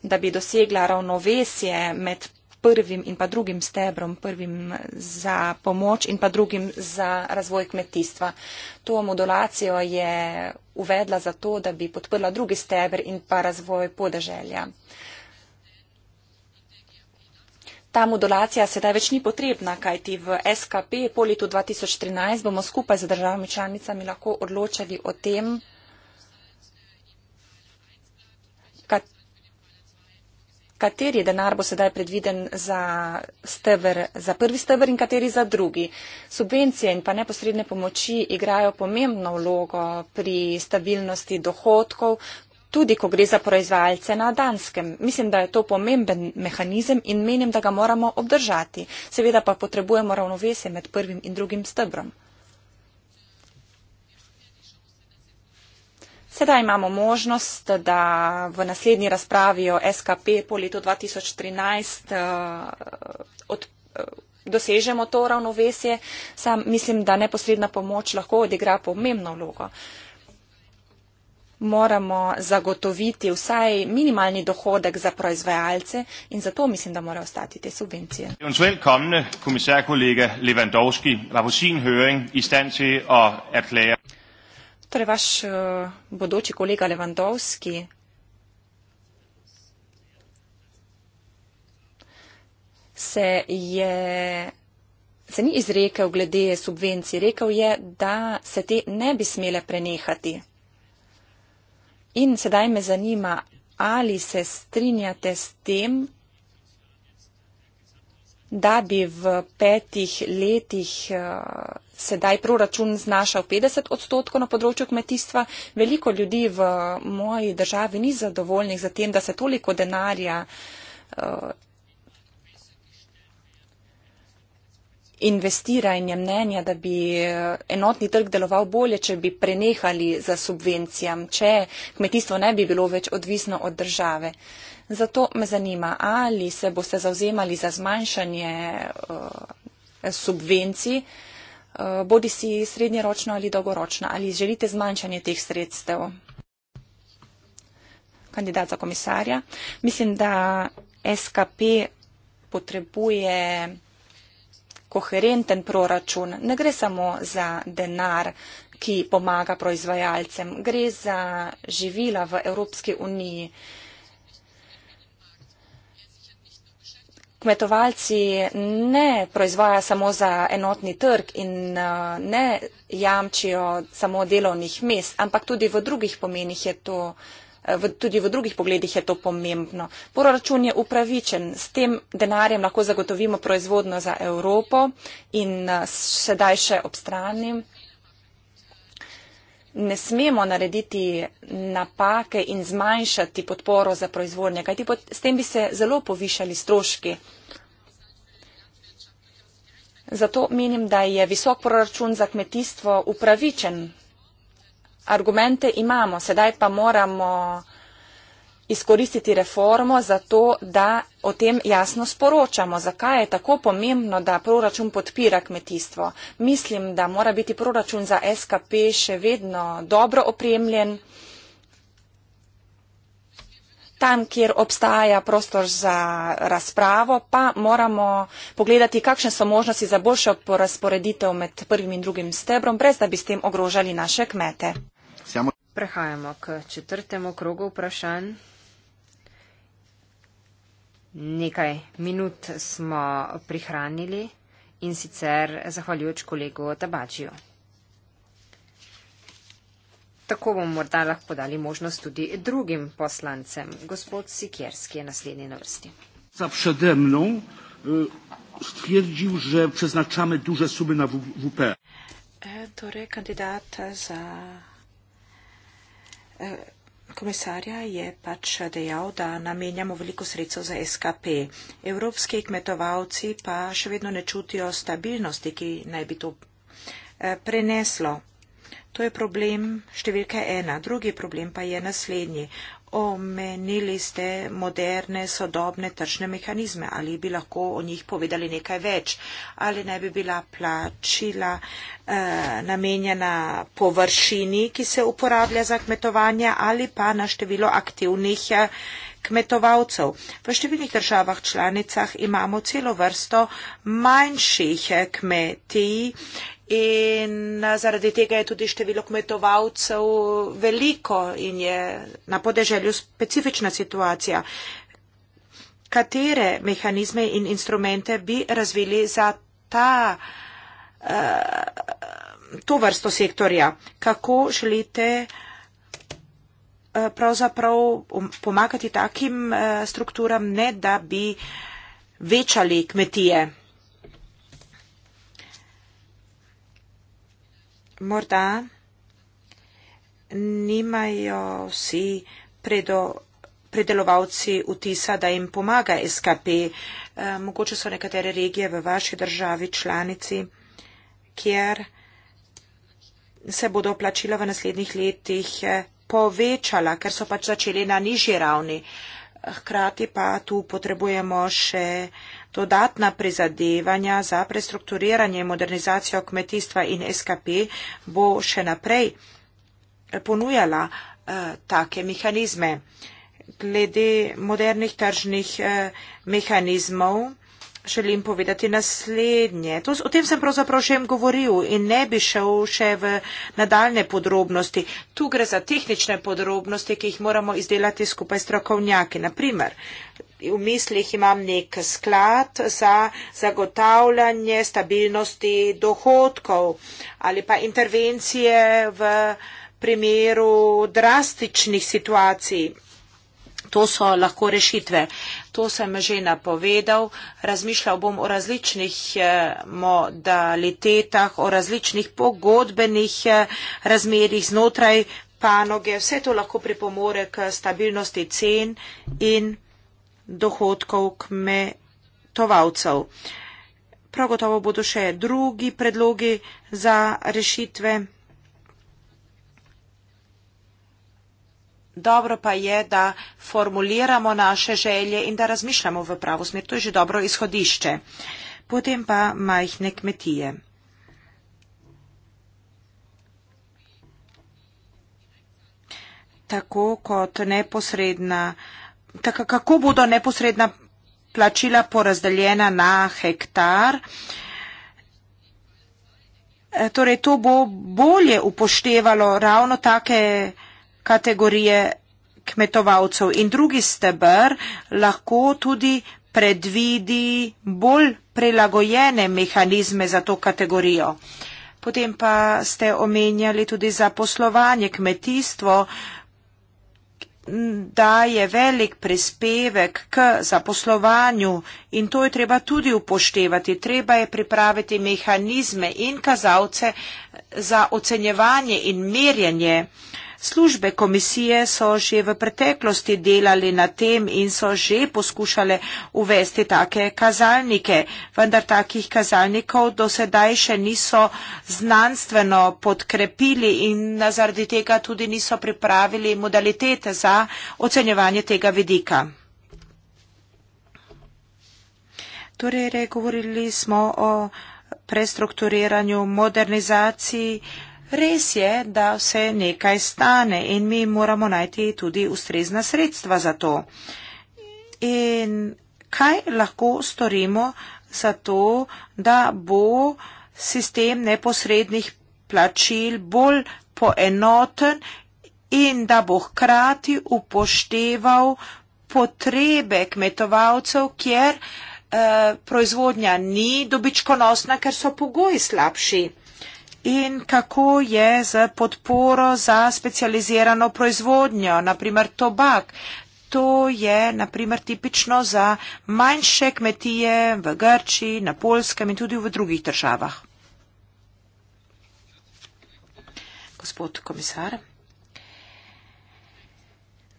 da bi dosegla ravnovesje med prvim in pa drugim stebrom, prvim eh, za pomoč in pa drugim za razvoj kmetijstva. To modulacijo je uvedla za to, da bi podprla drugi steber in pa razvoj podeželja. Ta modulacija sedaj več ni potrebna, kajti v SKP po letu 2013 bomo skupaj z državami članicami lahko odločali o tem, kateri denar bo sedaj predviden za, stever, za prvi stebr in kateri za drugi. Subvencije in pa neposredne pomoči igrajo pomembno vlogo pri stabilnosti dohodkov, tudi ko gre za proizvajalce na danskem. Mislim, da je to pomemben mehanizem in menim, da ga moramo obdržati. Seveda pa potrebujemo ravnovesje med prvim in drugim stebrom. Sedaj imamo možnost, da v naslednji razpravi o SKP po letu 2013 uh, eh, od, uh, dosežemo to ravnovesje. Sam mislim, da neposredna pomoč lahko odigra pomembno vlogo. Moramo zagotoviti vsaj minimalni dohodek za proizvajalce in zato mislim, da morajo ostati te subvencije. Eventuelt kommende komisar kolega Lewandowski, var v sin høring i stand til at erklære Torej, vaš eh, bodoči kolega Levandovski se, je, se ni izrekel glede subvencij. Rekel je, da se te ne bi smele prenehati. In sedaj me zanima, ali se strinjate s tem, da bi v petih letih eh, sedaj proračun znašal 50 odstotkov na področju kmetijstva. Veliko ljudi v moji državi ni zadovoljnih za tem, da se toliko denarja eh, investira in je mnenja, da bi eh, enotni trg deloval bolje, če bi prenehali za subvencijam, če kmetijstvo ne bi bilo več odvisno od države. Zato me zanima, ali se boste zauzemali za zmanjšanje uh, subvencij uh, Eh, bodi si srednjeročno ali dolgoročno, ali želite zmanjšanje teh sredstev. Kandidat za komisarja. Mislim, da SKP potrebuje koherenten proračun. Ne gre samo za denar, ki pomaga proizvajalcem, gre za živila v Evropski uniji. Uh, kmetovalci ne proizvaja samo za enotni trg in eh, ne jamčijo samo delovnih mest, ampak tudi v drugih pomenih je to. Eh, v, tudi v drugih pogledih je to pomembno. Proračun je upravičen. S tem denarjem lahko zagotovimo proizvodno za Evropo in eh, sedaj še ob strani ne smemo narediti napake in zmanjšati podporo za proizvodnje, kajti pod, s tem bi se zelo povišali stroški. Zato menim, da je visok proračun za kmetijstvo upravičen. Argumente imamo, sedaj pa moramo izkoristiti reformo za to, da o tem jasno sporočamo, zakaj je tako pomembno, da proračun podpira kmetijstvo. Mislim, da mora biti proračun za SKP še vedno dobro opremljen. Tam, kjer obstaja prostor za razpravo, pa moramo pogledati, kakšne so možnosti za boljšo porazporeditev med prvim in drugim stebrom, brez da bi s tem ogrožali naše kmete. Prehajamo k četrtemu krogu vprašanj nekaj minut smo prihranili in sicer zahvaljujoč kolegu Tabačiju. Tako bomo morda lahko dali možnost tudi drugim poslancem. Gospod Sikerski je naslednji na vrsti. Za vsede mnom e, stvrdil, že preznačame duže sume na VP. E, torej, kandidat za e, komisarja je pač dejal, da namenjamo veliko sredstev za SKP. Evropski kmetovalci pa še vedno ne čutijo stabilnosti, ki naj bi to eh, preneslo. To je problem številka ena. Drugi problem pa je naslednji omenili ste moderne, sodobne tržne mehanizme. Ali bi lahko o njih povedali nekaj več? Ali ne bi bila plačila eh, namenjena površini, ki se uporablja za kmetovanje, ali pa na število aktivnih eh, kmetovalcev? V številnih državah članicah imamo celo vrsto manjših eh, kmetij in eh, zaradi tega je tudi število kmetovalcev veliko in je na podeželju specifična situacija. Katere mehanizme in instrumente bi razvili za ta, eh, to vrsto sektorja? Kako želite eh, pravzaprav um, pomagati takim strukturam, ne da bi večali kmetije? morda nimajo vsi predo, predelovalci vtisa, da jim pomaga SKP. Eh, mogoče so nekatere regije v vaši državi članici, kjer se bodo plačila v naslednjih letih eh, povečala, ker so pač začeli na nižji ravni. Uh, hkrati pa tu potrebujemo še dodatna prizadevanja za prestrukturiranje in modernizacijo kmetijstva in SKP bo še naprej ponujala eh, take mehanizme. Glede modernih tržnih eh, mehanizmov, želim povedati naslednje. To, o tem sem pravzaprav še govoril in ne bi šel še v nadaljne podrobnosti. Tu gre za tehnične podrobnosti, ki jih moramo izdelati skupaj s strokovnjaki. Naprimer, v mislih imam nek sklad za zagotavljanje stabilnosti dohodkov ali pa intervencije v primeru drastičnih situacij. To so lahko rešitve. To sem že napovedal. Razmišljal bom o različnih eh, modalitetah, o različnih pogodbenih eh, razmerih znotraj panoge. Vse to lahko pripomore k stabilnosti cen in dohodkov kmetovalcev. Prav gotovo bodo še drugi predlogi za rešitve. Dobro pa je, da formuliramo naše želje in da razmišljamo v pravo smer. To je že dobro izhodišče. Potem pa majhne kmetije. Tako kot neposredna, tako kako bodo neposredna plačila porazdeljena na hektar. E, torej, to bo bolje upoštevalo ravno take kategorije kmetovalcev. In drugi steber lahko tudi predvidi bolj prilagojene mehanizme za to kategorijo. Potem pa ste omenjali tudi zaposlovanje kmetijstvo daje velik prispevek k zaposlovanju in to je treba tudi upoštevati. Treba je pripraviti mehanizme in kazalce za ocenjevanje in merjanje uh, Službe komisije so že v preteklosti delali na tem in so že poskušale uvesti take kazalnike, vendar takih kazalnikov do sedaj še niso znanstveno podkrepili in zaradi tega tudi niso pripravili modalitete za ocenjevanje tega vidika. Torej, govorili smo o prestrukturiranju, modernizaciji, Res je, da se nekaj stane in mi moramo najti tudi ustrezna sredstva za to. In kaj lahko storimo za to, da bo sistem neposrednih plačil bolj poenoten in da bo hkrati upošteval potrebe kmetovalcev, kjer eh, proizvodnja ni dobičkonosna, ker so pogoji slabši in kako je z podporo za specializirano proizvodnjo, naprimer tobak. To je naprimer tipično za manjše kmetije v Grči, na Polskem in tudi v drugih državah. Gospod komisar,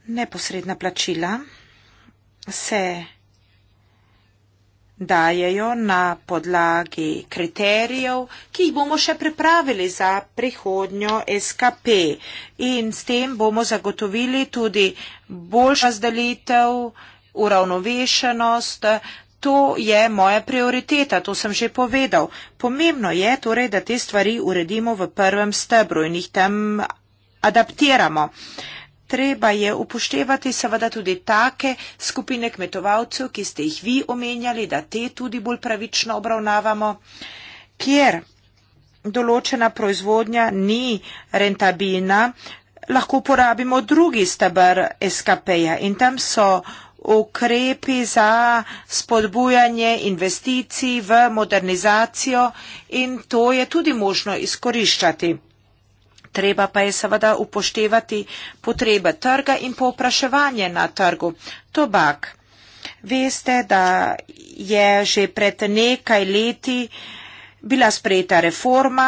neposredna plačila se dajejo na podlagi kriterijev, ki jih bomo še pripravili za prihodnjo SKP in s tem bomo zagotovili tudi boljšo razdelitev, uravnovešenost. To je moja prioriteta, to sem že povedal. Pomembno je torej, da te stvari uredimo v prvem stebru in jih tam adaptiramo. Uh, treba je upoštevati seveda tudi take skupine kmetovalcev, ki ste jih vi omenjali, da te tudi bolj pravično obravnavamo, kjer določena proizvodnja ni rentabilna, lahko uporabimo drugi stabr SKP-ja in tam so ukrepi za spodbujanje investicij v modernizacijo in to je tudi možno izkoriščati treba pa je seveda upoštevati potrebe trga in popraševanje na trgu. Tobak. Veste, da je že pred nekaj leti bila sprejeta reforma,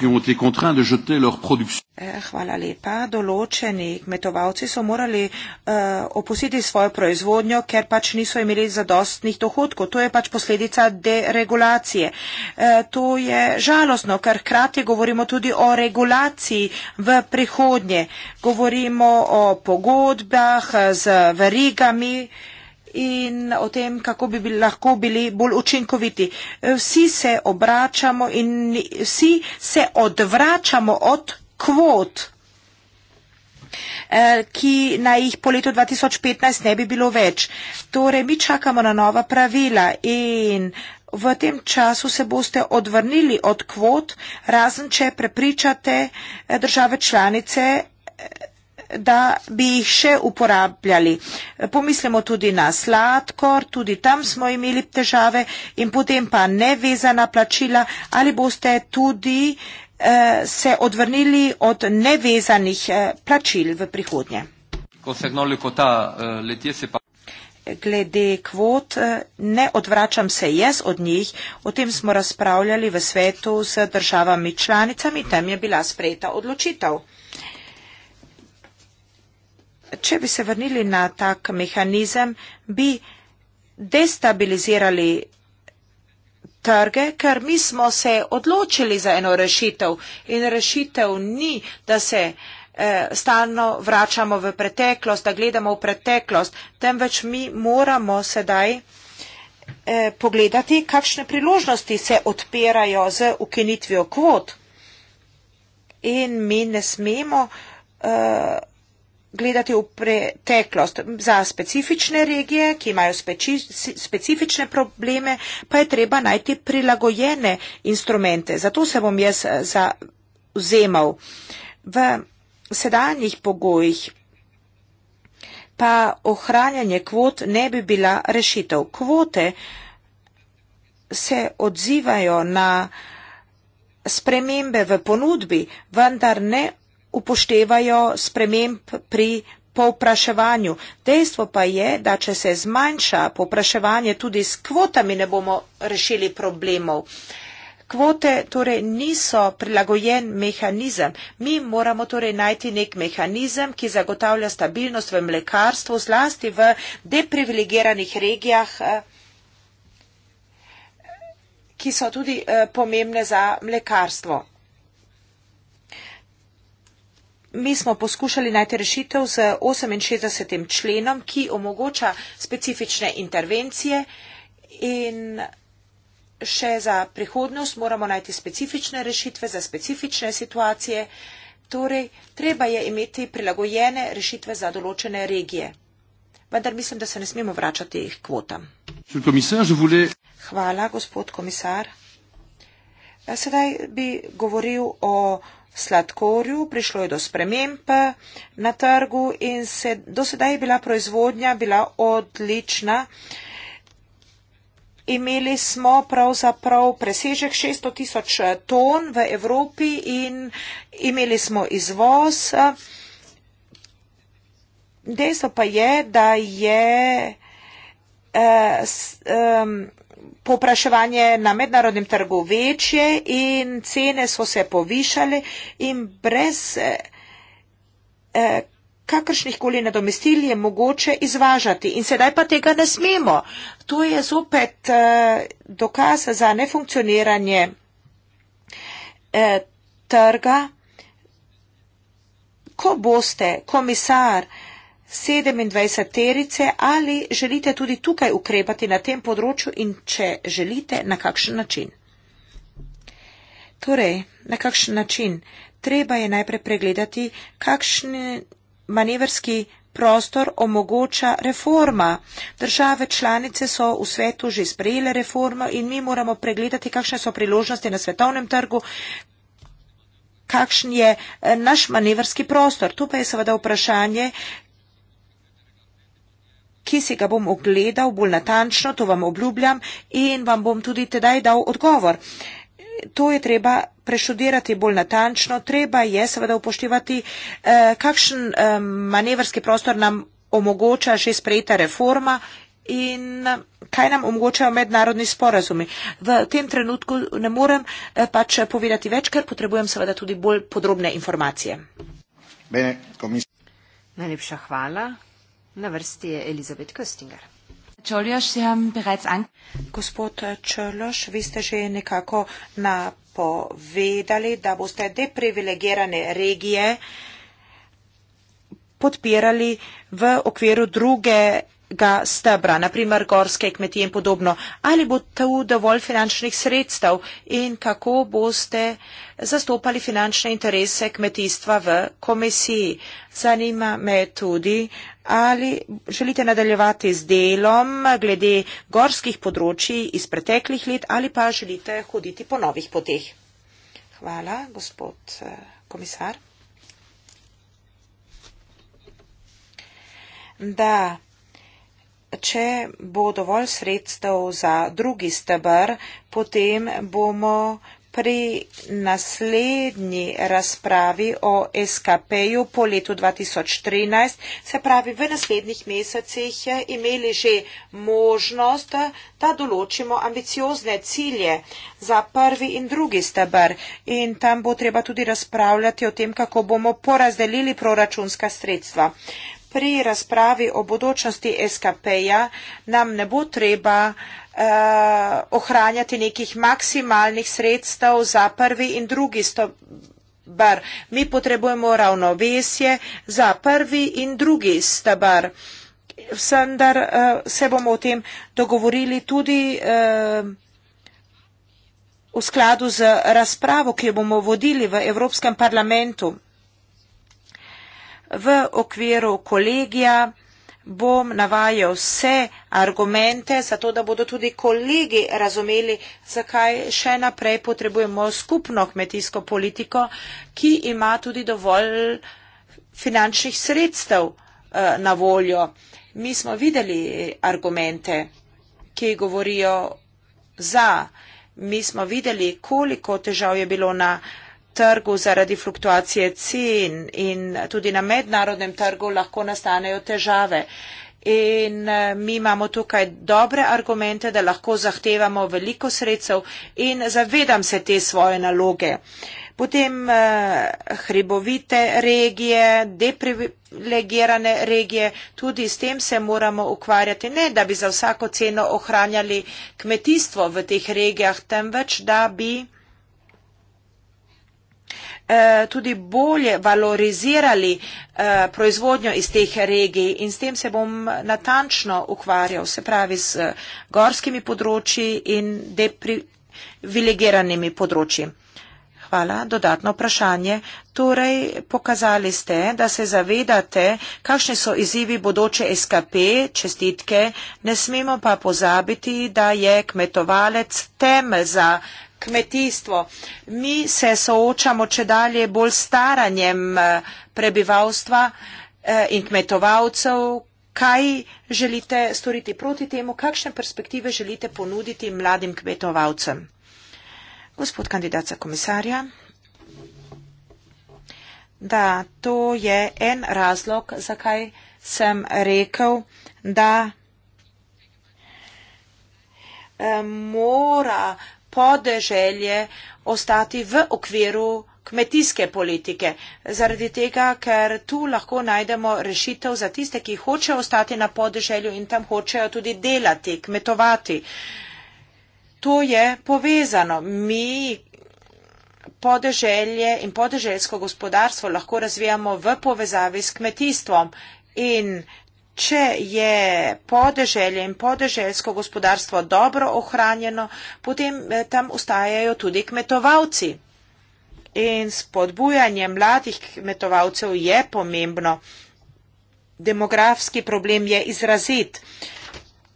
ki ont été contraints de jeter leur production. Eh, hvala lepa. Določeni kmetovalci so morali uh, opustiti svojo proizvodnjo, ker pač niso imeli zadostnih dohodkov. To je pač posledica deregulacije. Uh, to je žalostno, ker hkrati govorimo tudi o regulaciji v prihodnje. Govorimo o pogodbah z verigami. Uh, in o tem, kako bi bili, lahko bili bolj učinkoviti. Vsi se obračamo in vsi se odvračamo od kvot, eh, ki naj jih po letu 2015 ne bi bilo več. Torej, mi čakamo na nova pravila in v tem času se boste odvrnili od kvot, razen če prepričate eh, države članice eh, da bi jih še uporabljali. Pomislimo tudi na sladkor, tudi tam smo imeli težave in potem pa nevezana plačila ali boste tudi eh, se odvrnili od nevezanih eh, plačil v prihodnje. Eh, Glede kvot eh, ne odvračam se jaz od njih, o tem smo razpravljali v svetu z državami članicami, tam je bila sprejeta odločitev če bi se vrnili na tak mehanizem, bi destabilizirali trge, ker mi smo se odločili za eno rešitev in rešitev ni, da se eh, stalno vračamo v preteklost, da gledamo v preteklost, temveč mi moramo sedaj eh, pogledati, kakšne priložnosti se odpirajo z ukinitvijo kvot. In mi ne smemo eh, gledati v preteklost. Za specifične regije, ki imajo speči, specifične probleme, pa je treba najti prilagojene instrumente. Zato se bom jaz eh, zauzemal. V sedanjih pogojih pa ohranjanje kvot ne bi bila rešitev. Kvote se odzivajo na spremembe v ponudbi, vendar ne upoštevajo sprememb pri povpraševanju. Dejstvo pa je, da če se zmanjša povpraševanje, tudi s kvotami ne bomo rešili problemov. Kvote torej niso prilagojen mehanizem. Mi moramo torej najti nek mehanizem, ki zagotavlja stabilnost v mlekarstvu, zlasti v deprivilegiranih regijah, eh, ki so tudi eh, pomembne za mlekarstvo. Mi smo poskušali najti rešitev z 68. členom, ki omogoča specifične intervencije in še za prihodnost moramo najti specifične rešitve za specifične situacije. Torej, treba je imeti prilagojene rešitve za določene regije. Vendar mislim, da se ne smemo vračati k kvotam. Hvala, gospod komisar. Sedaj bi govoril o sladkorju, prišlo je do sprememb na trgu in se, do sedaj je bila proizvodnja bila odlična. Imeli smo pravzaprav presežek 600 tisoč ton v Evropi in imeli smo izvoz. Dejstvo pa je, da je eh, s, eh, Popraševanje na mednarodnem trgu večje in cene so se povišale in brez eh, eh, kakršnih koli nadomestil je mogoče izvažati. In sedaj pa tega ne smemo. To je zopet eh, dokaz za nefunkcioniranje eh, trga. Ko boste komisar eh, sedemindvajseterice ali želite tudi tukaj ukrepati na tem področju in če želite, na kakšen način. Torej, na kakšen način. Treba je najprej pregledati, kakšen manevrski prostor omogoča reforma. Države članice so v svetu že sprejele reformo in mi moramo pregledati, kakšne so priložnosti na svetovnem trgu, kakšen je eh, naš manevrski prostor. Tu pa je seveda vprašanje, ki si ga bom ogledal bolj natančno, to vam obljubljam in vam bom tudi tedaj dal odgovor. To je treba prešudirati bolj natančno, treba je seveda upoštevati, eh, kakšen eh, manevrski prostor nam omogoča že sprejeta reforma in eh, kaj nam omogočajo mednarodni sporazumi. V tem trenutku ne morem pač povedati več, ker potrebujem seveda tudi bolj podrobne informacije. Bene, Najlepša hvala. Na vrsti je Elizabet Köstinger. Gospod Čološ, vi ste že nekako napovedali, da boste deprivilegirane regije podpirali v okviru druge ga stebra, naprimer gorske kmetije in podobno. Ali bo tu dovolj finančnih sredstev in kako boste zastopali finančne interese kmetijstva v komisiji? Zanima me tudi, ali želite nadaljevati z delom glede gorskih področji iz preteklih let ali pa želite hoditi po novih poteh. Hvala, gospod eh, komisar. Da, če bo dovolj sredstev za drugi stebr, potem bomo pri naslednji razpravi o SKP-ju po letu 2013, se pravi v naslednjih mesecih, imeli že možnost, da določimo ambiciozne cilje za prvi in drugi stebr. In tam bo treba tudi razpravljati o tem, kako bomo porazdelili proračunska sredstva pri razpravi o bodočnosti SKP-ja nam ne bo treba uh, ohranjati nekih maksimalnih sredstev za prvi in drugi stebar. Mi potrebujemo ravnovesje za prvi in drugi stebar. Vendar uh, se bomo o tem dogovorili tudi uh, v skladu z razpravo, ki jo bomo vodili v Evropskem parlamentu v okviru kolegija bom navajal vse argumente, zato da bodo tudi kolegi razumeli, zakaj še naprej potrebujemo skupno kmetijsko politiko, ki ima tudi dovolj finančnih sredstev eh, na voljo. Mi smo videli argumente, ki govorijo za. Mi smo videli, koliko težav je bilo na trgu zaradi fluktuacije cen in tudi na mednarodnem trgu lahko nastanejo težave. In eh, mi imamo tukaj dobre argumente, da lahko zahtevamo veliko sredstev in zavedam se te svoje naloge. Potem eh, hribovite regije, deprivilegirane regije, tudi s tem se moramo ukvarjati, ne da bi za vsako ceno ohranjali kmetijstvo v teh regijah, temveč da bi eh, Eh, tudi bolje valorizirali eh, proizvodnjo iz teh regij in s tem se bom natančno ukvarjal, se pravi z eh, gorskimi področji in deprivilegiranimi področji. Hvala, dodatno vprašanje. Torej, pokazali ste, da se zavedate, kakšni so izzivi bodoče SKP, čestitke, ne smemo pa pozabiti, da je kmetovalec tem za kmetijstvo. Mi se soočamo če dalje bolj staranjem eh, prebivalstva eh, in kmetovalcev. Kaj želite storiti proti temu? Kakšne perspektive želite ponuditi mladim kmetovalcem? Gospod kandidat za komisarja. Da, to je en razlog, zakaj sem rekel, da eh, mora podeželje ostati v okviru kmetijske politike, zaradi tega, ker tu lahko najdemo rešitev za tiste, ki hočejo ostati na podeželju in tam hočejo tudi delati, kmetovati. To je povezano. Mi podeželje in podeželjsko gospodarstvo lahko razvijamo v povezavi s kmetijstvom. In Če je podeželje in podeželjsko gospodarstvo dobro ohranjeno, potem eh, tam ustajajo tudi kmetovalci. In spodbujanje mladih kmetovalcev je pomembno. Demografski problem je izrazit.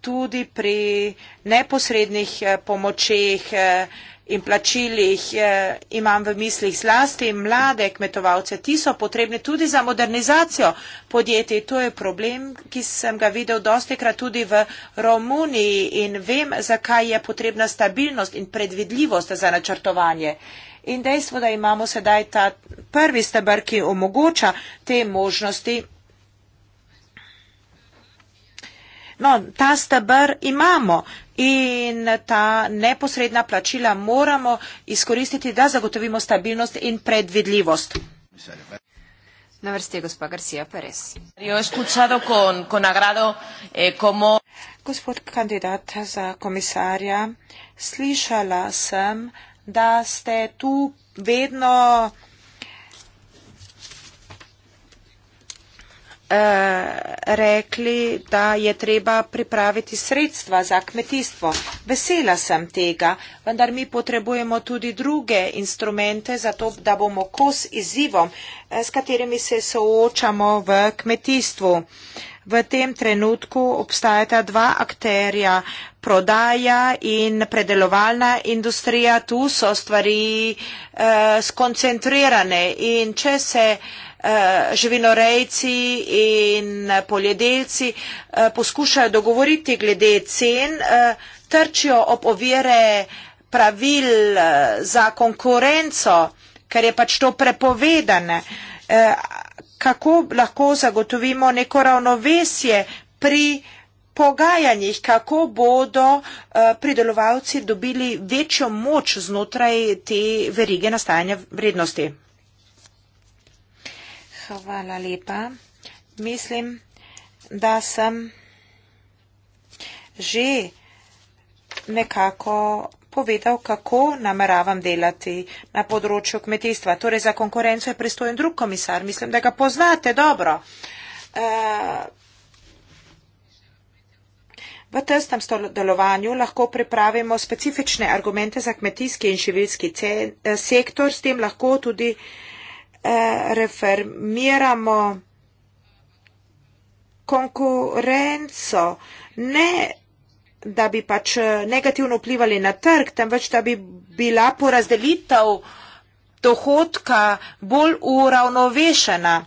Tudi pri neposrednih eh, pomočeh eh, in plačilih eh, imam v mislih zlasti mlade kmetovalce. Ti so potrebni tudi za modernizacijo podjetij. To je problem, ki sem ga videl dosti krat tudi v Romuniji in vem, zakaj je potrebna stabilnost in predvidljivost za načrtovanje. In dejstvo, da imamo sedaj ta prvi stebr, ki omogoča te možnosti. No, ta stebr imamo, in ta neposredna plačila moramo izkoristiti, da zagotovimo stabilnost in predvidljivost. Na vrsti je gospod Garcia Perez. Eh, gospod kandidat za komisarja, slišala sem, da ste tu vedno Eh, rekli, da je treba pripraviti sredstva za kmetijstvo. Vesela sem tega, vendar mi potrebujemo tudi druge instrumente za to, da bomo kos izzivom, eh, s katerimi se soočamo v kmetijstvu. V tem trenutku obstajata dva akterja, prodaja in predelovalna industrija. Tu so stvari uh, skoncentrirane in če se uh, Eh, živinorejci in poljedelci eh, poskušajo dogovoriti glede cen, eh, trčijo ob ovire pravil za konkurenco, ker je pač to prepovedane. Kako lahko zagotovimo neko ravnovesje pri pogajanjih, kako bodo pridelovalci dobili večjo moč znotraj te verige nastajanja vrednosti? Hvala lepa. Mislim, da sem že nekako povedal, kako nameravam delati na področju kmetijstva. Torej za konkurenco je pristojen drug komisar. Mislim, da ga poznate dobro. Uh, V testnem delovanju lahko pripravimo specifične argumente za kmetijski in živilski eh, sektor, s tem lahko tudi eh, reformiramo konkurenco, ne da bi pač eh, negativno vplivali na trg, temveč da bi bila porazdelitev dohodka bolj uravnovešena.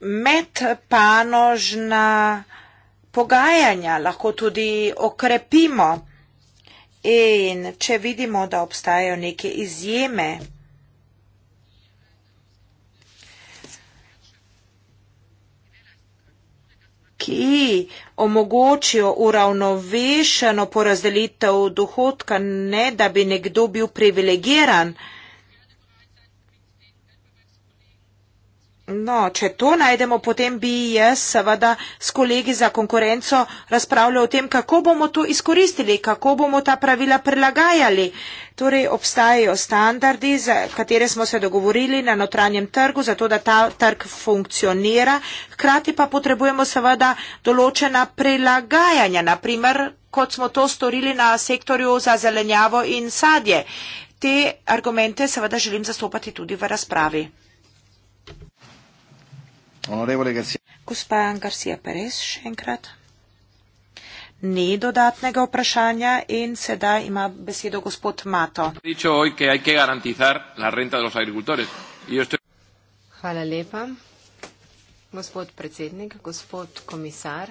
Medpanožna pogajanja lahko tudi okrepimo. In če vidimo, da obstajajo neke izjeme, ki omogočijo uravnovešeno porazdelitev dohodka, ne da bi nekdo bil privilegiran, No, če to najdemo, potem bi jaz seveda s kolegi za konkurenco razpravljal o tem, kako bomo to izkoristili, kako bomo ta pravila prilagajali. Torej, obstajajo standardi, za katere smo se dogovorili na notranjem trgu, zato da ta trg funkcionira. Hkrati pa potrebujemo seveda določena prilagajanja, naprimer, kot smo to storili na sektorju za zelenjavo in sadje. Te argumente seveda želim zastopati tudi v razpravi. Gospa Garcia Perez, še enkrat. Ni dodatnega vprašanja in sedaj ima besedo gospod Mato. Hvala lepa, gospod predsednik, gospod komisar.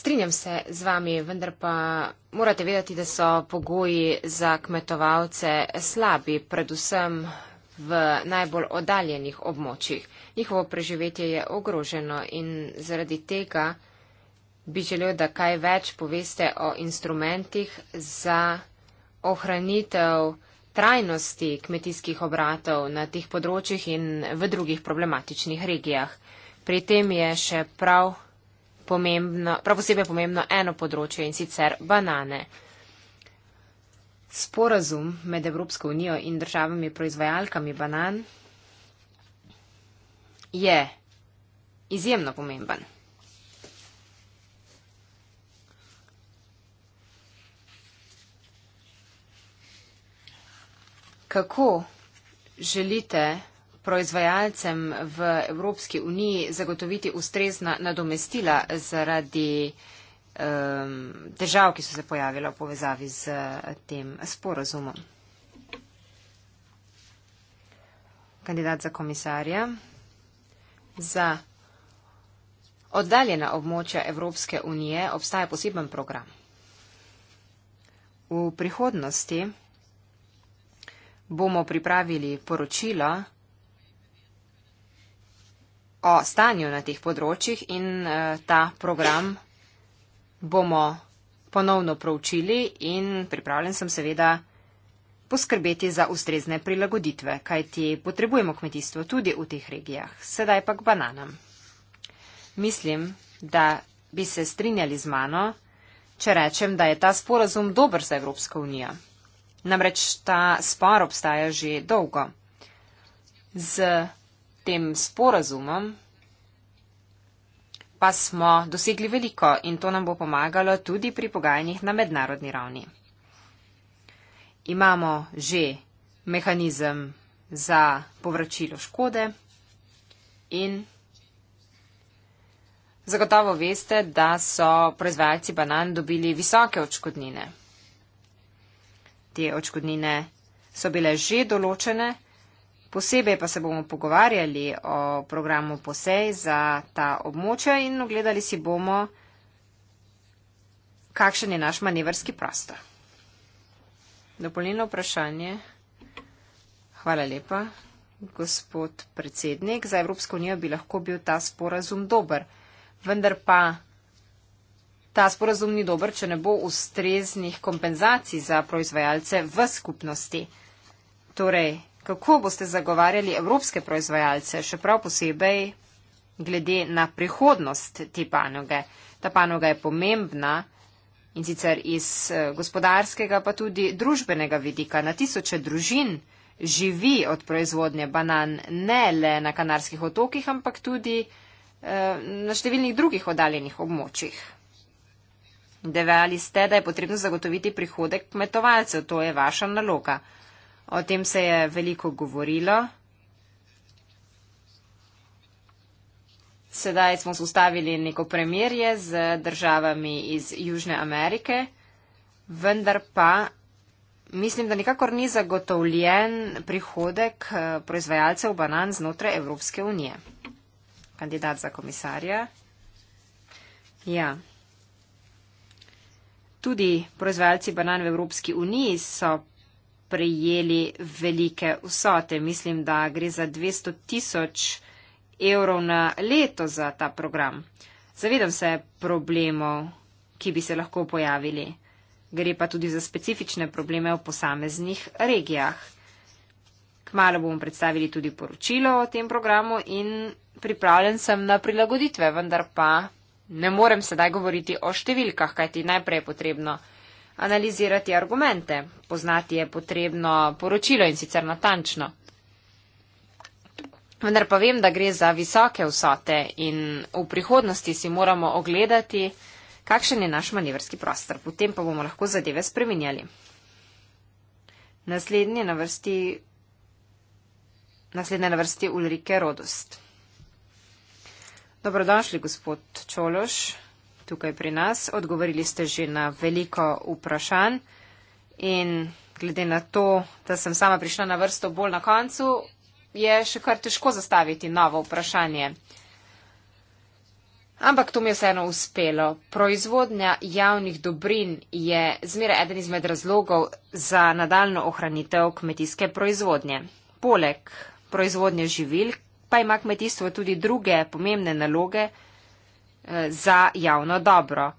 Strinjam se z vami, vendar pa morate vedeti, da so pogoji za kmetovalce slabi, predvsem v najbolj oddaljenih območjih. Njihovo preživetje je ogroženo in zaradi tega bi želel, da kaj več poveste o instrumentih za ohranitev trajnosti kmetijskih obratov na tih področjih in v drugih problematičnih regijah. Pri tem je še prav, pomembno, prav posebej pomembno eno področje in sicer banane sporazum med Evropsko unijo in državami proizvajalkami banan je izjemno pomemben. Kako želite proizvajalcem v Evropski uniji zagotoviti ustrezna nadomestila zaradi um, držav, ki so se pojavile v povezavi z uh, tem sporozumom. Kandidat za komisarja za oddaljena območja Evropske unije obstaja poseben program. V prihodnosti bomo pripravili poročilo o stanju na teh področjih in uh, ta program bomo ponovno proučili in pripravljen sem seveda poskrbeti za ustrezne prilagoditve, kajti potrebujemo kmetijstvo tudi v teh regijah. Sedaj pa k bananam. Mislim, da bi se strinjali z mano, če rečem, da je ta sporazum dober za Evropsko unijo. Namreč ta spor obstaja že dolgo. Z tem sporazumom pa smo dosegli veliko in to nam bo pomagalo tudi pri pogajanjih na mednarodni ravni. Imamo že mehanizem za povračilo škode in zagotovo veste, da so proizvajalci banan dobili visoke odškodnine. Te odškodnine so bile že določene, Posebej pa se bomo pogovarjali o programu posej za ta območja in ogledali si bomo, kakšen je naš manevrski prostor. Dopolnilno vprašanje. Hvala lepa, gospod predsednik. Za Evropsko unijo bi lahko bil ta sporazum dober, vendar pa ta sporazum ni dober, če ne bo ustreznih kompenzacij za proizvajalce v skupnosti. Torej, kako boste zagovarjali evropske proizvajalce, še prav posebej glede na prihodnost te panoge. Ta panoga je pomembna in sicer iz eh, gospodarskega, pa tudi družbenega vidika. Na tisoče družin živi od proizvodnje banan ne le na Kanarskih otokih, ampak tudi eh, na številnih drugih oddaljenih območjih. Devali ste, da je potrebno zagotoviti prihodek kmetovalcev, to je vaša naloga. O tem se je veliko govorilo. Sedaj smo sustavili neko premirje z državami iz Južne Amerike, vendar pa mislim, da nikakor ni zagotovljen prihodek eh, proizvajalcev banan znotraj Evropske unije. Kandidat za komisarja. Ja. Tudi proizvajalci banan v Evropski uniji so prejeli velike vsote. Mislim, da gre za 200 tisoč evrov na leto za ta program. Zavedam se problemov, ki bi se lahko pojavili. Gre pa tudi za specifične probleme v posameznih regijah. Kmalo bomo predstavili tudi poročilo o tem programu in pripravljen sem na prilagoditve, vendar pa ne morem sedaj govoriti o številkah, kajti najprej je potrebno analizirati argumente. Poznati je potrebno poročilo in sicer natančno. Vendar pa vem, da gre za visoke vsote in v prihodnosti si moramo ogledati, kakšen je naš manevrski prostor. Potem pa bomo lahko zadeve spremenjali. Naslednji na vrsti. Naslednja na vrsti Ulrike Rodost. Dobrodošli, gospod Čološ tukaj pri nas. Odgovorili ste že na veliko vprašanj in glede na to, da sem sama prišla na vrsto bolj na koncu, je še kar težko zastaviti novo vprašanje. Ampak to mi je vseeno uspelo. Proizvodnja javnih dobrin je zmeraj eden izmed razlogov za nadaljno ohranitev kmetijske proizvodnje. Poleg proizvodnje živil pa ima kmetijstvo tudi druge pomembne naloge, za javno dobro.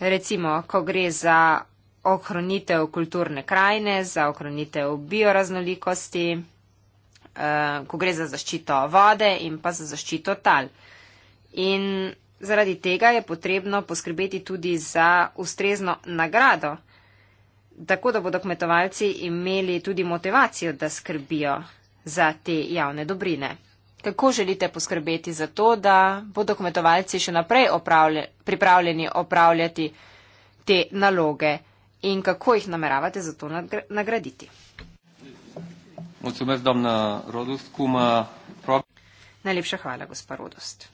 Recimo, ko gre za ohranitev kulturne krajine, za ohranitev bioraznolikosti, eh, ko gre za zaščito vode in pa za zaščito tal. In zaradi tega je potrebno poskrbeti tudi za ustrezno nagrado, tako da bodo kmetovalci imeli tudi motivacijo, da skrbijo za te javne dobrine kako želite poskrbeti za to, da bodo kmetovalci še naprej opravlja, pripravljeni opravljati te naloge in kako jih nameravate za to nagraditi. Uh, Najlepša hvala, gospa Rodost.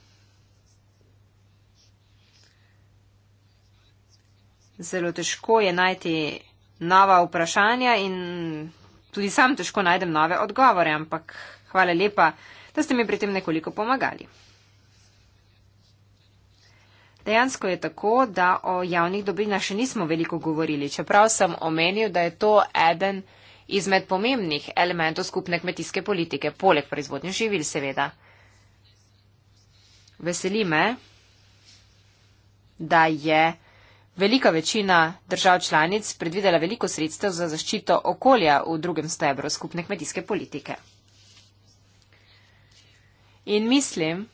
Zelo težko je najti nova vprašanja in tudi sam težko najdem nove odgovore, ampak hvala lepa da ste mi pri tem nekoliko pomagali. Dejansko je tako, da o javnih dobrinah še nismo veliko govorili, čeprav sem omenil, da je to eden izmed pomembnih elementov skupne kmetijske politike, poleg proizvodnje živil seveda. Veseli me, da je velika večina držav članic predvidela veliko sredstev za zaščito okolja v drugem stebru skupne kmetijske politike. In mislim,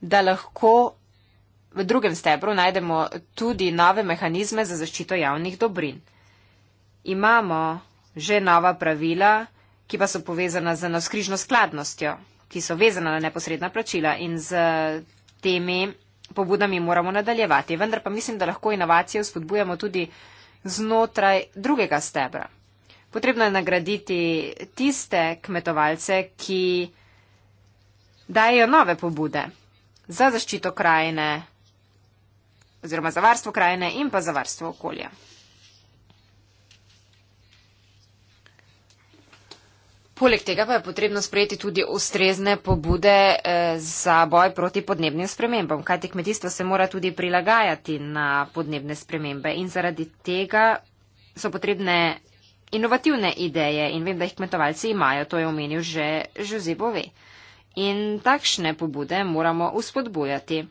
da lahko v drugem stebru najdemo tudi nove mehanizme za zaščito javnih dobrin. Imamo že nova pravila, ki pa so povezana z navskrižno skladnostjo, ki so vezana na neposredna plačila in z temi pobudami moramo nadaljevati. Vendar pa mislim, da lahko inovacije vzpodbujamo tudi znotraj drugega stebra. Potrebno je nagraditi tiste kmetovalce, ki dajejo nove pobude za zaščito krajine oziroma za varstvo krajine in pa za varstvo okolja. Poleg tega pa je potrebno sprejeti tudi ustrezne pobude eh, za boj proti podnebnim spremembam, kajti kmetijstvo se mora tudi prilagajati na podnebne spremembe in zaradi tega so potrebne inovativne ideje in vem, da jih kmetovalci imajo, to je omenil že Žuzi Bove. In takšne pobude moramo uspodbujati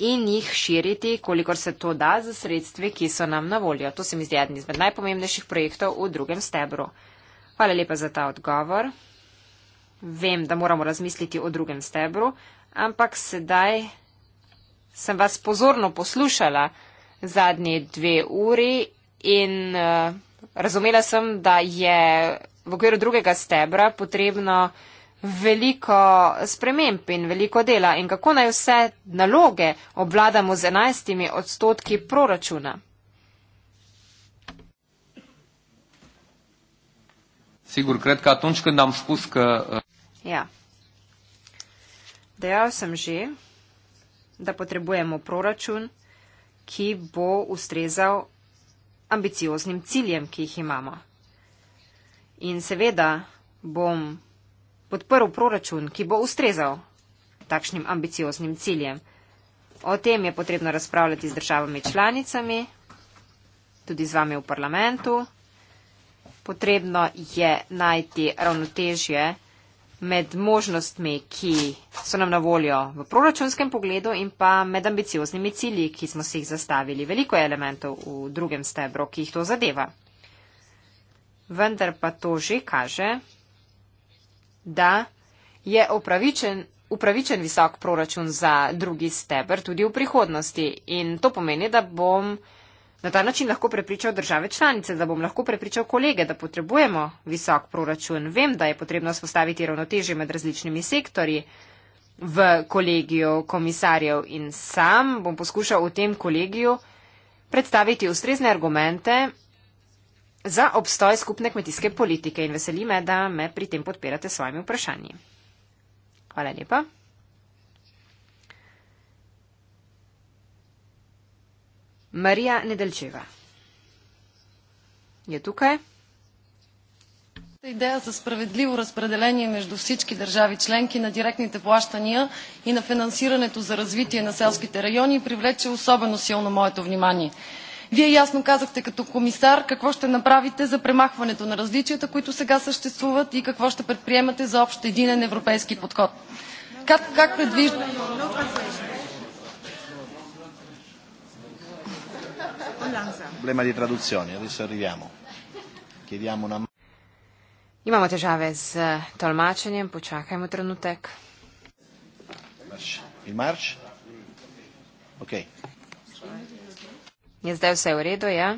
in jih širiti, kolikor se to da, za sredstvi, ki so nam na voljo. To se mi zdi eden izmed najpomembnejših projektov v drugem stebru. Hvala lepa za ta odgovor. Vem, da moramo razmisliti o drugem stebru, ampak sedaj sem vas pozorno poslušala zadnje dve uri in uh, razumela sem, da je v okviru drugega stebra potrebno veliko sprememb in veliko dela in kako naj vse naloge obvladamo z enajstimi odstotki proračuna. Sigur, kratka, atunci când am spus că... Uh, ja. Dejal sem že, da potrebujemo proračun, ki bo ustrezal ambicioznim ciljem, ki jih imamo. In seveda bom podprl proračun, ki bo ustrezal takšnim ambicioznim ciljem. O tem je potrebno razpravljati z državami članicami, tudi z vami v parlamentu. Potrebno je najti ravnotežje med možnostmi, ki so nam na voljo v proračunskem pogledu in pa med ambicioznimi cilji, ki smo si jih zastavili. Veliko je elementov v drugem stebru, ki jih to zadeva vendar pa to že kaže, da je upravičen, upravičen visok proračun za drugi steber tudi v prihodnosti. In to pomeni, da bom na ta način lahko prepričal države članice, da bom lahko prepričal kolege, da potrebujemo visok proračun. Vem, da je potrebno spostaviti ravnoteže med različnimi sektori v kolegiju komisarjev in sam bom poskušal v tem kolegiju predstaviti ustrezne argumente za obstoj skupne kmetijske politike in veseli me, da me pri tem podpirate s svojimi vprašanji. Hvala lepa. Marija Nedelčeva. Je tukaj? Ideja za spravedljivo razpredelenje med vsemi državami članki na direktne plačanja in na financiranje za razvitje na selskih rajonih privleče posebno silno moje pozornost. Вие ясно казахте като комисар какво ще направите за премахването на различията, които сега съществуват и какво ще предприемате за общ единен европейски подход. Как, как предвиждате? Имамо težave z tolmačenjem, počakajmo trenutek. Marš. Il marš? Ok. Je zdaj vse v redu, ja?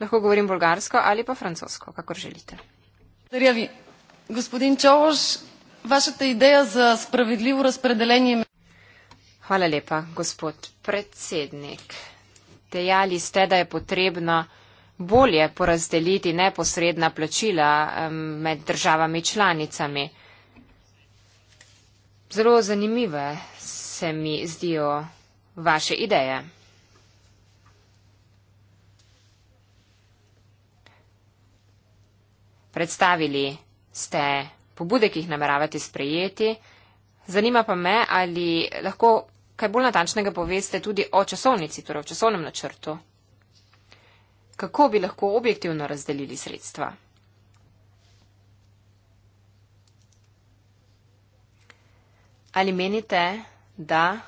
Lahko govorim bolgarsko ali pa francosko, kakor želite. Darjavi, gospodin Čovoš, vaša ta ideja za spravedljivo razpredelenje. Hvala lepa, gospod predsednik. Dejali ste, da je potrebno bolje porazdeliti neposredna plačila med državami članicami. Zelo zanimive se mi zdijo vaše ideje. Predstavili ste pobude, ki jih nameravate sprejeti. Zanima pa me, ali lahko kaj bolj natančnega poveste tudi o časovnici, torej o časovnem načrtu. Kako bi lahko objektivno razdelili sredstva? Ali menite, da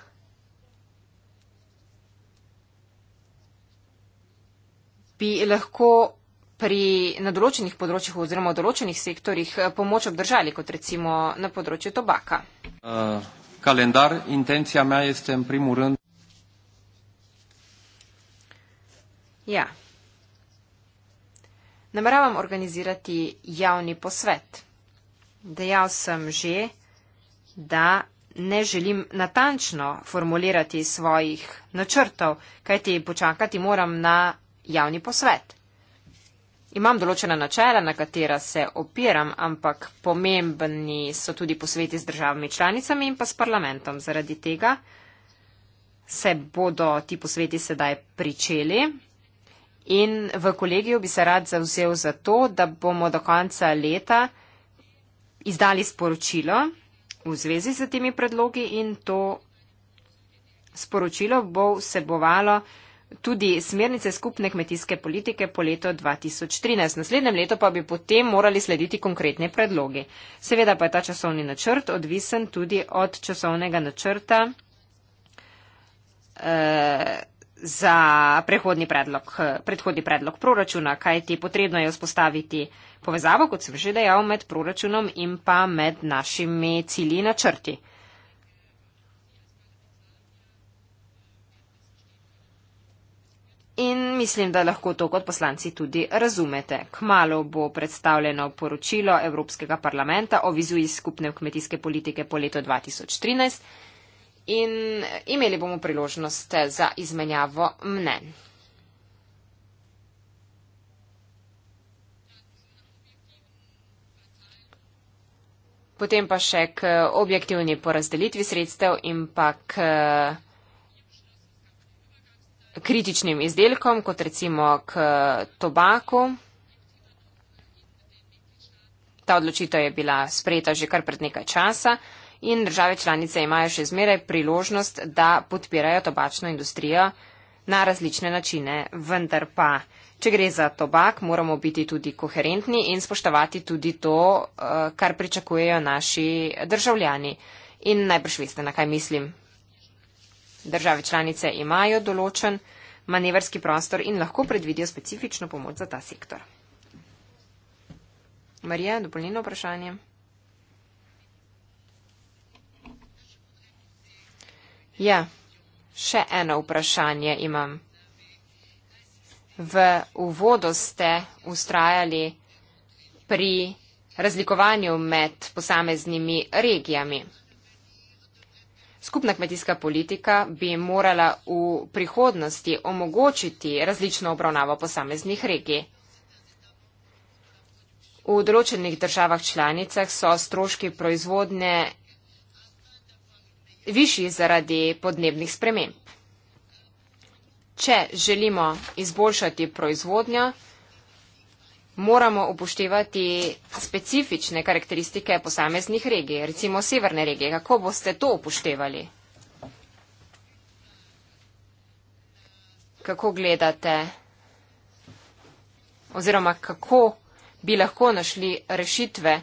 bi lahko pri, na določenih področjih oziroma v določenih sektorjih eh, pomoč obdržali, kot recimo na področju tobaka. Uh, kalendar, intencija me je s tem primoren. Ja. Nameravam organizirati javni posvet. Dejal sem že, da ne želim natančno formulirati svojih načrtov, kajti počakati moram na javni posvet. Imam določena načela, na katera se opiram, ampak pomembni so tudi posveti z državami članicami in pa s parlamentom. Zaradi tega se bodo ti posveti sedaj pričeli in v kolegiju bi se rad zauzel za to, da bomo do konca leta izdali sporočilo v zvezi z temi predlogi in to sporočilo bo vsebovalo tudi smernice skupne kmetijske politike po leto 2013. Naslednjem letu pa bi potem morali slediti konkretne predloge. Seveda pa je ta časovni načrt odvisen tudi od časovnega načrta eh, za predhodni predlog, predhodni predlog proračuna, kaj ti potrebno je vzpostaviti povezavo, kot sem že dejal, med proračunom in pa med našimi cilji in načrti. In mislim, da lahko to kot poslanci tudi razumete. Kmalo bo predstavljeno poročilo Evropskega parlamenta o vizuji skupne kmetijske politike po letu 2013 in imeli bomo priložnost za izmenjavo mnen. Potem pa še k objektivni porazdelitvi sredstev in pa k kritičnim izdelkom, kot recimo k tobaku. Ta odločitev je bila sprejeta že kar pred nekaj časa in države članice imajo še zmeraj priložnost, da podpirajo tobačno industrijo na različne načine. Vendar pa, če gre za tobak, moramo biti tudi koherentni in spoštovati tudi to, eh, kar pričakujejo naši državljani. In najbrž veste, na kaj mislim. Države članice imajo določen manevrski prostor in lahko predvidijo specifično pomoč za ta sektor. Marija, dopolnilno vprašanje. Ja, še eno vprašanje imam. V uvodu ste ustrajali pri razlikovanju med posameznimi regijami. Skupna kmetijska politika bi morala v prihodnosti omogočiti različno obravnavo posameznih regij. V določenih državah članicah so stroški proizvodne višji zaradi podnebnih sprememb. Če želimo izboljšati proizvodnjo, moramo upoštevati specifične karakteristike posameznih regij, recimo severne regije. Kako boste to upoštevali? Kako gledate? Oziroma, kako bi lahko našli rešitve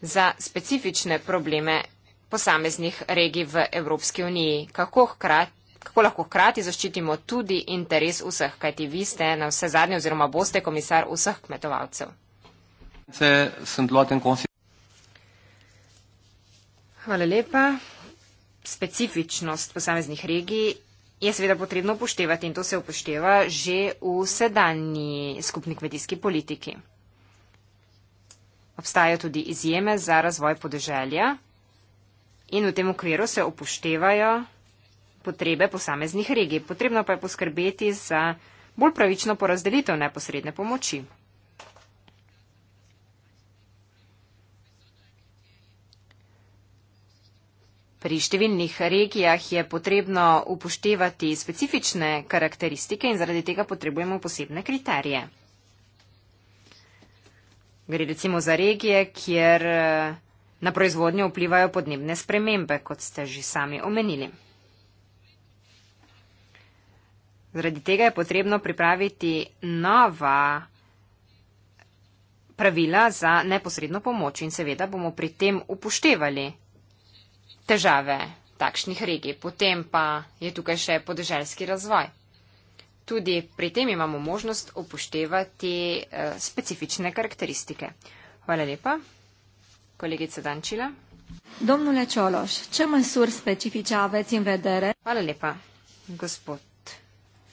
za specifične probleme posameznih regij v Evropski uniji? Kako hkrat kako lahko hkrati zaščitimo tudi interes vseh, kajti vi ste na vse zadnje oziroma boste komisar vseh kmetovalcev. Hvala lepa. Specifičnost posameznih regij je seveda potrebno upoštevati in to se upošteva že v sedanji skupni kmetijski politiki. Obstajajo tudi izjeme za razvoj podeželja in v tem okviru se upoštevajo potrebe posameznih regij. Potrebno pa je poskrbeti za bolj pravično porazdelitev neposredne pomoči. Pri številnih regijah je potrebno upoštevati specifične karakteristike in zaradi tega potrebujemo posebne kriterije. Gre recimo za regije, kjer eh, na proizvodnjo vplivajo podnebne spremembe, kot ste že sami omenili. Zaradi tega je potrebno pripraviti nova pravila za neposredno pomoč in seveda bomo pri tem upoštevali težave takšnih regij. Potem pa je tukaj še podeželski razvoj. Tudi pri tem imamo možnost upoštevati eh, specifične karakteristike. Hvala lepa, kolegica Dančila. Domnule Čološ, čemu je sur specifičavec in vedere? Hvala lepa, gospod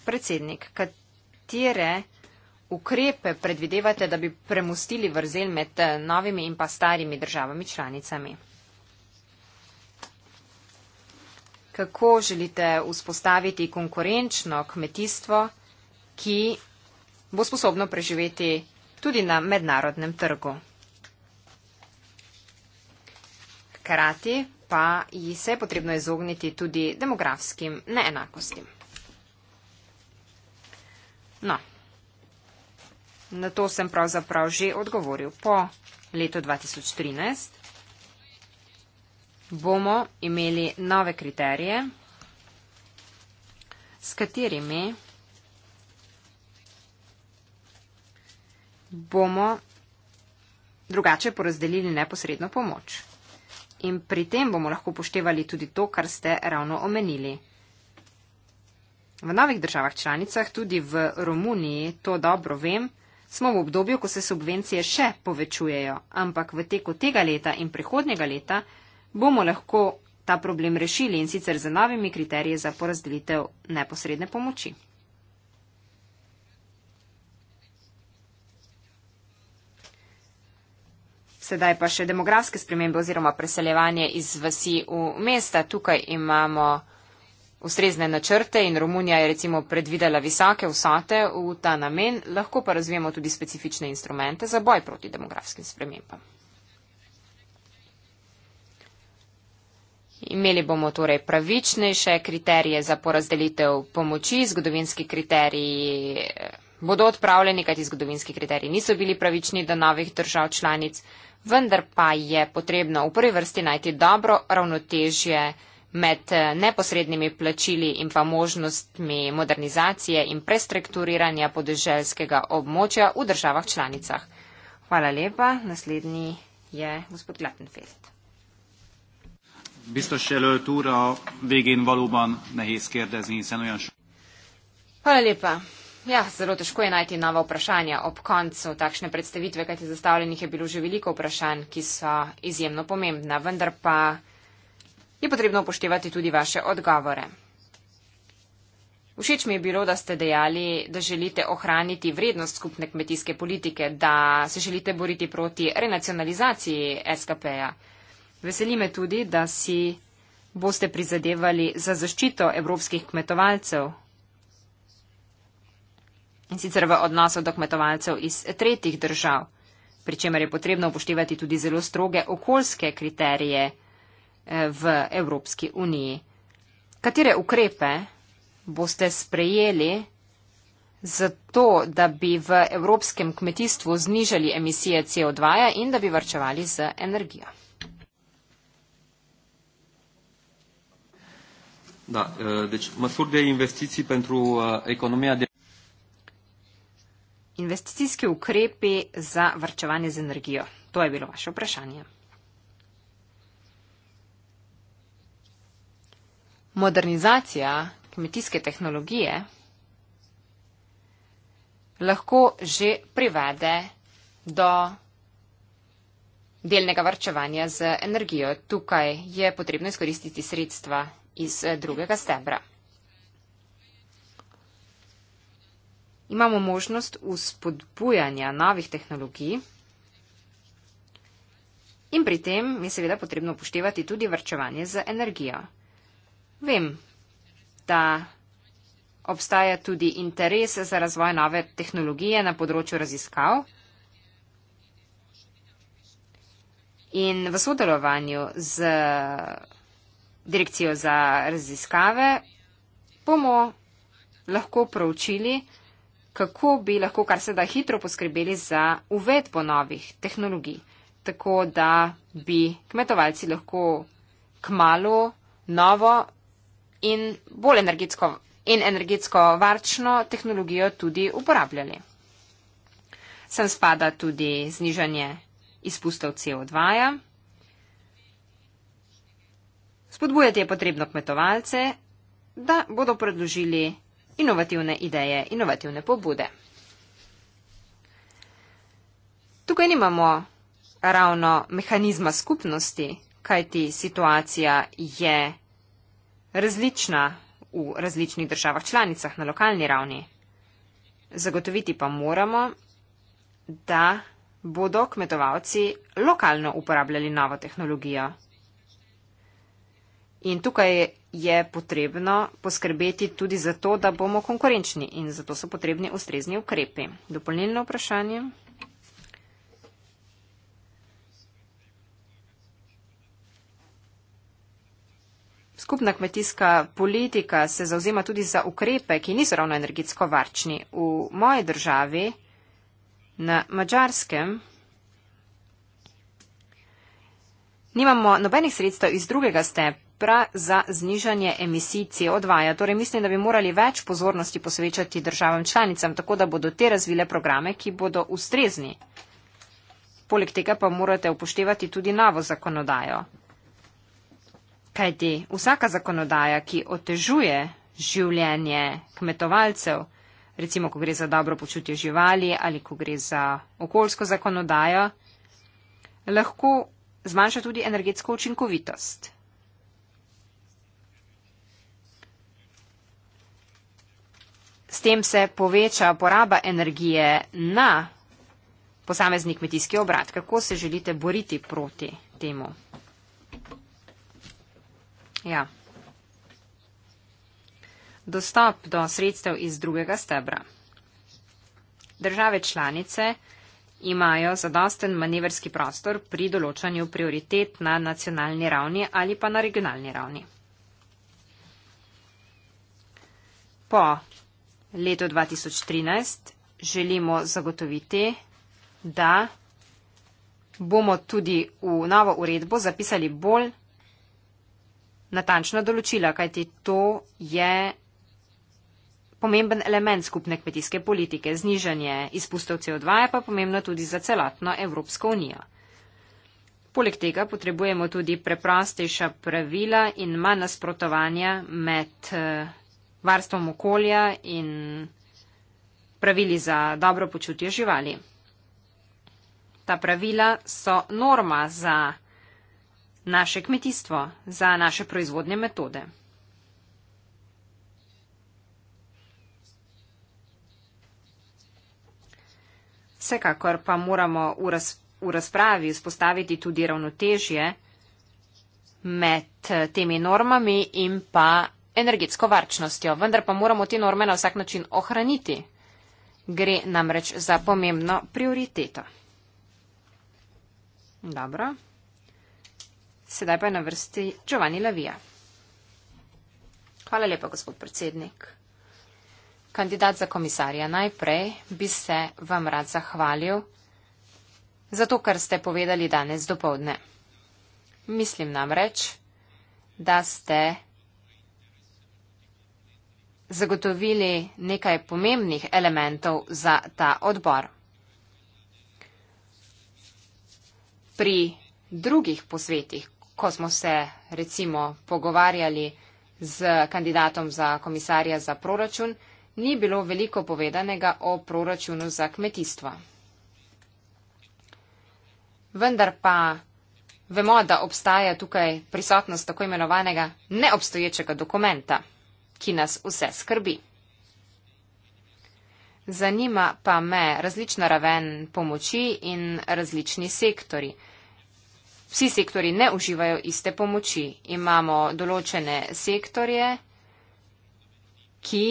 predsednik, katere ukrepe predvidevate, da bi premustili vrzel med eh, novimi in pa starimi državami članicami? Kako želite vzpostaviti konkurenčno kmetijstvo, ki bo sposobno preživeti tudi na mednarodnem trgu? Hkrati pa ji se je potrebno izogniti tudi demografskim neenakostim. No, na to sem pravzaprav že odgovoril. Po letu 2013 bomo imeli nove kriterije, s katerimi bomo drugače porazdelili neposredno pomoč. In pri tem bomo lahko poštevali tudi to, kar ste ravno omenili. V novih državah članicah, tudi v Romuniji, to dobro vem, smo v obdobju, ko se subvencije še povečujejo, ampak v teku tega leta in prihodnjega leta bomo lahko ta problem rešili in sicer z novimi kriteriji za porazdelitev neposredne pomoči. Sedaj pa še demografske spremembe oziroma preseljevanje iz vasi v mesta. Tukaj imamo ustrezne načrte in Romunija je recimo predvidela visoke vsote v ta namen, lahko pa razvijemo tudi specifične instrumente za boj proti demografskim spremembam. Imeli bomo torej pravičnejše kriterije za porazdelitev pomoči, zgodovinski kriteriji eh, bodo odpravljeni, kajti zgodovinski kriteriji niso bili pravični do novih držav članic, vendar pa je potrebno v prvi vrsti najti dobro ravnotežje med eh, neposrednimi plačili in pa možnostmi modernizacije in prestrukturiranja podeželskega območja v državah članicah. Hvala lepa. Naslednji je gospod Glattenfeld. Hvala lepa. Ja, zelo težko je najti nova vprašanja ob koncu takšne predstavitve, kajti zastavljenih je bilo že veliko vprašanj, ki so izjemno pomembna, vendar pa je potrebno upoštevati tudi vaše odgovore. Všeč mi je bilo, da ste dejali, da želite ohraniti vrednost skupne kmetijske politike, da se želite boriti proti renacionalizaciji SKP-ja. Veseli me tudi, da si boste prizadevali za zaščito evropskih kmetovalcev in sicer v odnosu do kmetovalcev iz tretjih držav, pri čemer je potrebno upoštevati tudi zelo stroge okoljske kriterije v Evropski uniji. Katere ukrepe boste sprejeli za to, da bi v evropskem kmetijstvu znižali emisije CO2 in da bi varčevali z energijo? Da, e, deci, măsuri de investiții pentru e, economia de... Investițiiske ukrepi za varčevanje z energijo. To je bilo vaše vprašanje. modernizacija kmetijske tehnologije lahko že privede do delnega varčevanja z energijo. Tukaj je potrebno izkoristiti sredstva iz eh, drugega stebra. Imamo možnost uspodbujanja novih tehnologij in pri tem je seveda potrebno upoštevati tudi varčevanje z energijo. Vem, da obstaja tudi interes za razvoj nove tehnologije na področju raziskav. In v sodelovanju z Direkcijo za raziskave bomo lahko proučili, kako bi lahko kar se da hitro poskrbeli za uvedbo novih tehnologij, tako da bi kmetovalci lahko kmalo novo in bolj energetsko in energetsko varčno tehnologijo tudi uporabljali. Sem spada tudi znižanje izpustov CO2. -ja. Spodbujati je potrebno kmetovalce, da bodo predložili inovativne ideje, inovativne pobude. Tukaj nimamo ravno mehanizma skupnosti, kajti situacija je različna v različnih državah članicah na lokalni ravni. Zagotoviti pa moramo, da bodo kmetovalci lokalno uporabljali novo tehnologijo. In tukaj je potrebno poskrbeti tudi za to, da bomo konkurenčni in zato so potrebni ustrezni ukrepi. Dopolnilno vprašanje. Skupna kmetijska politika se zauzema tudi za ukrepe, ki niso ravno energetsko varčni. V moji državi, na Mačarskem, nimamo nobenih sredstev iz drugega stebra za znižanje emisij CO2. Ja, torej mislim, da bi morali več pozornosti posvečati državam članicam, tako da bodo te razvile programe, ki bodo ustrezni. Poleg tega pa morate upoštevati tudi novo zakonodajo. Kajti vsaka zakonodaja, ki otežuje življenje kmetovalcev, recimo, ko gre za dobro počutje živali ali ko gre za okoljsko zakonodajo, lahko zmanjša tudi energetsko učinkovitost. S tem se poveča poraba energije na posamezni kmetijski obrat. Kako se želite boriti proti temu? Ja. Dostop do sredstev iz drugega stebra. Države članice imajo zadosten manevrski prostor pri določanju prioritet na nacionalni ravni ali pa na regionalni ravni. Po letu 2013 želimo zagotoviti, da bomo tudi v novo uredbo zapisali bolj natančna določila, kajti to je pomemben element skupne kmetijske politike. Znižanje izpustov CO2 je pa pomembno tudi za celotno Evropsko unijo. Poleg tega potrebujemo tudi preprostejša pravila in manj nasprotovanja med eh, varstvom okolja in pravili za dobro počutje živali. Ta pravila so norma za naše kmetijstvo, za naše proizvodne metode. Vsekakor pa moramo v, raz, v razpravi vzpostaviti tudi ravnotežje med eh, temi normami in pa energetsko varčnostjo. Vendar pa moramo te norme na vsak način ohraniti. Gre namreč za pomembno prioriteto. Dobro. Sedaj pa je na vrsti Giovanni Lavija. Hvala lepa, gospod predsednik. Kandidat za komisarja, najprej bi se vam rad zahvalil za to, kar ste povedali danes dopoledne. Mislim namreč, da ste zagotovili nekaj pomembnih elementov za ta odbor. Pri drugih posvetih, ko smo se recimo pogovarjali z kandidatom za komisarja za proračun, ni bilo veliko povedanega o proračunu za kmetijstvo. Vendar pa vemo, da obstaja tukaj prisotnost tako imenovanega neobstoječega dokumenta, ki nas vse skrbi. Zanima pa me različna raven pomoči in različni sektori vsi sektori ne uživajo iste pomoči. Imamo določene sektorje, ki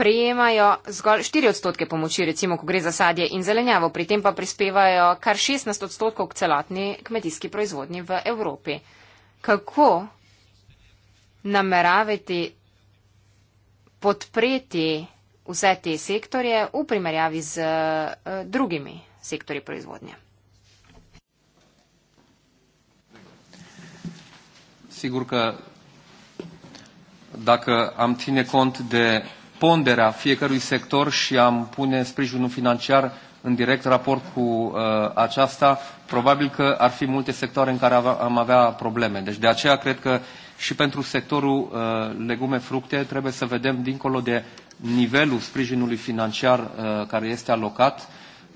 prejemajo zgolj 4 odstotke pomoči, recimo, ko gre za sadje in zelenjavo, pri tem pa prispevajo kar 16 odstotkov k celotni kmetijski proizvodnji v Evropi. Kako nameravati podpreti vse te sektorje v primerjavi z eh, drugimi sektori proizvodnje? Sigurka, dacă am ține cont de ponderea fiecărui sector și am pune sprijinul financiar în direct raport cu uh, aceasta, probabil că ar fi multe sectoare în care am avea probleme. Deci de aceea cred că uh, și pentru sectorul uh, legume-fructe trebuie să vedem dincolo de nivelul sprijinului financiar uh, care este alocat,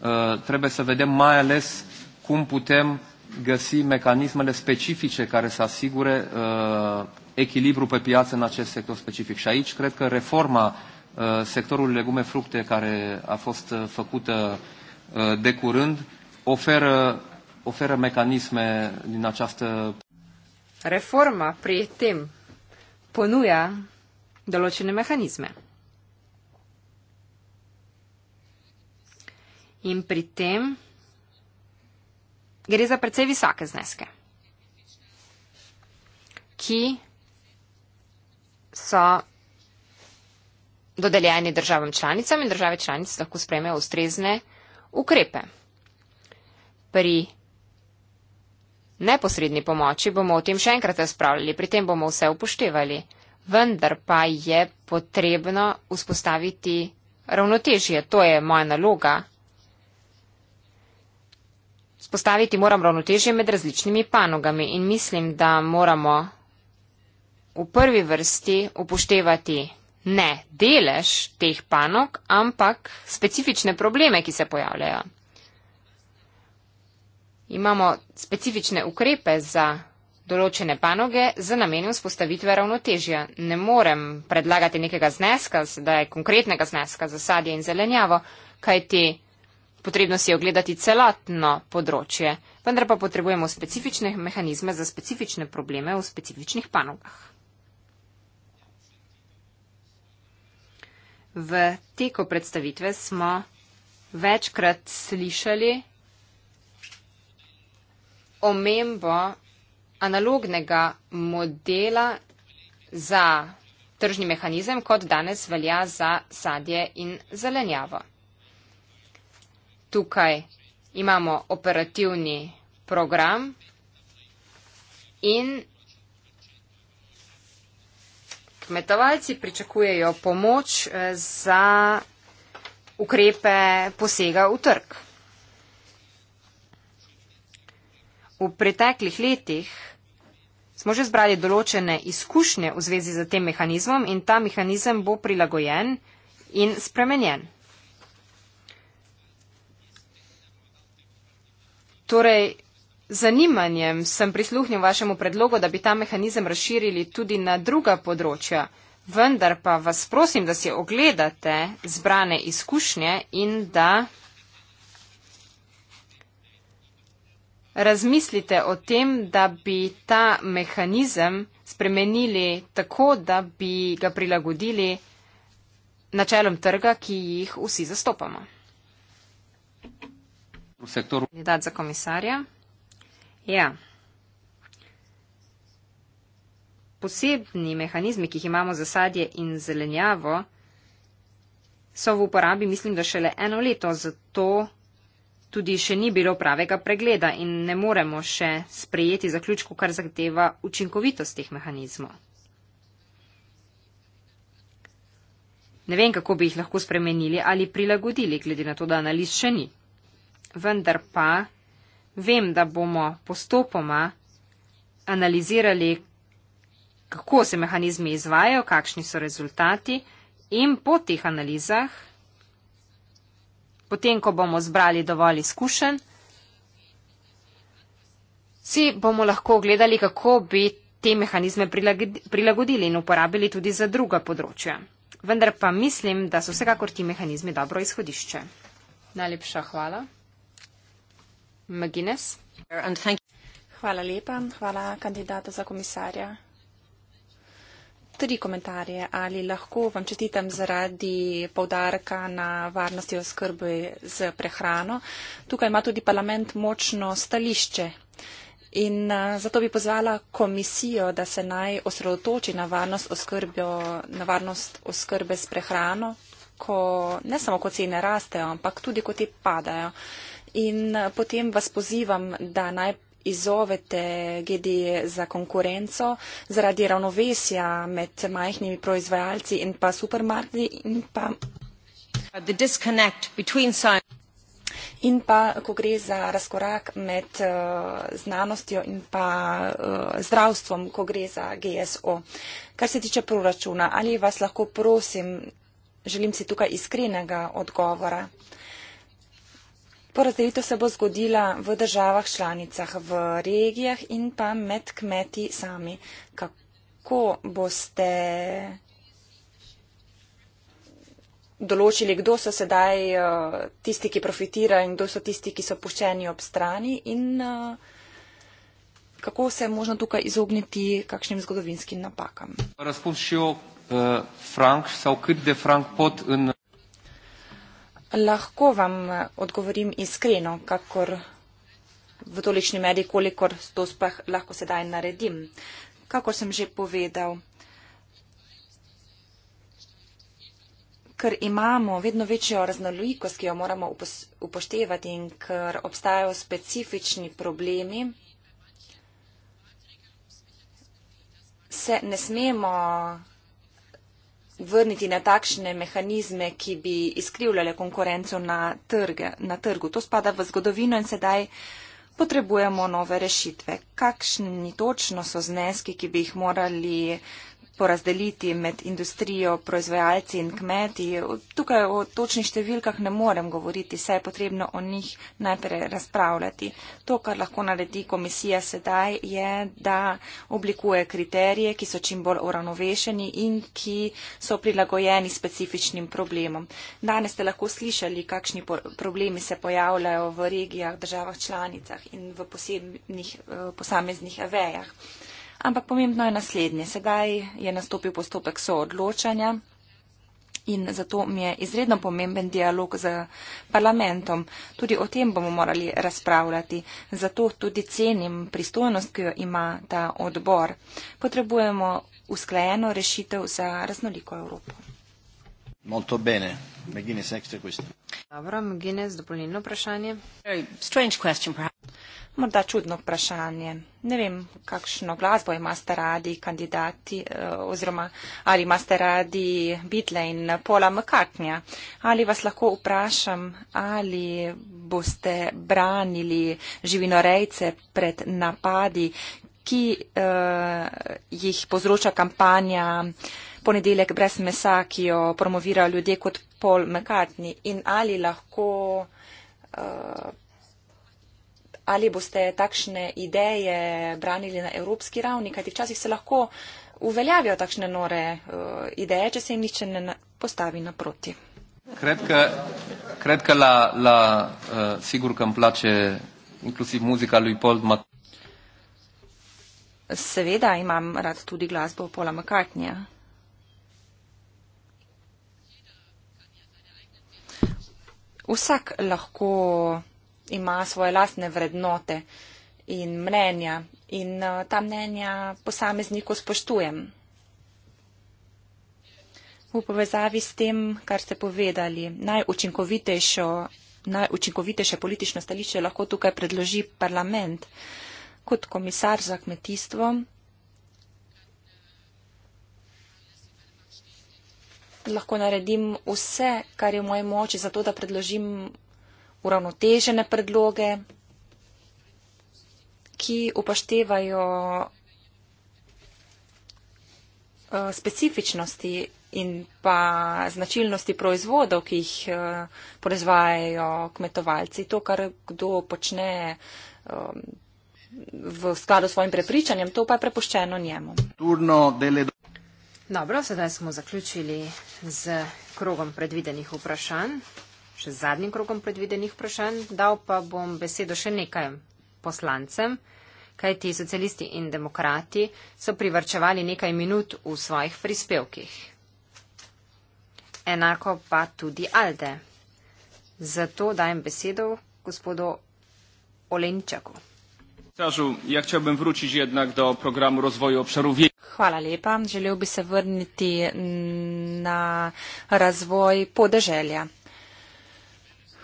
uh, trebuie să vedem mai ales cum putem găsi mecanismele specifice care să asigure uh, echilibru pe piață în acest sector specific. Și aici cred că reforma uh, sectorului legume-fructe care a fost uh, făcută uh, de curând oferă, oferă mecanisme din această reforma pri tem ponuja določene mehanizme. In pri tem gre za precej visoke zneske, ki so dodeljeni državam članicam in države članice lahko spremejo ustrezne ukrepe. Pri Neposredni pomoči bomo o tem še enkrat razpravljali, pri tem bomo vse upoštevali. Vendar pa je potrebno vzpostaviti ravnotežje, to je moja naloga. Spostaviti moram ravnotežje med različnimi panogami in mislim, da moramo v prvi vrsti upoštevati ne delež teh panog, ampak specifične probleme, ki se pojavljajo imamo specifične ukrepe za določene panoge za namenom spostavitve ravnotežja. Ne morem predlagati nekega zneska, sedaj konkretnega zneska za sadje in zelenjavo, kajti potrebno si je ogledati celotno področje, vendar pa potrebujemo specifične mehanizme za specifične probleme v specifičnih panogah. V teku predstavitve smo večkrat slišali, omembo analognega modela za tržni mehanizem, kot danes velja za sadje in zelenjavo. Tukaj imamo operativni program in kmetovalci pričakujejo pomoč eh, za ukrepe posega v trg. V preteklih letih smo že zbrali določene izkušnje v zvezi z tem mehanizmom in ta mehanizem bo prilagojen in spremenjen. Torej, zanimanjem sem prisluhnil vašemu predlogu, da bi ta mehanizem razširili tudi na druga področja, vendar pa vas prosim, da si ogledate zbrane izkušnje in da. razmislite o tem, da bi ta mehanizem spremenili tako, da bi ga prilagodili načelom trga, ki jih vsi zastopamo. Kandidat za komisarja. Ja. Posebni mehanizmi, ki jih imamo za sadje in zelenjavo, so v uporabi, mislim, da šele eno leto, zato tudi še ni bilo pravega pregleda in ne moremo še sprejeti zaključku, kar zahteva učinkovitost teh mehanizmov. Ne vem, kako bi jih lahko spremenili ali prilagodili, glede na to, da analiz še ni. Vendar pa vem, da bomo postopoma analizirali, kako se mehanizmi izvajo, kakšni so rezultati in po teh analizah Potem, ko bomo zbrali dovolj izkušenj, si bomo lahko gledali, kako bi te mehanizme prilagodili in uporabili tudi za druga področja. Vendar pa mislim, da so vsekakor ti mehanizmi dobro izhodišče. Najlepša hvala. McGuinness. Hvala lepa. Hvala kandidata za komisarja tri komentarje. Ali lahko vam čestitam zaradi povdarka na varnosti oskrbe z prehrano? Tukaj ima tudi parlament močno stališče. In eh, zato bi pozvala komisijo, da se naj osredotoči na varnost, oskrbjo, na varnost oskrbe s prehrano, ko ne samo, ko cene rastejo, ampak tudi, ko te padajo. In eh, potem vas pozivam, da naj izzovete glede za konkurenco zaradi ravnovesja med majhnimi proizvajalci in pa supermarketi in pa. In pa, ko gre za razkorak med uh, znanostjo in pa uh, zdravstvom, ko gre za GSO. Kar se tiče proračuna, ali vas lahko prosim, želim si tukaj iskrenega odgovora. Porazdelitev se bo zgodila v državah članicah, v regijah in pa med kmeti sami. Kako boste določili, kdo so sedaj eh, tisti, ki profitirajo in kdo so tisti, ki so puščeni ob strani in eh, kako se je možno tukaj izogniti kakšnim zgodovinskim napakam? Razpustil uh, eh, Frank, Saukrit de Frank pot in. In... Lahko vam eh, odgovorim iskreno, kakor v tolični meri, kolikor to sploh lahko sedaj naredim. Kakor sem že povedal, ker imamo vedno večjo raznolikost, ki jo moramo upoštevati in ker obstajajo specifični problemi, se ne smemo vrniti na takšne mehanizme, ki bi izkrivljale konkurenco na, trge, na trgu. To spada v zgodovino in sedaj potrebujemo nove rešitve. Kakšni točno so zneski, ki bi jih morali porazdeliti med industrijo, proizvajalci in kmeti. Tukaj o točnih številkah ne morem govoriti, saj je potrebno o njih najprej razpravljati. To, kar lahko naredi komisija sedaj, je, da oblikuje kriterije, ki so čim bolj uravnovešeni in ki so prilagojeni specifičnim problemom. Danes ste lahko slišali, kakšni problemi se pojavljajo v regijah, državah članicah in v posebnih eh, posameznih vejah. Ampak pomembno je naslednje. Sedaj je nastopil postopek soodločanja in zato mi je izredno pomemben dialog z parlamentom. Tudi o tem bomo morali razpravljati. Zato tudi cenim pristojnost, ki jo ima ta odbor. Potrebujemo usklajeno rešitev za raznoliko Evropo. Molto bene. McGuinness, next question. Dobro, McGuinness, dopolnilno vprašanje. Very strange question, perhaps. Morda čudno vprašanje. Ne vem, kakšno glasbo imate radi kandidati, eh, oziroma ali imate radi Beatle in Paula McCartneya. Ali vas lahko vprašam, ali boste branili živinorejce pred napadi, ki uh, jih povzroča kampanja uh, ponedeljek brez mesa, ki jo promovira ljudje kot pol mekatni in ali lahko. Uh, Ali boste takšne ideje branili na evropski ravni, kajti včasih se lahko uveljavijo takšne nore uh, ideje, če se jim nihče ne na, postavi naproti. Kratka, la, la uh, eh, sigur kam plače, inklusiv muzika ali pol ma. Seveda imam rad tudi glasbo Pola Makatnja. Vsak lahko ima svoje lastne vrednote in mnenja in eh, ta mnenja posameznikov spoštujem. V povezavi s tem, kar ste povedali, najučinkovitejše politično stališče lahko tukaj predloži parlament. Kot komisar za kmetijstvo lahko naredim vse, kar je v moji moči, zato da predložim uravnotežene predloge, ki upoštevajo eh, specifičnosti in pa značilnosti proizvodov, ki jih eh, proizvajajo kmetovalci. To, kar kdo počne eh, v skladu s svojim prepričanjem, to pa je prepuščeno njemu. Dobro, sedaj smo zaključili z krogom predvidenih vprašanj, še z zadnjim krogom predvidenih vprašanj. Dal pa bom besedo še nekaj poslancem, kaj ti socialisti in demokrati so privrčevali nekaj minut v svojih prispevkih. Enako pa tudi Alde. Zato dajem besedo gospodu Olenčaku. Ja Hvala lepa. Želel bi se vrniti na razvoj podeželja.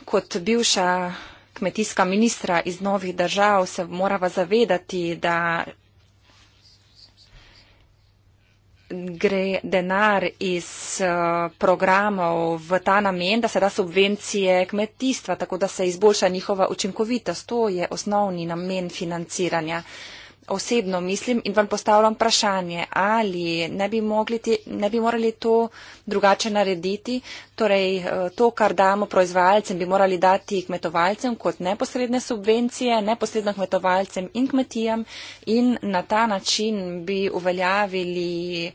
Kot bivša kmetijska ministra iz novih držav se morava zavedati, da gre denar iz eh, programov v ta namen, da se da subvencije kmetijstva, tako da se izboljša njihova učinkovitost. To je osnovni namen financiranja osebno mislim in vam postavljam vprašanje, ali ne bi, mogli, ne bi morali to drugače narediti, torej eh, to, kar damo proizvajalcem, bi morali dati kmetovalcem kot neposredne subvencije, neposredno kmetovalcem in kmetijam in na ta način bi uveljavili eh,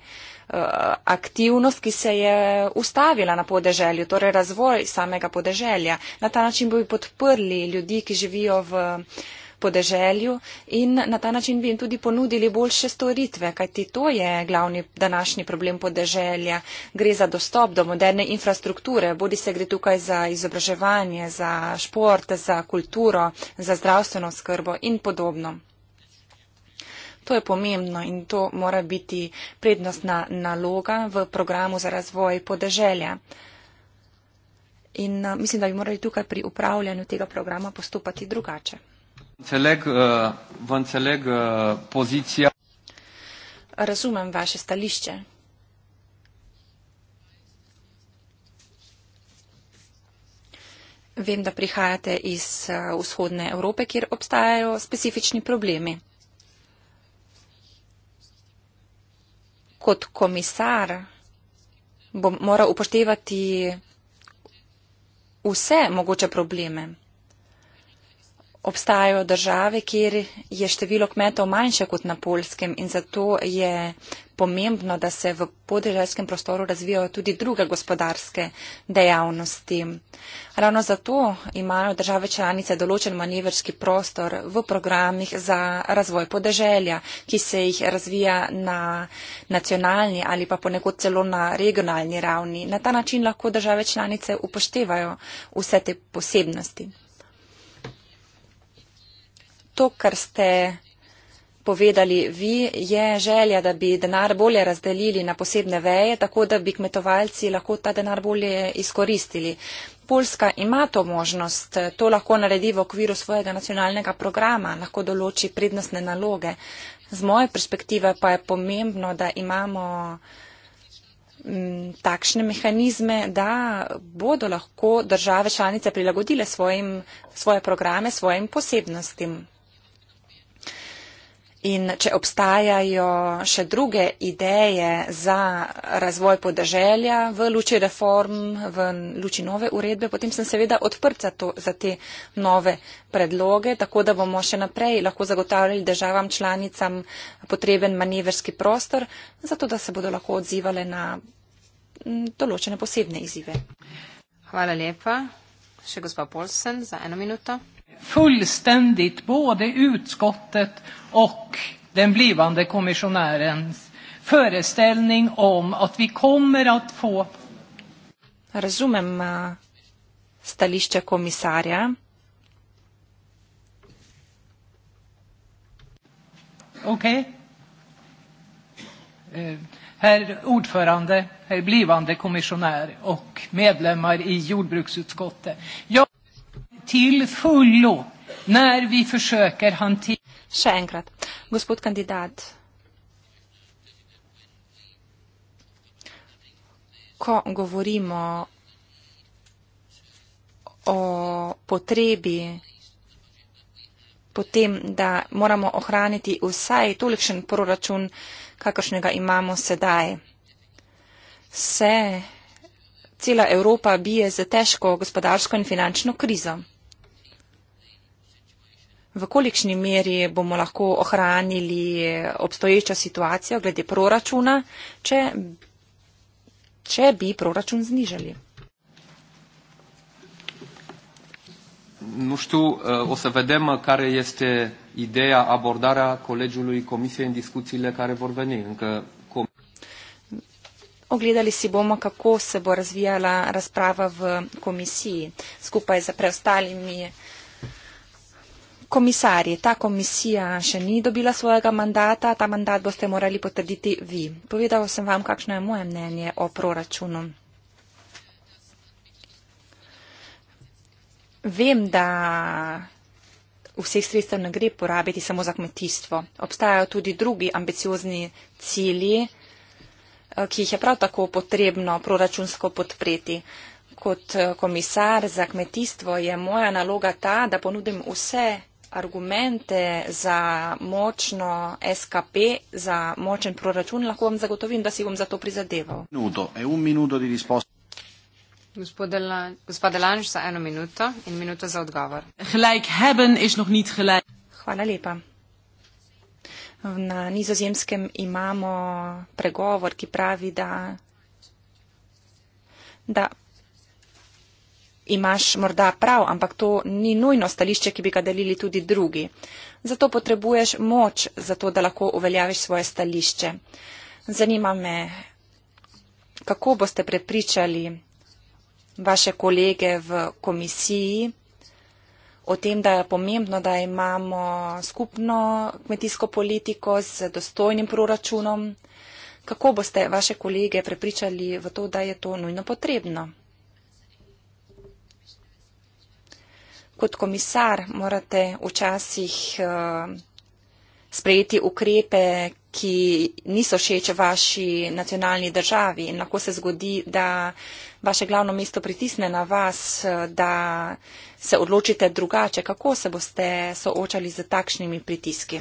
aktivnost, ki se je ustavila na podeželju, torej razvoj samega podeželja. Na ta način bi podprli ljudi, ki živijo v podeželju in na ta način bi jim tudi ponudili boljše storitve, kajti to je glavni današnji problem podeželja. Gre za dostop do moderne infrastrukture, bodi se gre tukaj za izobraževanje, za šport, za kulturo, za zdravstveno skrbo in podobno. To je pomembno in to mora biti prednostna naloga v programu za razvoj podeželja. In uh, mislim, da bi morali tukaj pri upravljanju tega programa postopati drugače înțeleg, uh, vă înțeleg uh, poziția. Rozumem vaše stališče. Vem, da prihajate iz uh, vzhodne Evrope, kjer obstajajo specifični problemi. Kot komisar bom moral upoštevati vse mogoče probleme obstajajo države, kjer je število kmetov manjše kot na polskem in zato je pomembno, da se v podeželjskem prostoru razvijajo tudi druge gospodarske dejavnosti. Ravno zato imajo države članice določen manevrski prostor v programih za razvoj podeželja, ki se jih razvija na nacionalni ali pa ponekod celo na regionalni ravni. Na ta način lahko države članice upoštevajo vse te posebnosti to, kar ste povedali vi, je želja, da bi denar bolje razdelili na posebne veje, tako da bi kmetovalci lahko ta denar bolje izkoristili. Poljska ima to možnost, to lahko naredi v okviru svojega nacionalnega programa, lahko določi prednostne naloge. Z moje perspektive pa je pomembno, da imamo mm, takšne mehanizme, da bodo lahko države članice prilagodile svojim, svoje programe svojim posebnostim. In če obstajajo še druge ideje za razvoj podeželja v luči reform, v luči nove uredbe, potem sem seveda odprt za, to, za te nove predloge, tako da bomo še naprej lahko zagotavljali državam članicam potreben manevrski prostor, zato da se bodo lahko odzivali na mm, določene posebne izzive. Hvala lepa. Še gospod Polsen za eno minuto fullständigt både utskottet och den blivande kommissionärens föreställning om att vi kommer att få... Rozumiem eh, stanowisko komisarza. Okej. Okay. Eh, herr ordförande, herr blivande kommissionär och medlemmar i jordbruksutskottet. Jag till fullo när vi försöker hantera... Gospod kandidat. Ko govorimo o potrebi potem, da moramo ohraniti vsaj tolikšen proračun, kakršnega imamo sedaj, se cela Evropa bije z težko gospodarsko in finančno krizo. V kolikšni meri bomo lahko ohranili obstoječo situacijo glede proračuna, če, če bi proračun znižali? Nu știu, eh, o să vedem care este ideea, abordarea colegiului Comisiei în discuțiile care vor veni. Încă Ogledali si bomo, kako se bo razvijala razprava v komisiji skupaj z preostalimi komisarji. Ta komisija še ni dobila svojega mandata, ta mandat boste morali potrditi vi. Povedal sem vam, kakšno je moje mnenje o proračunu. Vem, da vseh sredstev ne gre porabiti samo za kmetijstvo. Obstajajo tudi drugi ambiciozni cilji. Eh, ki jih je prav tako potrebno proračunsko podpreti. Kot eh, komisar za kmetijstvo je moja naloga ta, da ponudim vse argumente za močno SKP, za močen proračun, lahko vam zagotovim, da si bom za to prizadeval. E Gospod Delanš, za eno minuto in minuto za odgovor. Hvala lepa. Na nizozemskem imamo pregovor, ki pravi, da, da imaš morda prav, ampak to ni nujno stališče, ki bi ga delili tudi drugi. Zato potrebuješ moč, zato da lahko uveljaviš svoje stališče. Zanima me, kako boste prepričali vaše kolege v komisiji, o tem, da je pomembno, da imamo skupno kmetijsko politiko z dostojnim proračunom. Kako boste vaše kolege prepričali v to, da je to nujno potrebno? Kot komisar morate včasih uh, sprejeti ukrepe, ki niso všeč vaši nacionalni državi in lahko se zgodi, da vaše glavno mesto pritisne na vas, da se odločite drugače. Kako se boste soočali z takšnimi pritiski?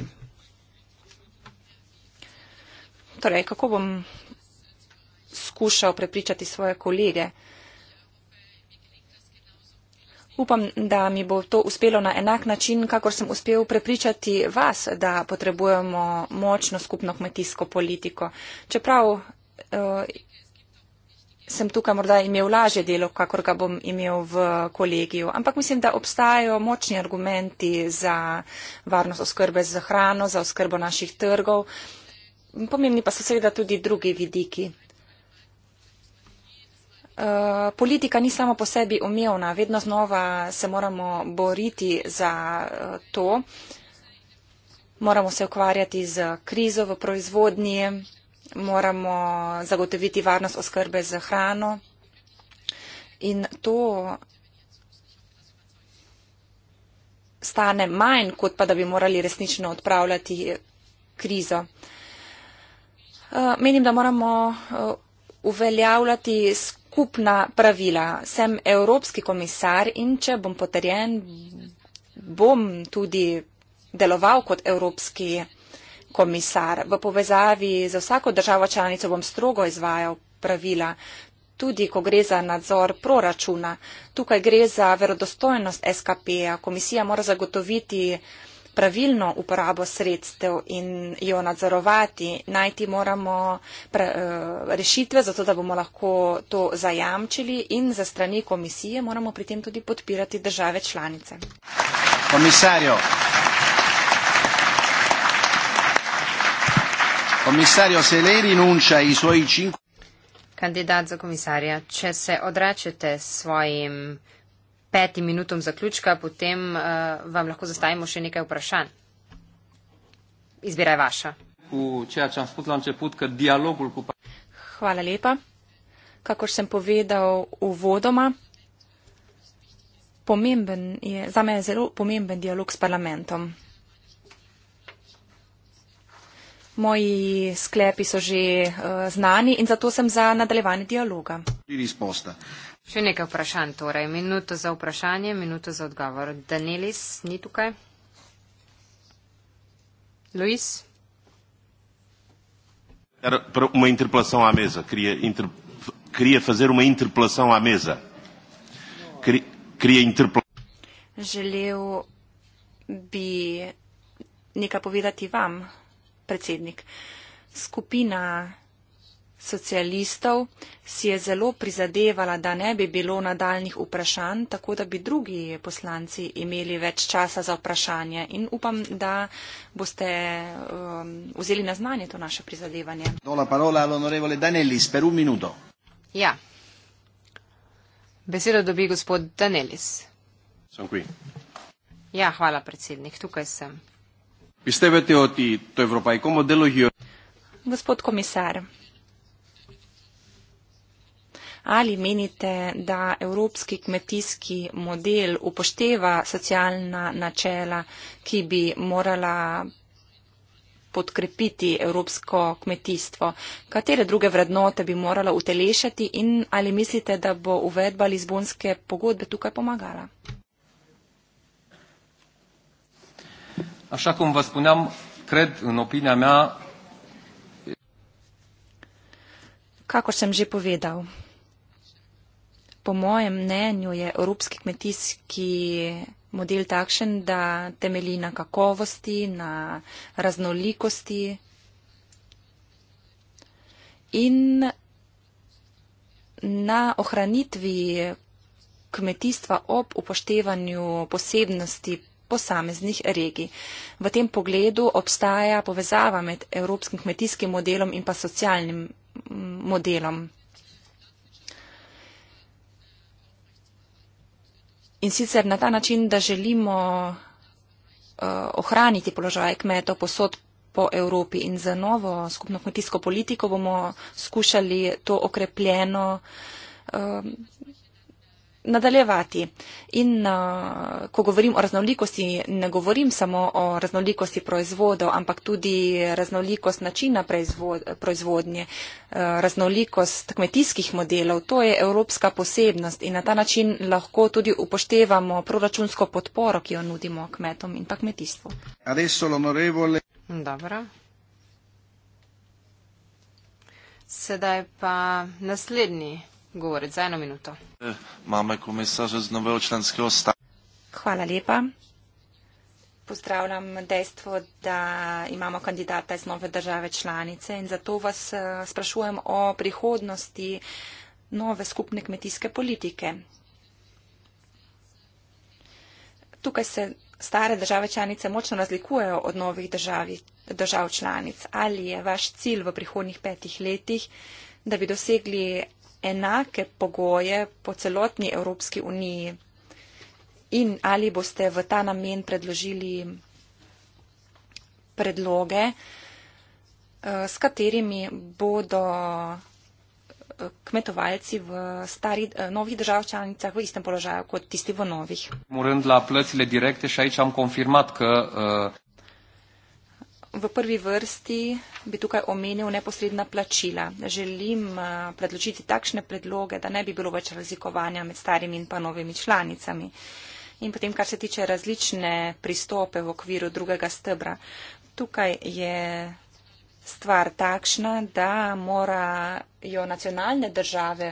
Torej, kako bom skušal prepričati svoje kolege? Upam, da mi bo to uspelo na enak način, kakor sem uspel prepričati vas, da potrebujemo močno skupno kmetijsko politiko. Čeprav uh, sem tukaj morda imel lažje delo, kakor ga bom imel v kolegiju. Ampak mislim, da obstajajo močni argumenti za varnost oskrbe z hrano, za oskrbo naših trgov. Pomembni pa so seveda tudi drugi vidiki. Eh, politika ni samo po sebi umevna, vedno znova se moramo boriti za eh, to, moramo se ukvarjati z krizo v proizvodnji, moramo zagotoviti varnost oskrbe z hrano in to stane manj, kot pa da bi morali resnično odpravljati krizo. Eh, menim, da moramo uveljavljati skupaj skupna pravila. Sem evropski komisar in če bom potrjen, bom tudi deloval kot evropski komisar. V povezavi za vsako državo članico bom strogo izvajal pravila, tudi ko gre za nadzor proračuna. Tukaj gre za verodostojnost SKP-ja. Komisija mora zagotoviti pravilno uporabo sredstev in jo nadzorovati. Najti moramo pra, eh, rešitve, zato da bomo lahko to zajamčili in za strani komisije moramo pri tem tudi podpirati države članice. Komisarjo. Komisarjo, se lei rinuncia i suoi cinque. Kandidat za komisarja, če se odrečete svojim petim minutom zaključka, potem uh, vam lahko zastavimo še nekaj vprašanj. Izbira je vaša. Hvala lepa. Kakor sem povedal uvodoma, je, za me je zelo pomemben dialog s parlamentom. Moji sklepi so že uh, znani in zato sem za nadaljevanje dialoga. Še nekaj vprašanj, torej minuto za vprašanje, minuto za odgovor. Danelis ni tukaj. Luis. Era uma interpelação à mesa. Queria, inter... Queria fazer uma interpelação à mesa. Queria interpelar. Želel bi nekaj povedati vam, predsednik. Skupina socialistov si je zelo prizadevala, da ne bi bilo nadaljnih vprašanj, tako da bi drugi poslanci imeli več časa za vprašanje. In upam, da boste um, vzeli na znanje to naše prizadevanje. Ja. Besedo dobi gospod Danelis. Sem tukaj. Ja, hvala predsednik, tukaj sem. Gospod komisar. Ali menite, da evropski kmetijski model upošteva socialna načela, ki bi morala podkrepiti evropsko kmetijstvo? Katere druge vrednote bi morala utelešati in ali mislite, da bo uvedba Lizbonske pogodbe tukaj pomagala? Așa cum vă spuneam, cred în opinia mea. Kako sem že povedal, Po mojem mnenju je evropski kmetijski model takšen, da temelji na kakovosti, na raznolikosti in na ohranitvi kmetijstva ob upoštevanju posebnosti posameznih regij. V tem pogledu obstaja povezava med evropskim kmetijskim modelom in pa socialnim modelom. In sicer na ta način, da želimo uh, ohraniti položaj kmetov posod po Evropi in za novo skupno kmetijsko politiko bomo skušali to okrepljeno. Uh, nadaljevati. In uh, ko govorim o raznolikosti, ne govorim samo o raznolikosti proizvodov, ampak tudi raznolikost načina proizvodnje, uh, raznolikost kmetijskih modelov. To je evropska posebnost in na ta način lahko tudi upoštevamo proračunsko podporo, ki jo nudimo kmetom in pa kmetijstvu. Dobro. Sedaj pa naslednji Govorec za eno minuto. Mame komisarze z novega članskega stava. Hvala lepa. Pozdravljam dejstvo, da imamo kandidata iz nove države članice in zato vas eh, sprašujem o prihodnosti nove skupne kmetijske politike. Tukaj se stare države članice močno razlikujejo od novih državi, držav članic. Ali je vaš cilj v prihodnih petih letih, da bi dosegli enake pogoje po celotni Evropski uniji in ali boste v ta namen predložili predloge, eh, s katerimi bodo eh, kmetovalci v starih, eh, novih držav članicah v istem položaju kot tisti v novih. Moram la plățile directe și aici am confirmat că uh v prvi vrsti bi tukaj omenil neposredna plačila. Želim eh, predločiti takšne predloge, da ne bi bilo več razlikovanja med starimi in pa novimi članicami. In potem, kar se tiče različne pristope v okviru drugega stebra, tukaj je stvar takšna, da morajo nacionalne države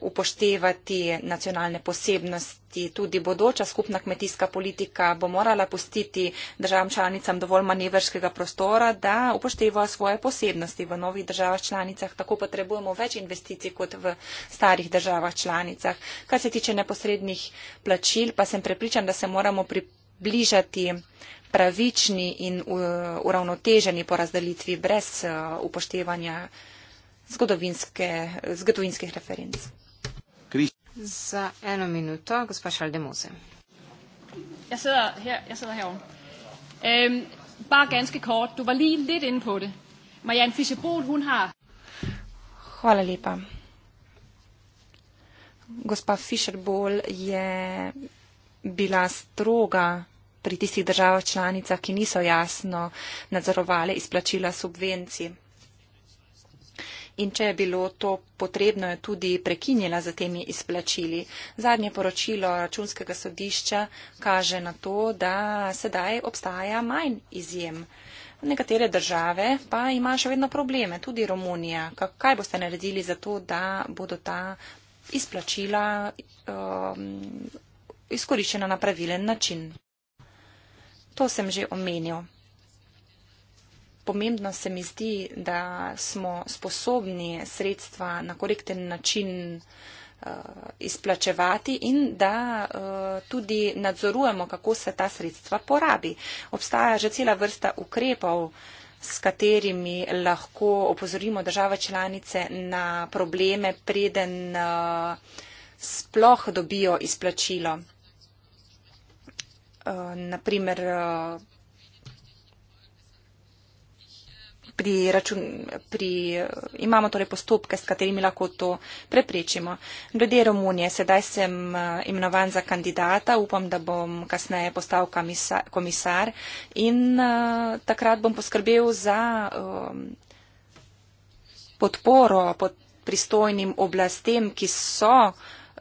upoštevati nacionalne posebnosti. Tudi bodoča skupna kmetijska politika bo morala pustiti državam članicam dovolj manevrskega prostora, da upoštevajo svoje posebnosti. V novih državah članicah tako potrebujemo več investicij kot v starih državah članicah. Kar se tiče neposrednih plačil, pa sem prepričan, da se moramo približati pravični in uh, uravnoteženi porazdelitvi brez uh, upoštevanja zgodovinske, zgodovinskih referenc. Križ. Za eno minuto, gospa Šaldemoze. Jaz sedem her, jaz sedem herom. Um, bar ganske kort, du var lige lidt inde på det. Marianne Fischer-Bohl, hun har... Hvala lepa. Gospa Fischer-Bohl je bila stroga pri tistih državah članicah, ki niso jasno nadzorovali izplačila subvencij in če je bilo to potrebno, je tudi prekinjena za temi izplačili. Zadnje poročilo računskega sodišča kaže na to, da sedaj obstaja manj izjem. Nekatere države pa imajo še vedno probleme, tudi Romunija. Kaj boste naredili za to, da bodo ta izplačila um, izkoriščena na pravilen način? To sem že omenil pomembno se mi zdi, da smo sposobni sredstva na korekten način eh, izplačevati in da eh, tudi nadzorujemo, kako se ta sredstva porabi. Obstaja že cela vrsta ukrepov, s katerimi lahko opozorimo države članice na probleme, preden eh, sploh dobijo izplačilo. Naprimer, pri račun, pri, eh, imamo torej postopke, s katerimi lahko to preprečimo. Glede Romunije, sedaj sem eh, imenovan za kandidata, upam, da bom kasneje postal komisar, komisar in uh, takrat bom poskrbel za um, podporo pod pristojnim oblastem, ki so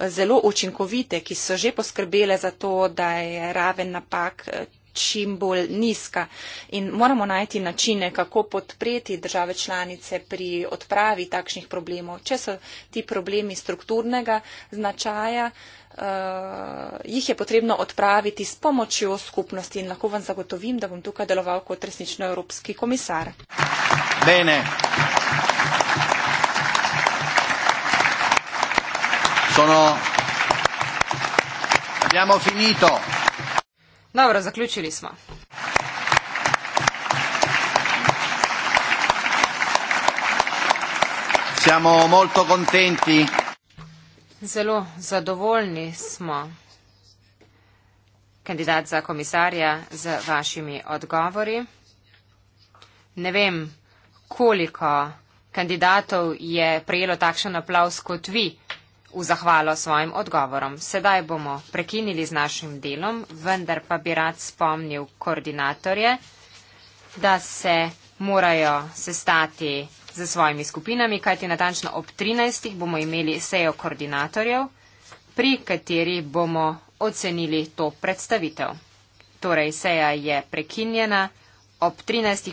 zelo učinkovite, ki so že poskrbele za to, da je raven napak. Uh, čim bolj nizka. In moramo najti načine, kako podpreti države članice pri odpravi takšnih problemov. Če so ti problemi strukturnega značaja, eh, jih je potrebno odpraviti s pomočjo skupnosti in lahko vam zagotovim, da bom tukaj deloval kot resnično evropski komisar. Bene. Sono... Abbiamo finito. Dobro, zaključili smo. Siamo molto contenti. Zelo zadovoljni smo, kandidat za komisarja, z vašimi odgovori. Ne vem, koliko kandidatov je prejelo takšen aplaus kot vi v zahvalo svojim odgovorom. Sedaj bomo prekinili z našim delom, vendar pa bi rad spomnil koordinatorje, da se morajo sestati za svojimi skupinami, kajti natančno ob 13. bomo imeli sejo koordinatorjev, pri kateri bomo ocenili to predstavitev. Torej, seja je prekinjena ob 13.